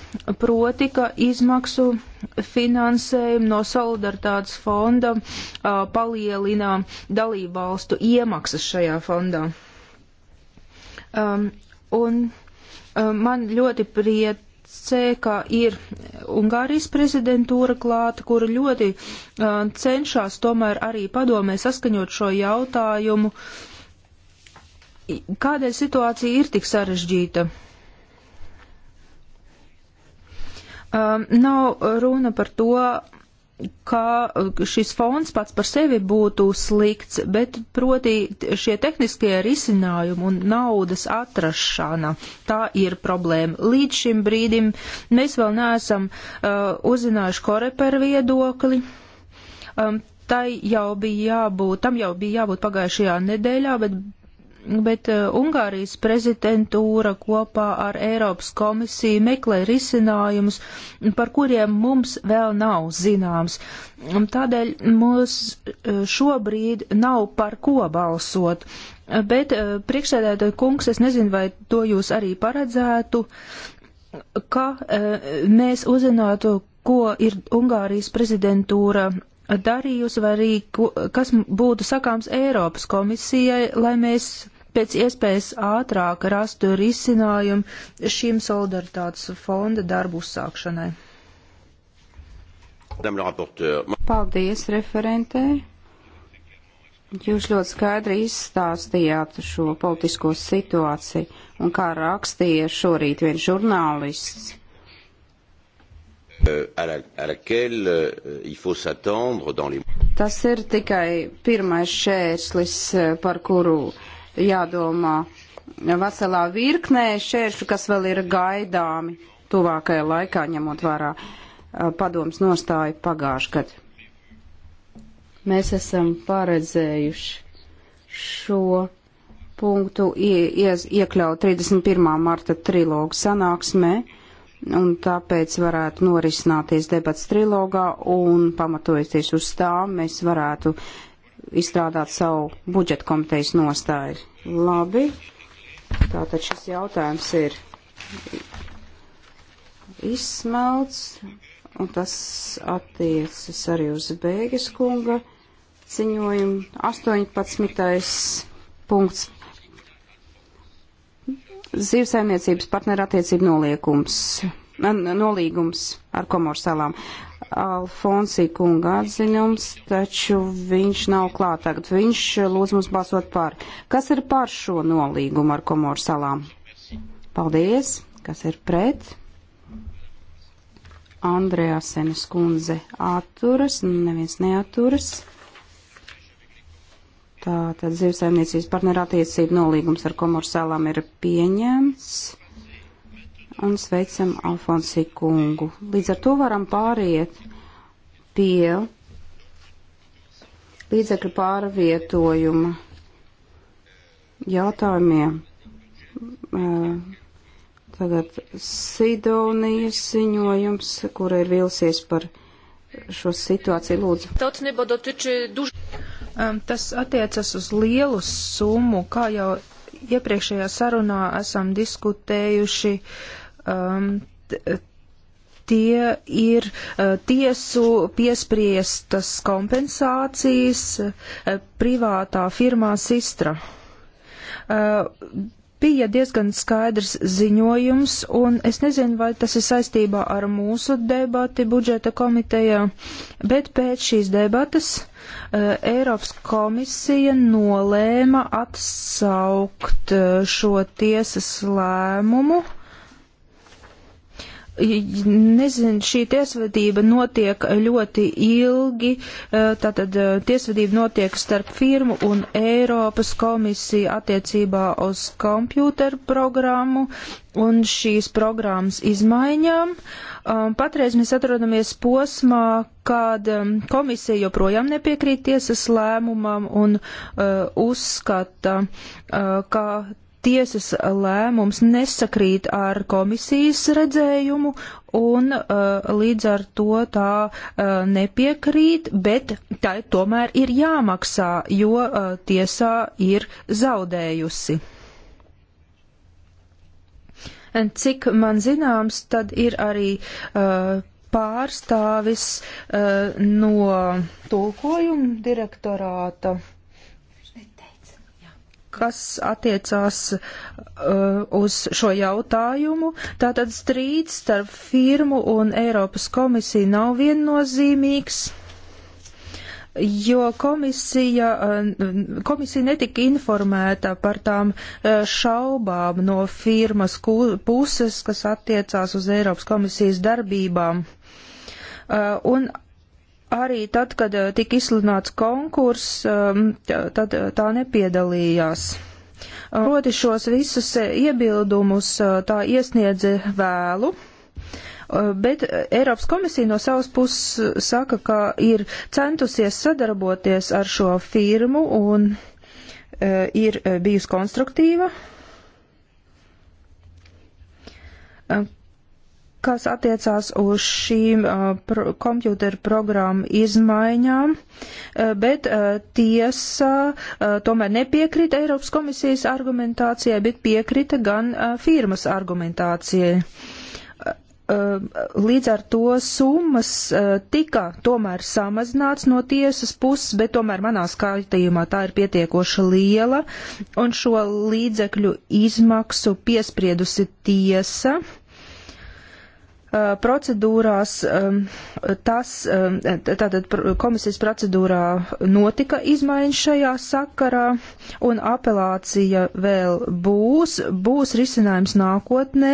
proti, ka izmaksu finansējumu no solidaritātes fonda uh, palielina dalību valstu iemaksas šajā fondā. Uh, Um, un um, man ļoti priecē, ka ir Ungārijas prezidentūra klāta, kura ļoti uh, cenšas tomēr arī padomē saskaņot šo jautājumu. Kādēļ situācija ir tik sarežģīta? Um, nav runa par to, ka šis fonds pats par sevi būtu slikts, bet proti šie tehniskie risinājumi un naudas atrašana, tā ir problēma. Līdz šim brīdim mēs vēl neesam uh, uzzinājuši koreper viedokli. Um, tai jau bija jābūt, tam jau bija jābūt pagājušajā nedēļā, bet Nu, bet eh, Ungārijas prezidentūra kopā ar Eiropas komisiju meklē risinājumus, par kuriem mums vēl nav zināms. Tādēļ mums eh, šobrīd nav par ko balsot. Bet eh, priekšsēdētāji kungs, es nezinu, vai to jūs arī paredzētu, ka mēs uzzinātu, ko ir Ungārijas prezidentūra darījusi, vai arī kas būtu sakāms Eiropas komisijai, lai mēs pēc iespējas ātrāk rastu risinājumu šīm solidaritātes fonda darbu uzsākšanai. Paldies referentē. Jūs ļoti skaidri izstāstījāt šo politisko situāciju un kā rakstīja šorīt viens žurnālists. Euh, euh, Tas ir tikai pirmais šērslis, par kuru uh, jādomā veselā virknē šēršu, kas vēl ir gaidāmi tuvākajā laikā, ņemot vērā padoms nostāju pagājušajā gadā. Mēs esam paredzējuši šo punktu ie, iekļaut 31. marta trilogu sanāksmē, un tāpēc varētu norisināties debats trilogā, un pamatojoties uz tām, mēs varētu izstrādāt savu budžeta komitejas nostāju. Labi, tātad šis jautājums ir izsmelts, un tas attiecas arī uz Bēges kunga ziņojumu 18. punkts. Zīvesaimniecības partnerattiecību noliekums, nolīgums ar Komoru salām. Alfonsī kunga atziņums, taču viņš nav klāt tagad. Viņš lūdz mums balsot par. Kas ir par šo nolīgumu ar Komoru salām? Paldies. Kas ir pret? Andrejā Senes kundze atturas, neviens neaturas. Tātad zivsaimniecības partnerattiecību nolīgums ar Komoru salām ir pieņemts un sveicam Alfonsi kungu. Līdz ar to varam pāriet pie līdzekļu pārvietojuma jautājumiem. Eh, tagad Sidonijas ziņojums, kura ir vilsies par šo situāciju, lūdzu. Tas attiecas uz lielu summu, kā jau iepriekšējā sarunā esam diskutējuši. Uh, um, uh, tie ir uh, tiesu piespriestas kompensācijas uh, privātā firmā Sistra. Uh, bija diezgan skaidrs ziņojums, un es nezinu, vai tas ir saistībā ar mūsu debati budžeta komitejā, bet pēc šīs debatas uh, Eiropas komisija nolēma atsaukt uh, šo tiesas lēmumu uh, Nezinu, šī tiesvedība notiek ļoti ilgi, eh, tātad eh, tiesvedība notiek starp firmu un Eiropas komisiju attiecībā uz kompjūteru programmu un šīs programmas izmaiņām. Eh, patreiz mēs atrodamies posmā, kad komisija joprojām nepiekrīt tiesas lēmumam un uzskata, ka tiesas lēmums nesakrīt ar komisijas redzējumu, un uh, līdz ar to tā uh, nepiekrīt, bet tai tomēr ir jāmaksā, jo uh, tiesā ir zaudējusi. Un cik man zināms, tad ir arī uh, pārstāvis uh, no tulkojuma direktorāta kas attiecās uh, uz šo jautājumu. Tātad strīds starp firmu un Eiropas komisiju nav viennozīmīgs, jo komisija, uh, komisija netika informēta par tām uh, šaubām no firmas puses, kas attiecās uz Eiropas komisijas darbībām. Uh, un arī tad, kad eh, tika izsludināts konkurss, ehm, tad eh, tā nepiedalījās. Ehm, proti šos visus eh, iebildumus tā iesniedza vēlu. Ehm, bet Eiropas komisija no savas puses saka, ka ir centusies sadarboties ar šo firmu un ir bijusi konstruktīva kas attiecās uz šīm uh, pro, kompjūteru programmu izmaiņām, uh, bet uh, tiesa uh, tomēr nepiekrita Eiropas komisijas argumentācijai, bet piekrita gan uh, firmas argumentācijai. Uh, uh, līdz ar to summas uh, tika tomēr samazināts no tiesas puses, bet tomēr manā skatījumā tā ir pietiekoši liela, un šo līdzekļu izmaksu piespriedusi tiesa. Uh, Eh, procedūrās tas, tātad komisijas procedūrā notika izmaiņas šajā sakarā, un apelācija vēl būs, būs risinājums nākotnē.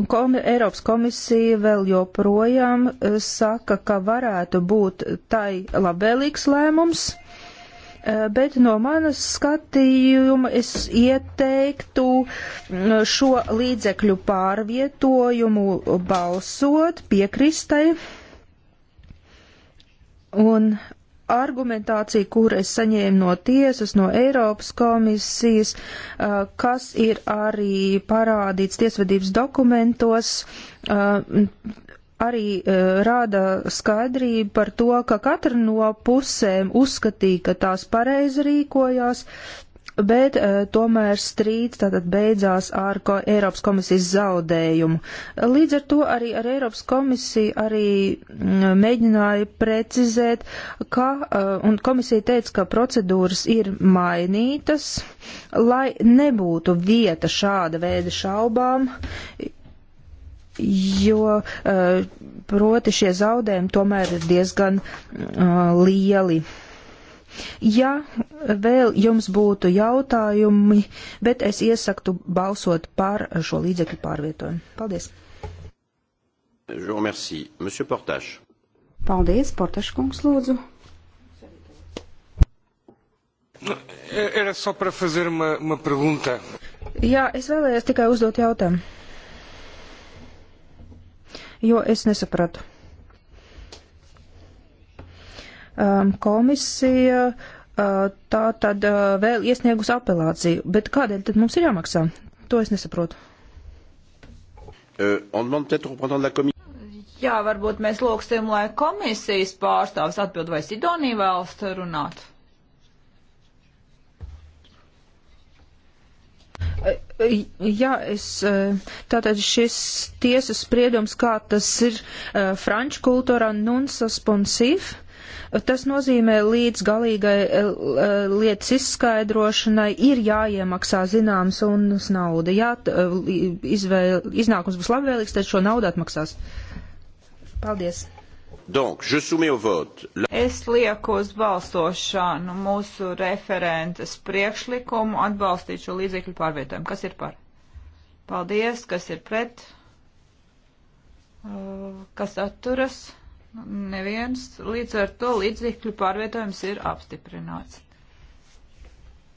Un kom, Eiropas komisija vēl joprojām eh, saka, ka varētu būt tai labvēlīgs lēmums. Eh, bet no manas skatījuma es ieteiktu mm, šo līdzekļu pārvietojumu balsot piekristai. Un argumentācija, kur es saņēmu no tiesas, no Eiropas komisijas, eh, kas ir arī parādīts tiesvedības dokumentos, eh, arī uh, rāda skaidrību par to, ka katra no pusēm uzskatīja, ka tās pareizi rīkojās, bet uh, tomēr strīds tātad beidzās ar ko Eiropas komisijas zaudējumu. Līdz ar to arī ar Eiropas komisiju arī mm, mēģināja precizēt, ka, uh, un komisija teica, ka procedūras ir mainītas, lai nebūtu vieta šāda veida šaubām, jo eh, proti šie zaudējumi tomēr ir diezgan eh, lieli. Ja vēl jums būtu jautājumi, bet es iesaktu balsot par šo līdzekļu pārvietojumu. Paldies! Paldies, Portaškungs, lūdzu. Era só para fazer uma, uma pergunta. Jā, es vēlējos tikai uzdot jautājumu jo es nesapratu. Um, komisija uh, tā tad uh, vēl iesniegus apelāciju, bet kādēļ tad mums ir jāmaksā? To es nesaprotu. Uh, Jā, varbūt mēs lūgsim, lai komisijas pārstāvs atbild, vai Sidonija vēlas runāt. Jā, es, e, tātad šis tiesas spriedums, kā tas ir e, franču kultūrā, nunsas ponsīv, tas nozīmē līdz galīgai e, lietas izskaidrošanai ir jāiemaksā zināms unnas nauda. Jā, izvēl, iznākums būs labvēlīgs, tad šo naudu atmaksās. Paldies! Donc, je soumets au vote. La... Es lieku uz balsošanu mūsu referentes priekšlikumu atbalstīt šo līdzekļu pārvietojumu. Kas ir par? Paldies, kas ir pret? Uh, kas atturas? Neviens. Līdz ar to līdzekļu pārvietojums ir apstiprināts.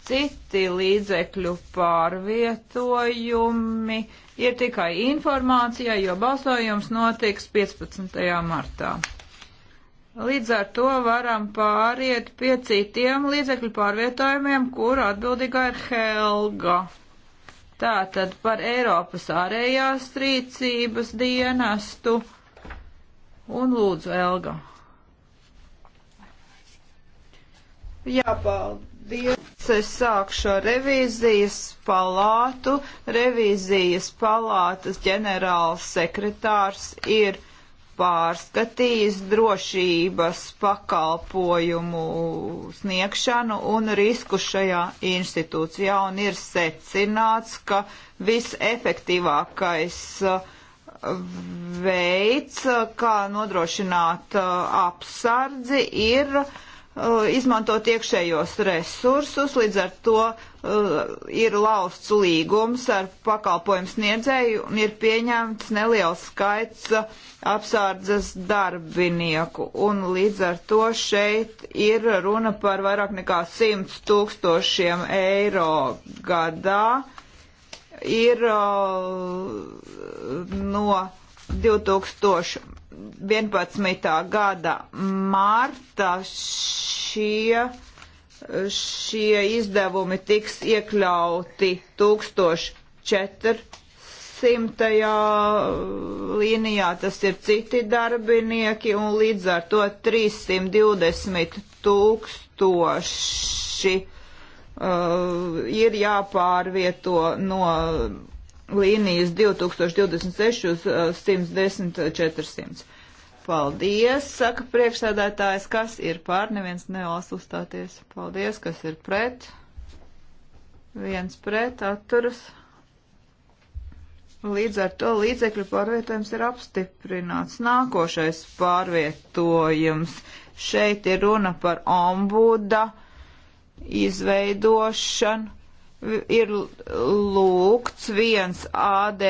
Citi līdzekļu pārvietojumi ir tikai informācijā, jo balsojums notiks 15. martā. Līdz ar to varam pāriet pie citiem līdzekļu pārvietojumiem, kur atbildīgā ir Helga. Tātad par Eiropas ārējās rīcības dienestu un lūdzu Elga. Jā, paldies. Es sākšu ar revīzijas palātu. Revīzijas palātas ģenerāls sekretārs ir pārskatījis drošības pakalpojumu sniegšanu un risku šajā institūcijā un ir secināts, ka visefektīvākais uh, veids, uh, kā nodrošināt uh, apsardzi, ir uh, Uh, izmantot iekšējos resursus, līdz ar to uh, ir lausts līgums ar pakalpojumu sniedzēju un ir pieņemts neliels skaits uh, apsārdzes darbinieku. Un līdz ar to šeit ir runa par vairāk nekā 100 tūkstošiem eiro gadā. Ir uh, no 2000 11. gada martā šie, šie izdevumi tiks iekļauti 1400. līnijā, tas ir citi darbinieki, un līdz ar to 320 tūkstoši uh, ir jāpārvieto no līnijas 2026 uz 110 uh, 400. Uh, Paldies, saka priekšsēdētājs, kas ir pār, neviens nevēlas uzstāties. Paldies, kas ir pret. Viens pret, atturas. Līdz ar to līdzekļu pārvietojums ir apstiprināts. Nākošais pārvietojums. Šeit ir runa par ombuda izveidošanu ir lūgts viens AD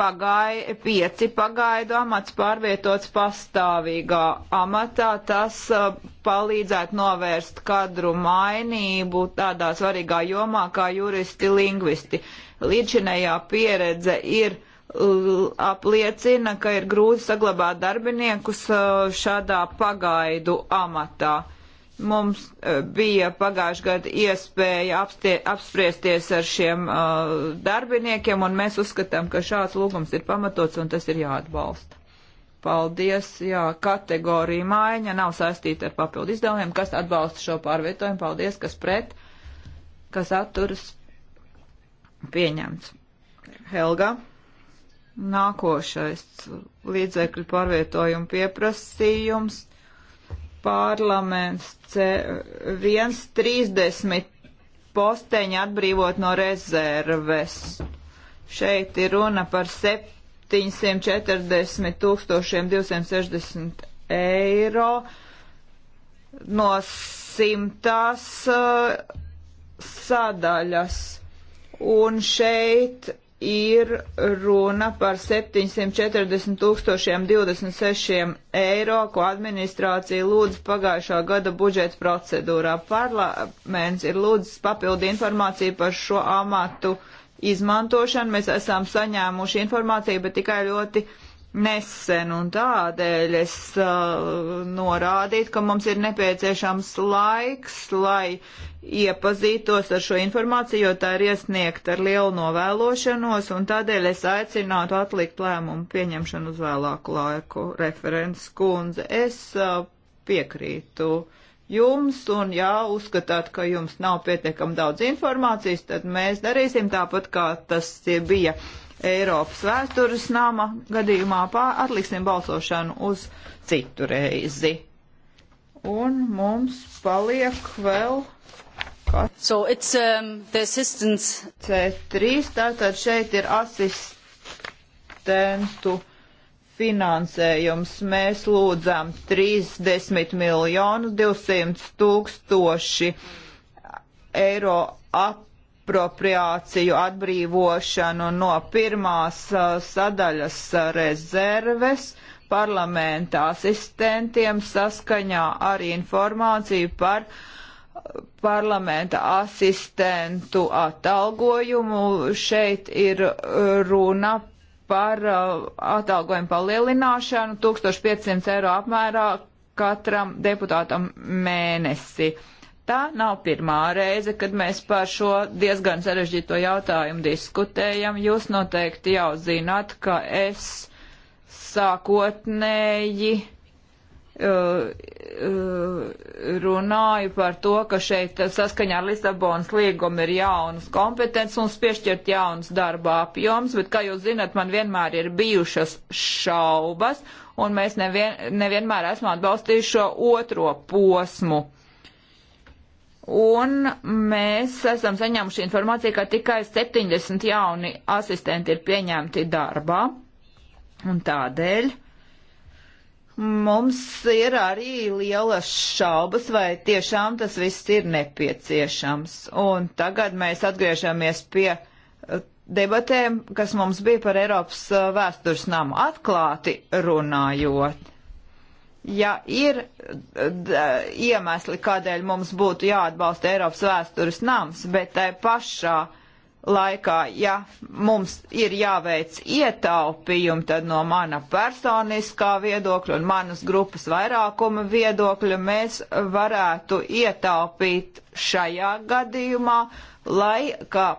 pagai, pieci pagaidu amats pārvietots pastāvīgā amatā. Tas uh, palīdzētu novērst kadru mainību tādā svarīgā jomā kā juristi, lingvisti. Līdzinējā pieredze ir uh, apliecina, ka ir grūti saglabāt darbiniekus uh, šādā pagaidu amatā. Mums eh, bija pagājuši gadu iespēja apstie, apspriesties ar šiem uh, darbiniekiem, un mēs uzskatām, ka šāds lūgums ir pamatots un tas ir jāatbalsta. Paldies, jā, kategorija maiņa nav saistīta ar papildu izdevumiem, kas atbalsta šo pārvietojumu, paldies, kas pret, kas atturas pieņemts. Helga. Nākošais līdzekļu pārvietojuma pieprasījums parlaments C130 posteņi atbrīvot no rezerves. Šeit ir runa par 740 260 eiro no simtās uh, sadaļas. Un šeit ir runa par 740 tūkstošiem 26 eiro, ko administrācija lūdz pagājušā gada budžeta procedūrā. Parlaments ir lūdzis papildu informāciju par šo amatu izmantošanu. Mēs esam saņēmuši informāciju, bet tikai ļoti nesen, un tādēļ es uh, norādītu, ka mums ir nepieciešams laiks, lai iepazītos ar šo informāciju, jo tā ir iesniegta ar lielu novēlošanos, un tādēļ es aicinātu atlikt lēmumu pieņemšanu uz vēlāku laiku, referents kundze. Es uh, piekrītu jums, un ja uzskatāt, ka jums nav pietiekam daudz informācijas, tad mēs darīsim tāpat, kā tas bija Eiropas vēstures nama gadījumā pār, atliksim balsošanu uz citu reizi. Un mums paliek vēl So it's um, the assistance. C3, tātad šeit ir asistentu finansējums. Mēs lūdzām 30 miljonus 200 tūkstoši eiro ap apropriāciju atbrīvošanu no pirmās uh, sadaļas rezerves parlamenta asistentiem saskaņā ar informāciju par uh, parlamenta asistentu atalgojumu. Šeit ir uh, runa par atalgojumu palielināšanu 1500 eiro apmērā katram deputātam mēnesi. Uh, Tā nav pirmā reize, kad mēs par šo diezgan sarežģīto jautājumu diskutējam. Jūs noteikti jau zināt, ka es sākotnēji uh, uh, runāju par to, ka šeit saskaņā ar Lisabonas līgumu ir jaunas kompetences un piešķirt jaunas darba apjoms, bet, kā jūs zinat, man vienmēr ir bijušas šaubas, un mēs nevien, nevienmēr esmu atbalstījuši šo otro posmu Un mēs esam saņēmuši informāciju, ka tikai 70 jauni asistenti ir pieņemti darbā. Un tādēļ mums ir arī lielas šaubas, vai tiešām tas viss ir nepieciešams. Un tagad mēs atgriežamies pie eh, debatēm, kas mums bija par Eiropas eh, vēstures namu atklāti runājot. Ja ir iemesli, kādēļ mums būtu jāatbalsta Eiropas vēstures nams, bet tai pašā laikā, ja mums ir jāveic ietaupījumi, tad no mana personiskā viedokļa un manas grupas vairākuma viedokļa mēs varētu ietaupīt šajā gadījumā, lai kā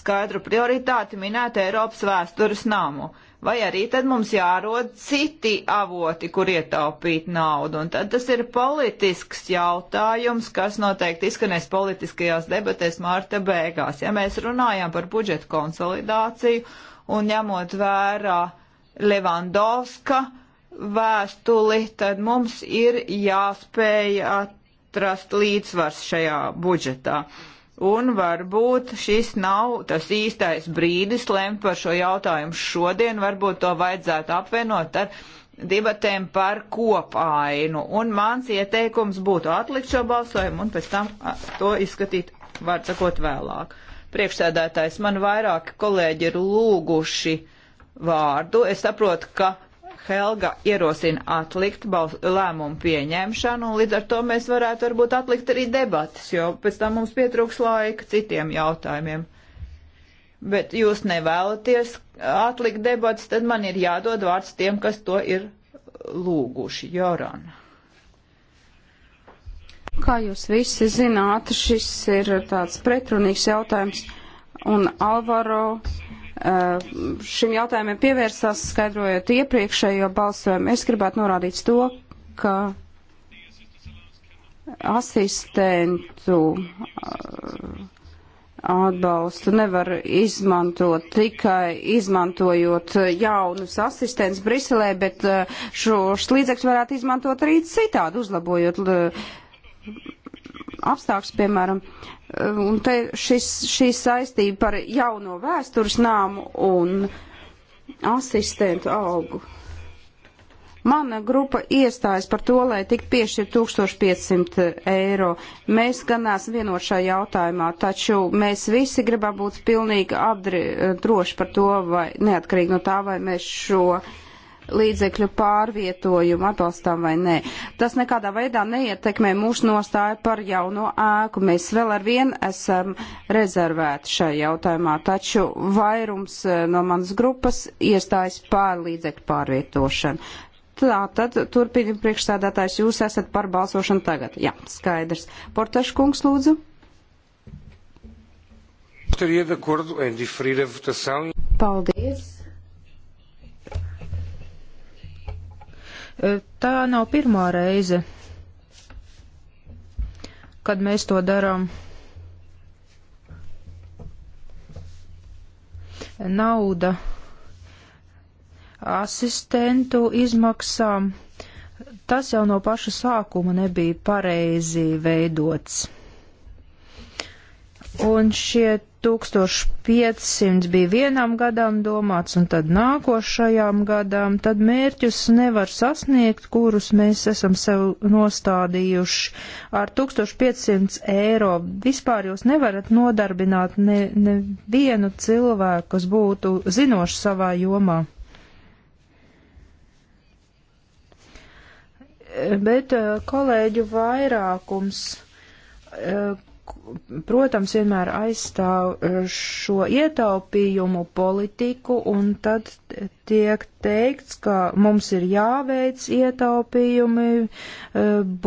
skaidru prioritāti minētu Eiropas vēstures namu vai arī tad mums jārod citi avoti, kur ietaupīt naudu. Un tad tas ir politisks jautājums, kas noteikti izskanēs politiskajās debatēs mārta beigās. Ja mēs runājam par budžetu konsolidāciju un ņemot vērā Levandovska vēstuli, tad mums ir jāspēj atrast līdzsvars šajā budžetā. Uh, Un varbūt šis nav tas īstais brīdis lemt par šo jautājumu šodien, varbūt to vajadzētu apvienot ar debatēm par kopainu. Un mans ieteikums būtu atlikt šo balsojumu un pēc tam to izskatīt, var sakot, vēlāk. Priekšsēdētājs man vairāki kolēģi ir lūguši vārdu. Es saprotu, ka Helga ierosina atlikt lēmumu pieņemšanu, un līdz ar to mēs varētu varbūt atlikt arī debatas, jo pēc tam mums pietrūks laika citiem jautājumiem. Bet jūs nevēlaties atlikt debatas, tad man ir jādod vārds tiem, kas to ir lūguši. Jorana. Kā jūs visi zināt, šis ir tāds pretrunīgs jautājums, un Alvaro šim jautājumiem pievērsās, skaidrojot iepriekšējo balsojumu. Es gribētu norādīt to, ka asistentu uh, atbalstu nevar izmantot tikai izmantojot jaunus asistents Briselē, bet uh, šos līdzekļus varētu izmantot arī citādi, uzlabojot uh, apstākļus, piemēram, uh, un te šis, šī saistība par jauno vēstures nāmu un asistentu algu. Mana grupa iestājas par to, lai tik piešķir 1500 eiro. Mēs gan esam vienot šajā jautājumā, taču mēs visi gribam būt pilnīgi apdri, eh, droši par to, vai neatkarīgi no tā, vai mēs šo uh, līdzekļu pārvietojumu atbalstām vai nē. Tas nekādā veidā neietekmē mūsu nostāju par jauno ēku. Mēs vēl ar vienu esam rezervēti šajā jautājumā, taču vairums eh, no manas grupas iestājas pār līdzekļu pārvietošanu. Tā tad turpina priekšstādātājs, jūs esat par balsošanu tagad. Jā, skaidrs. Portaškungs, lūdzu. E- Paldies. Tā nav pirmā reize, kad mēs to darām. Nauda asistentu izmaksām. Tas jau no paša sākuma nebija pareizi veidots. Un šie 1500 bija vienam gadam domāts un tad nākošajām gadām, tad mērķus nevar sasniegt, kurus mēs esam sev nostādījuši. Ar 1500 eiro vispār jūs nevarat nodarbināt nevienu ne, ne cilvēku, kas būtu zinošs savā jomā. Bet eh, kolēģu vairākums eh, protams, vienmēr aizstāv eh, šo ietaupījumu politiku, un tad tiek teikts, ka mums ir jāveic ietaupījumi eh,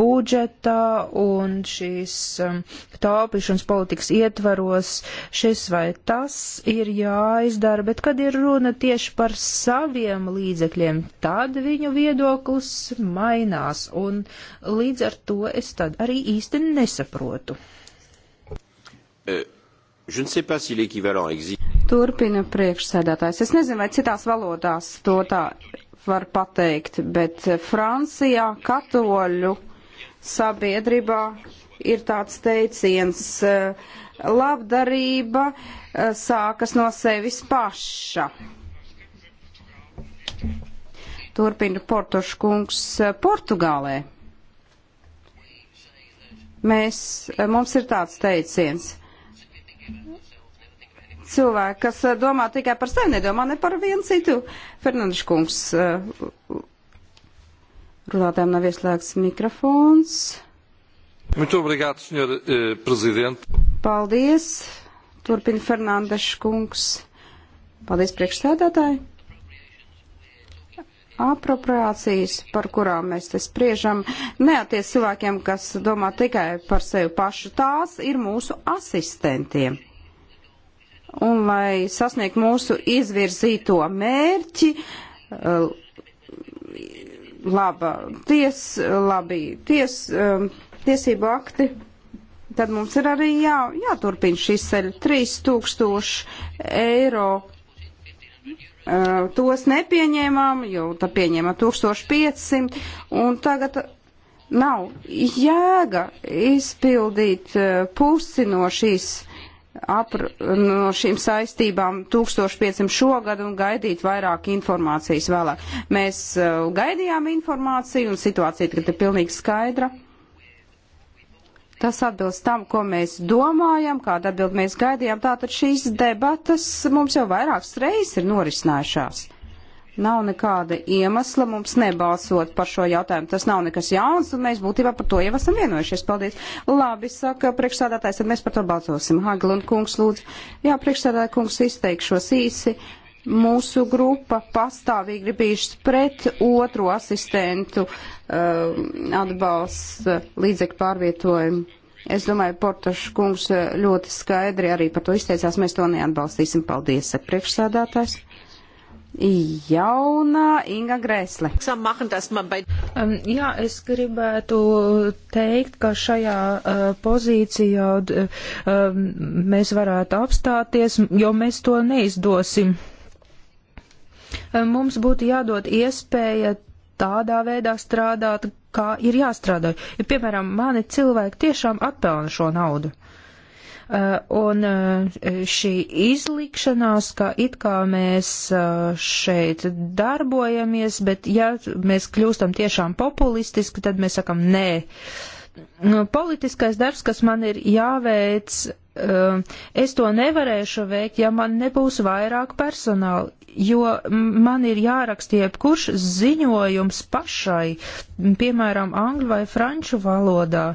budžetā, un šīs eh, taupīšanas politikas ietvaros šis vai tas ir jāizdara, bet kad ir runa tieši par saviem līdzekļiem, tad viņu viedoklis mainās, un līdz ar to es tad arī īsti nesaprotu Euh, Turpina priekšsēdētājs. Es nezinu, vai citās valodās to tā var pateikt, bet eh, Francijā katoļu sabiedrībā ir tāds teiciens eh, labdarība eh, sākas no sevis paša. Turpina Portoškungs Portugālē. Mēs, mums ir tāds teiciens cilvēki, kas eh, domā tikai par sevi, nedomā ne par vienu citu. Fernandes kungs, eh, runātājiem nav ieslēgts mikrofons. Muito obrigado, senhor eh, prezident. Paldies, turpina Fernandes kungs. Paldies, priekšstādātāji apropriācijas, par kurām mēs te spriežam, neaties cilvēkiem, kas domā tikai par sevi pašu, tās ir mūsu asistentiem. Un lai sasniegt mūsu izvirzīto mērķi, eh, laba ties, labi ties, eh, tiesību akti, tad mums ir arī jā, jāturpina šis ceļ 3000 eiro Eh, tos nepieņēmām, jo tad pieņēma 1500, un tagad nav jēga izpildīt eh, pusi no šīs apr, no šīm saistībām 1500 šogad un gaidīt vairāk informācijas vēlāk. Mēs uh, gaidījām informāciju un situācija tagad ir pilnīgi skaidra. Tas atbilst tam, ko mēs domājam, kādu atbildi mēs gaidījām. Tātad šīs debatas mums jau vairākas reizes ir norisinājušās. Nav nekāda iemesla mums nebalsot par šo jautājumu. Tas nav nekas jauns, un mēs būtībā par to jau esam vienojušies. Paldies. Labi, saka priekšsādātājs, tad mēs par to balsosim. Haglund kungs, lūdzu. Jā, priekšsādātāja kungs, izteikšos īsi. Mūsu grupa pastāvīgi ir bijušas pret otro asistentu uh, Um, atbalsts uh, līdzekļu pārvietojumu. Es domāju, Portašs kungs uh, ļoti skaidri arī par to izteicās. Mēs to neatbalstīsim. Paldies, saka priekšsādātājs. Jaunā Inga Grēsle. Um, jā, es gribētu teikt, ka šajā uh, pozīcijā uh, mēs varētu apstāties, jo mēs to neizdosim. Um, mums būtu jādod iespēja tādā veidā strādāt, kā ir jāstrādā. Ja, piemēram, mani cilvēki tiešām atpelna šo naudu. Uh, un uh, šī izlikšanās, ka it kā mēs uh, šeit darbojamies, bet ja mēs kļūstam tiešām populistiski, tad mēs sakam nē. Nu, politiskais darbs, kas man ir jāveic, uh, es to nevarēšu veikt, ja man nebūs vairāk personāla jo man ir jāraksta jebkurš ziņojums pašai, piemēram, angļu vai franču valodā.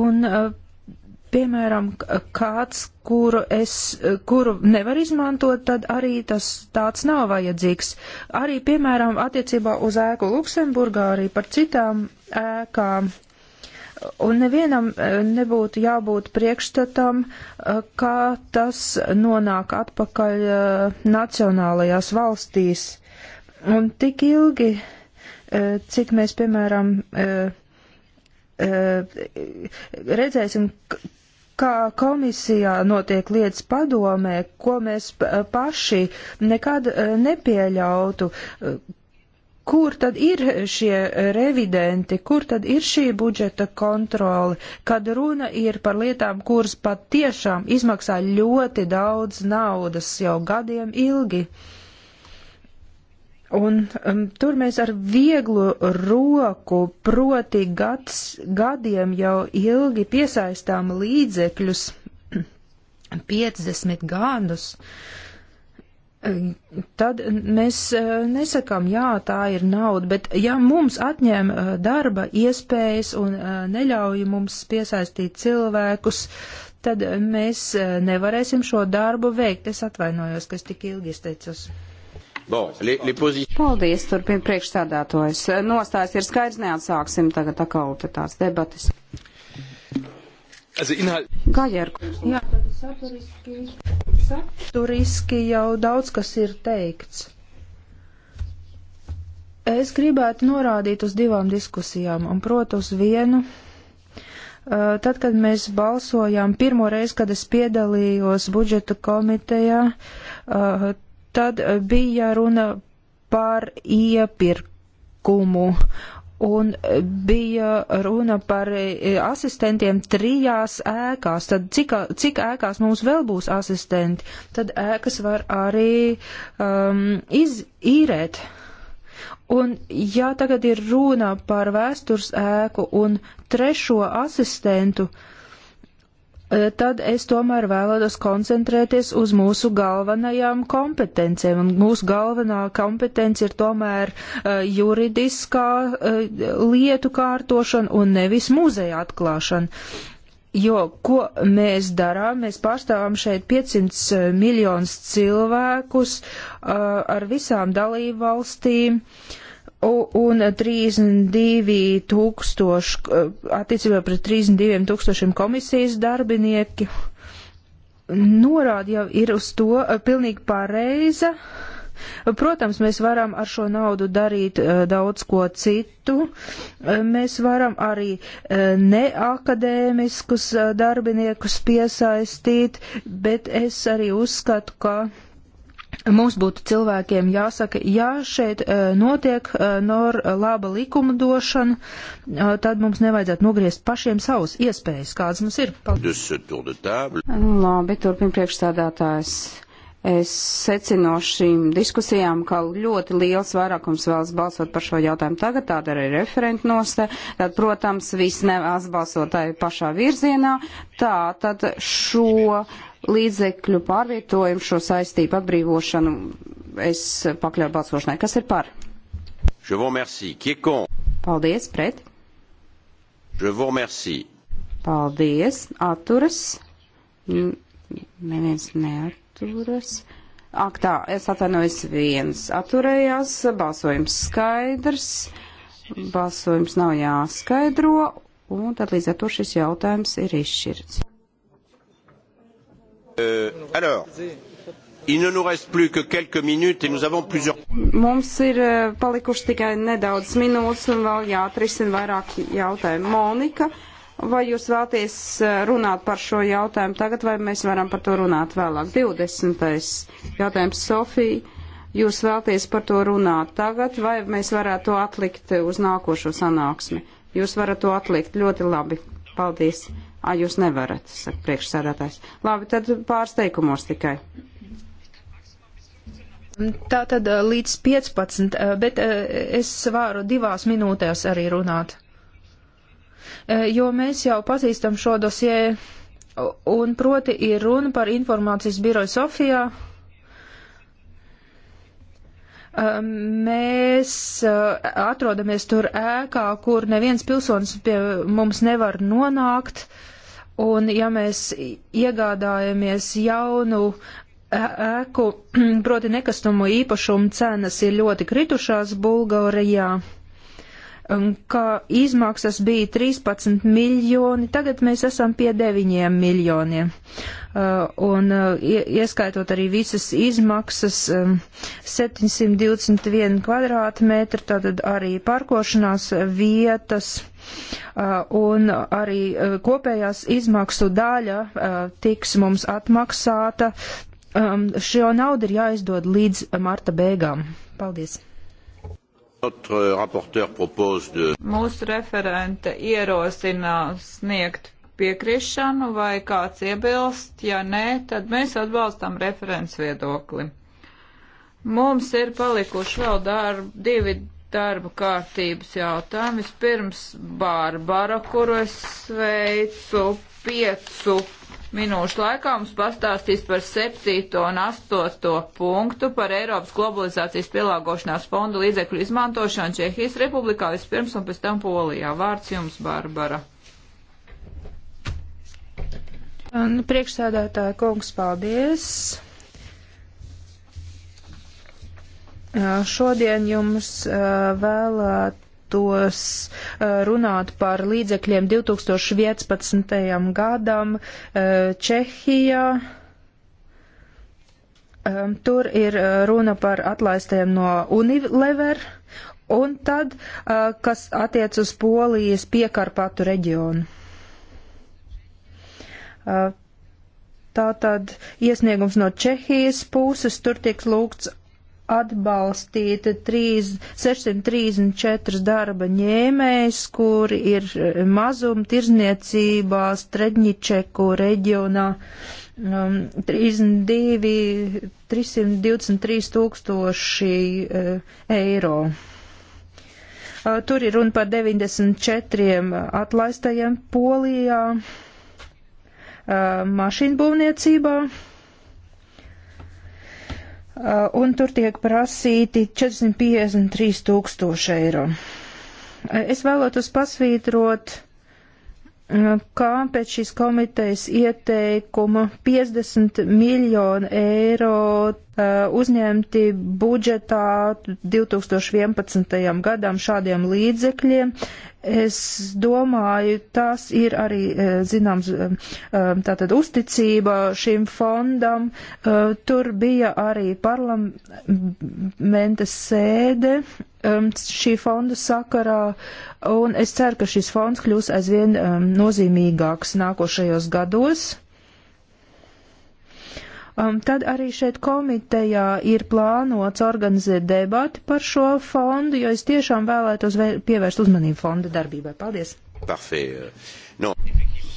Un, eh, piemēram, kāds, kuru es, kuru nevar izmantot, tad arī tas tāds nav vajadzīgs. Arī, piemēram, attiecībā uz ēku Luksemburgā, arī par citām ēkām. Uh, Un nevienam e, nebūtu jābūt priekšstatam, e, kā tas nonāk atpakaļ e, nacionālajās valstīs. Un tik ilgi, cik mēs, piemēram, redzēsim, kā komisijā notiek lietas padomē, ko mēs paši nekad nepieļautu, Kur tad ir šie revidenti, kur tad ir šī budžeta kontrole, kad runa ir par lietām, kuras pat tiešām izmaksā ļoti daudz naudas jau gadiem ilgi? Un um, tur mēs ar vieglu roku, proti gads, gadiem jau ilgi piesaistām līdzekļus 50 gadus. Uh, tad mēs e, nesakām, jā, tā ir nauda, bet ja mums atņem e, darba iespējas un e, neļauj mums piesaistīt cilvēkus, tad mēs nevarēsim šo darbu veikt. Es atvainojos, ka es tik ilgi izteicos. Bon, les, les pozici... Paldies, turpina priekšstādātājs. Nostājas ir skaidrs, neatsāksim tagad atkal tās debatas. Gajerkungs. Jā, tad saturiski, saturiski jau daudz kas ir teikts. Es gribētu norādīt uz divām diskusijām, un proti uz vienu. Tad, kad mēs balsojām pirmo reizi, kad es piedalījos budžeta komitejā, tad bija runa par iepirkumu un eh, bija runa par eh, asistentiem trijās ēkās. Tad cik, cik ēkās mums vēl būs asistenti, tad ēkas var arī um, izīrēt. Un ja tagad ir runa par vēstures ēku un trešo asistentu, uh, Eh, tad es tomēr vēlētos koncentrēties uz mūsu galvenajām kompetencijām. Un mūsu galvenā kompetence ir tomēr uh, juridiskā uh, lietu kārtošana un nevis muzeja atklāšana. Jo, ko mēs darām, mēs pārstāvam šeit 500 miljonus cilvēkus uh, ar visām dalību valstīm. Uh, un 32 tūkstoši, eh, attiecībā pret 32 tūkstošiem komisijas darbinieki, norāda jau ir uz to eh, pilnīgi pareiza. Protams, mēs varam ar šo naudu darīt eh, daudz ko citu. Mēs varam arī neakadēmiskus darbiniekus piesaistīt, bet es arī uzskatu, ka mums būtu cilvēkiem jāsaka, jā, šeit eh, notiek eh, nor laba likumdošana, eh, tad mums nevajadzētu nogriezt pašiem savus iespējas, kādas mums ir. Paldies. Labi, turpin priekšstādātājs. Es secinu šīm diskusijām, ka ļoti liels vairākums vēlas balsot par šo jautājumu tagad, tāda arī referenta noste. Tad, protams, visi nevēlas balsot tai pašā virzienā. Tā tad šo līdzekļu pārvietojumu, šo saistību atbrīvošanu es pakļauju balsošanai. Kas ir par? Paldies, pret. Paldies, atturas. Neviens neaturas. Ak tā, es atvainojos viens. Atturējās, balsojums skaidrs. Balsojums nav jāskaidro, un tad līdz ar to šis jautājums ir izšķirts. Uh, alors, Mums ir euh, palikuši tikai nedaudz minūtes un vēl jāatrisina vairāk jautājumu. Monika, vai jūs vēlties uh, runāt par šo jautājumu tagad, vai mēs varam par to runāt vēlāk? 20. jautājums Sofija. Jūs vēlties par to runāt tagad, vai mēs varētu to atlikt uz nākošo sanāksmi? Jūs varat to atlikt ļoti labi. Paldies. Ā, jūs nevarat, saka priekšsādātājs. Labi, tad pārsteigumos tikai. Tā tad līdz 15, bet es varu divās minūtēs arī runāt. Jo mēs jau pazīstam šo dosie, un proti ir runa par informācijas biroju Sofijā. Mēs atrodamies tur ēkā, kur neviens pilsonis pie mums nevar nonākt. Uh, Un ja mēs iegādājamies jaunu ēku, proti nekastumu īpašumu cenas ir ļoti kritušās Bulgārijā. Um, ka izmaksas bija 13 miljoni, tagad mēs esam pie 9 miljoniem. Uh, un uh, ieskaitot arī visas izmaksas 721 um, kvadrātmetru, tātad arī parkošanās vietas uh, un arī kopējās izmaksu daļa tiks mums atmaksāta. Um, šo naudu ir jāizdod līdz marta beigām. Paldies! Mūsu referente ierosina sniegt piekrišanu vai kāds iebilst, ja nē, tad mēs atbalstam referents viedokli. Mums ir palikuši vēl darb, divi darba kārtības jautājumi. Vispirms Bārbara, kuru es sveicu piecu minūšu laikā mums pastāstīs par 7. un 8. punktu par Eiropas globalizācijas pielāgošanās fonda līdzekļu izmantošanu Čehijas republikā vispirms un pēc tam Polijā. Vārds jums, Bārbara. Priekšsēdētāja kungs, paldies. Šodien jums vēlēt vēlētos eh, runāt par līdzekļiem 2011. gadam eh, Čehijā. Ehm, tur ir eh, runa par atlaistiem no Unilever un tad, kas attiec uz Polijas piekarpatu reģionu. Tātad iesniegums no Čehijas puses tur tiek lūgts atbalstīt 3, 634 darba ņēmējs, kuri ir eh, mazumtirzniecībā Stredņičeku reģionā. Um, 32, 323 tūkstoši uh, eiro. Uh, tur ir runa par 94 atlaistajiem polijā, uh, mašīnbūvniecībā. būvniecībā. Uh, un tur tiek prasīti 453 tūkstoši eiro. Uh, es vēlētos pasvītrot, uh, kā pēc šīs komitejas ieteikuma 50 miljonu eiro Eh, uzņemti budžetā 2011. gadam šādiem līdzekļiem. Es domāju, tas ir arī, eh, zināms, eh, tātad uzticība šim fondam. Tur bija arī parlamenta sēde šī fonda sakarā, un es ceru, ka šis fonds kļūs aizvien nozīmīgāks nākošajos gados. Um, tad arī šeit komitejā ir plānots organizēt debati par šo fondu, jo es tiešām vēlētos pievērst uzmanību fonda darbībai. Paldies! Parfait. Uh, no.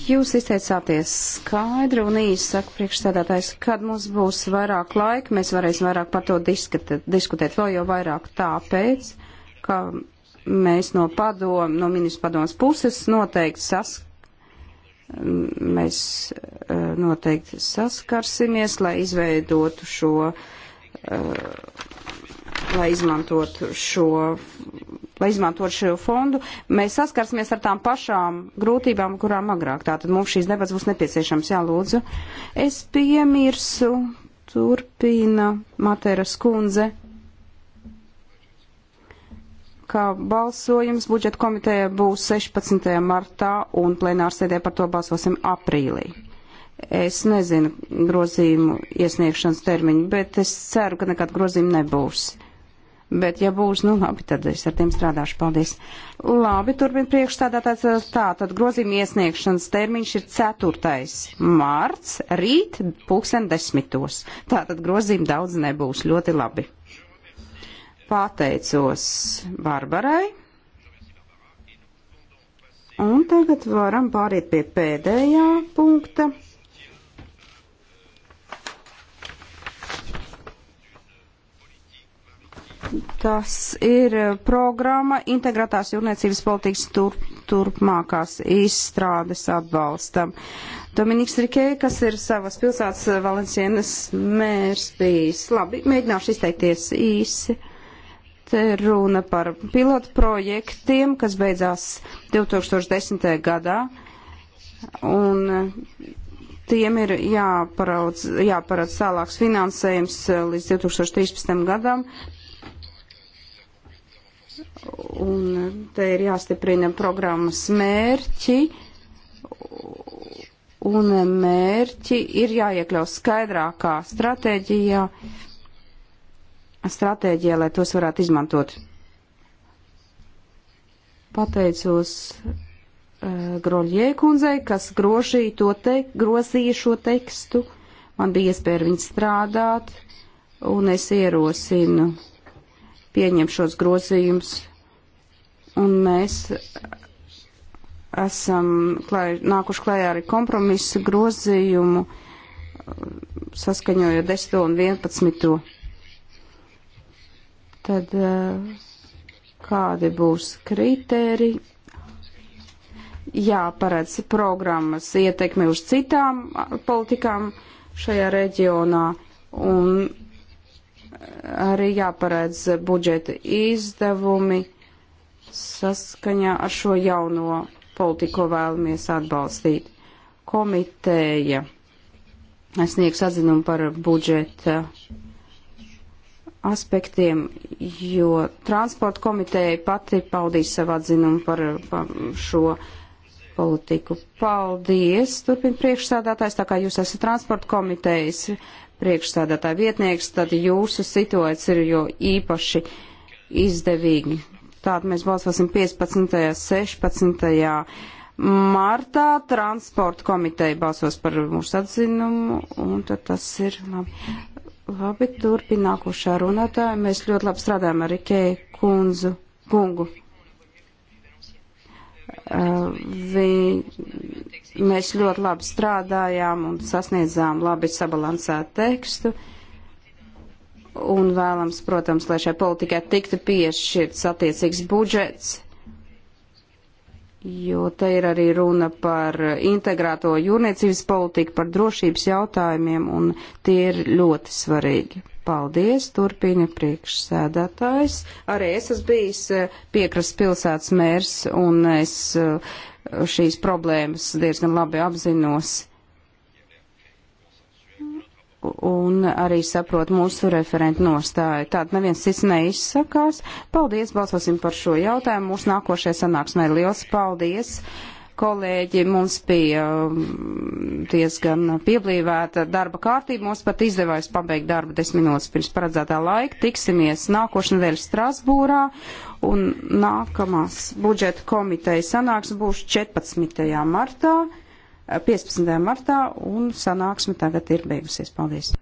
Jūs izteicāties skaidri un īsi, saka priekšstādātājs, kad mums būs vairāk laika, mēs varēsim vairāk par to diskutēt, diskutēt vēl jau vairāk tāpēc, ka mēs no padom, no ministra padomas puses noteikti sask, mēs uh, noteikti saskarsimies, lai izveidotu šo, eh, lai izmantotu šo, lai izmantotu šo fondu. Mēs saskarsimies ar tām pašām grūtībām, kurām agrāk. Tātad mums šīs debats būs nepieciešams, jālūdzu. Es piemirsu, turpina Materas kundze ka balsojums budžeta komiteja būs 16. martā un plenārsēdē par to balsosim aprīlī. Es nezinu grozījumu iesniegšanas termiņu, bet es ceru, ka nekad grozījumu nebūs. Bet, ja būs, nu labi, tad es ar tiem strādāšu. Paldies. Labi, turpin priekšstādātājs. Tā, tad grozījuma iesniegšanas termiņš ir 4. mārts, rīt, pulksten desmitos. Tā, tad grozījuma daudz nebūs. Ļoti labi. Pateicos Barbarai. Un tagad varam pāriet pie pēdējā punkta. Tas ir eh, programma integrētās jūrniecības politikas tur, turpmākās izstrādes atbalstam. Dominiks Rikē, kas ir savas pilsētas eh, Valencienas mērs bijis. Labi, mēģināšu izteikties īsi. Te runa par pilotu projektiem, kas beidzās 2010. gadā. Un eh, tiem ir jāparaudz, jāparādz tālāks finansējums līdz 2013. gadam. Un te ir jāstiprina programmas mērķi, un mērķi ir jāiekļaut skaidrākā stratēģijā, stratēģijā, lai tos varētu izmantot. Pateicos uh, Groļie kundzei, kas grožīja to te, grozīja šo tekstu. Man bija iespēja ar viņu strādāt, un es ierosinu pieņem šos grozījumus, un mēs esam klāj, nākuši klajā arī kompromisu grozījumu, saskaņojot 10. un 11. Tad eh, kādi būs kriteriji? Jāparedz programmas ietekmi uz citām eh, politikām šajā reģionā un arī jāparedz budžeta izdevumi saskaņā ar šo jauno politiku, ko vēlamies atbalstīt. Komiteja sniegs atzinumu par budžeta aspektiem, jo transporta komiteja pati paldīs savu atzinumu par, par šo politiku. Paldies, turpin priekšsādātājs, tā kā jūs esat transporta komitejas priekšstādātāja vietnieks, tad jūsu situācija ir jo īpaši izdevīgi. Tātad mēs balsosim 15. 16. martā. Transporta komiteja balsos par mūsu atzinumu, un tad tas ir labi. Labi, turpinākošā runātāja. Mēs ļoti labi strādājam ar Ikei kundzu, kungu. Vi, mēs ļoti labi strādājām un sasniedzām labi sabalansētu tekstu. Un vēlams, protams, lai šai politikai tiktu piešķirts attiecīgs budžets, jo te ir arī runa par integrēto jūrniecības politiku, par drošības jautājumiem, un tie ir ļoti svarīgi. Paldies, turpina priekšsēdētājs. Arī es esmu bijis eh, piekras pilsētas mērs un es eh, šīs problēmas diezgan labi apzinos. Un arī saprot mūsu referentu nostāju. Tātad neviens cits neizsakās. Paldies, balsosim par šo jautājumu. Mūsu nākošajā sanāksmē liels paldies. Uh, kolēģi, mums bija um, diezgan pieblīvēta darba kārtība. Mums pat izdevās pabeigt darbu desmit minūtes pirms paredzētā laika. Tiksimies nākošais nedēļa Strasbūrā un nākamās budžeta komiteja sanāks būs 14. martā, 15. martā un sanāksme tagad ir beigusies. Paldies!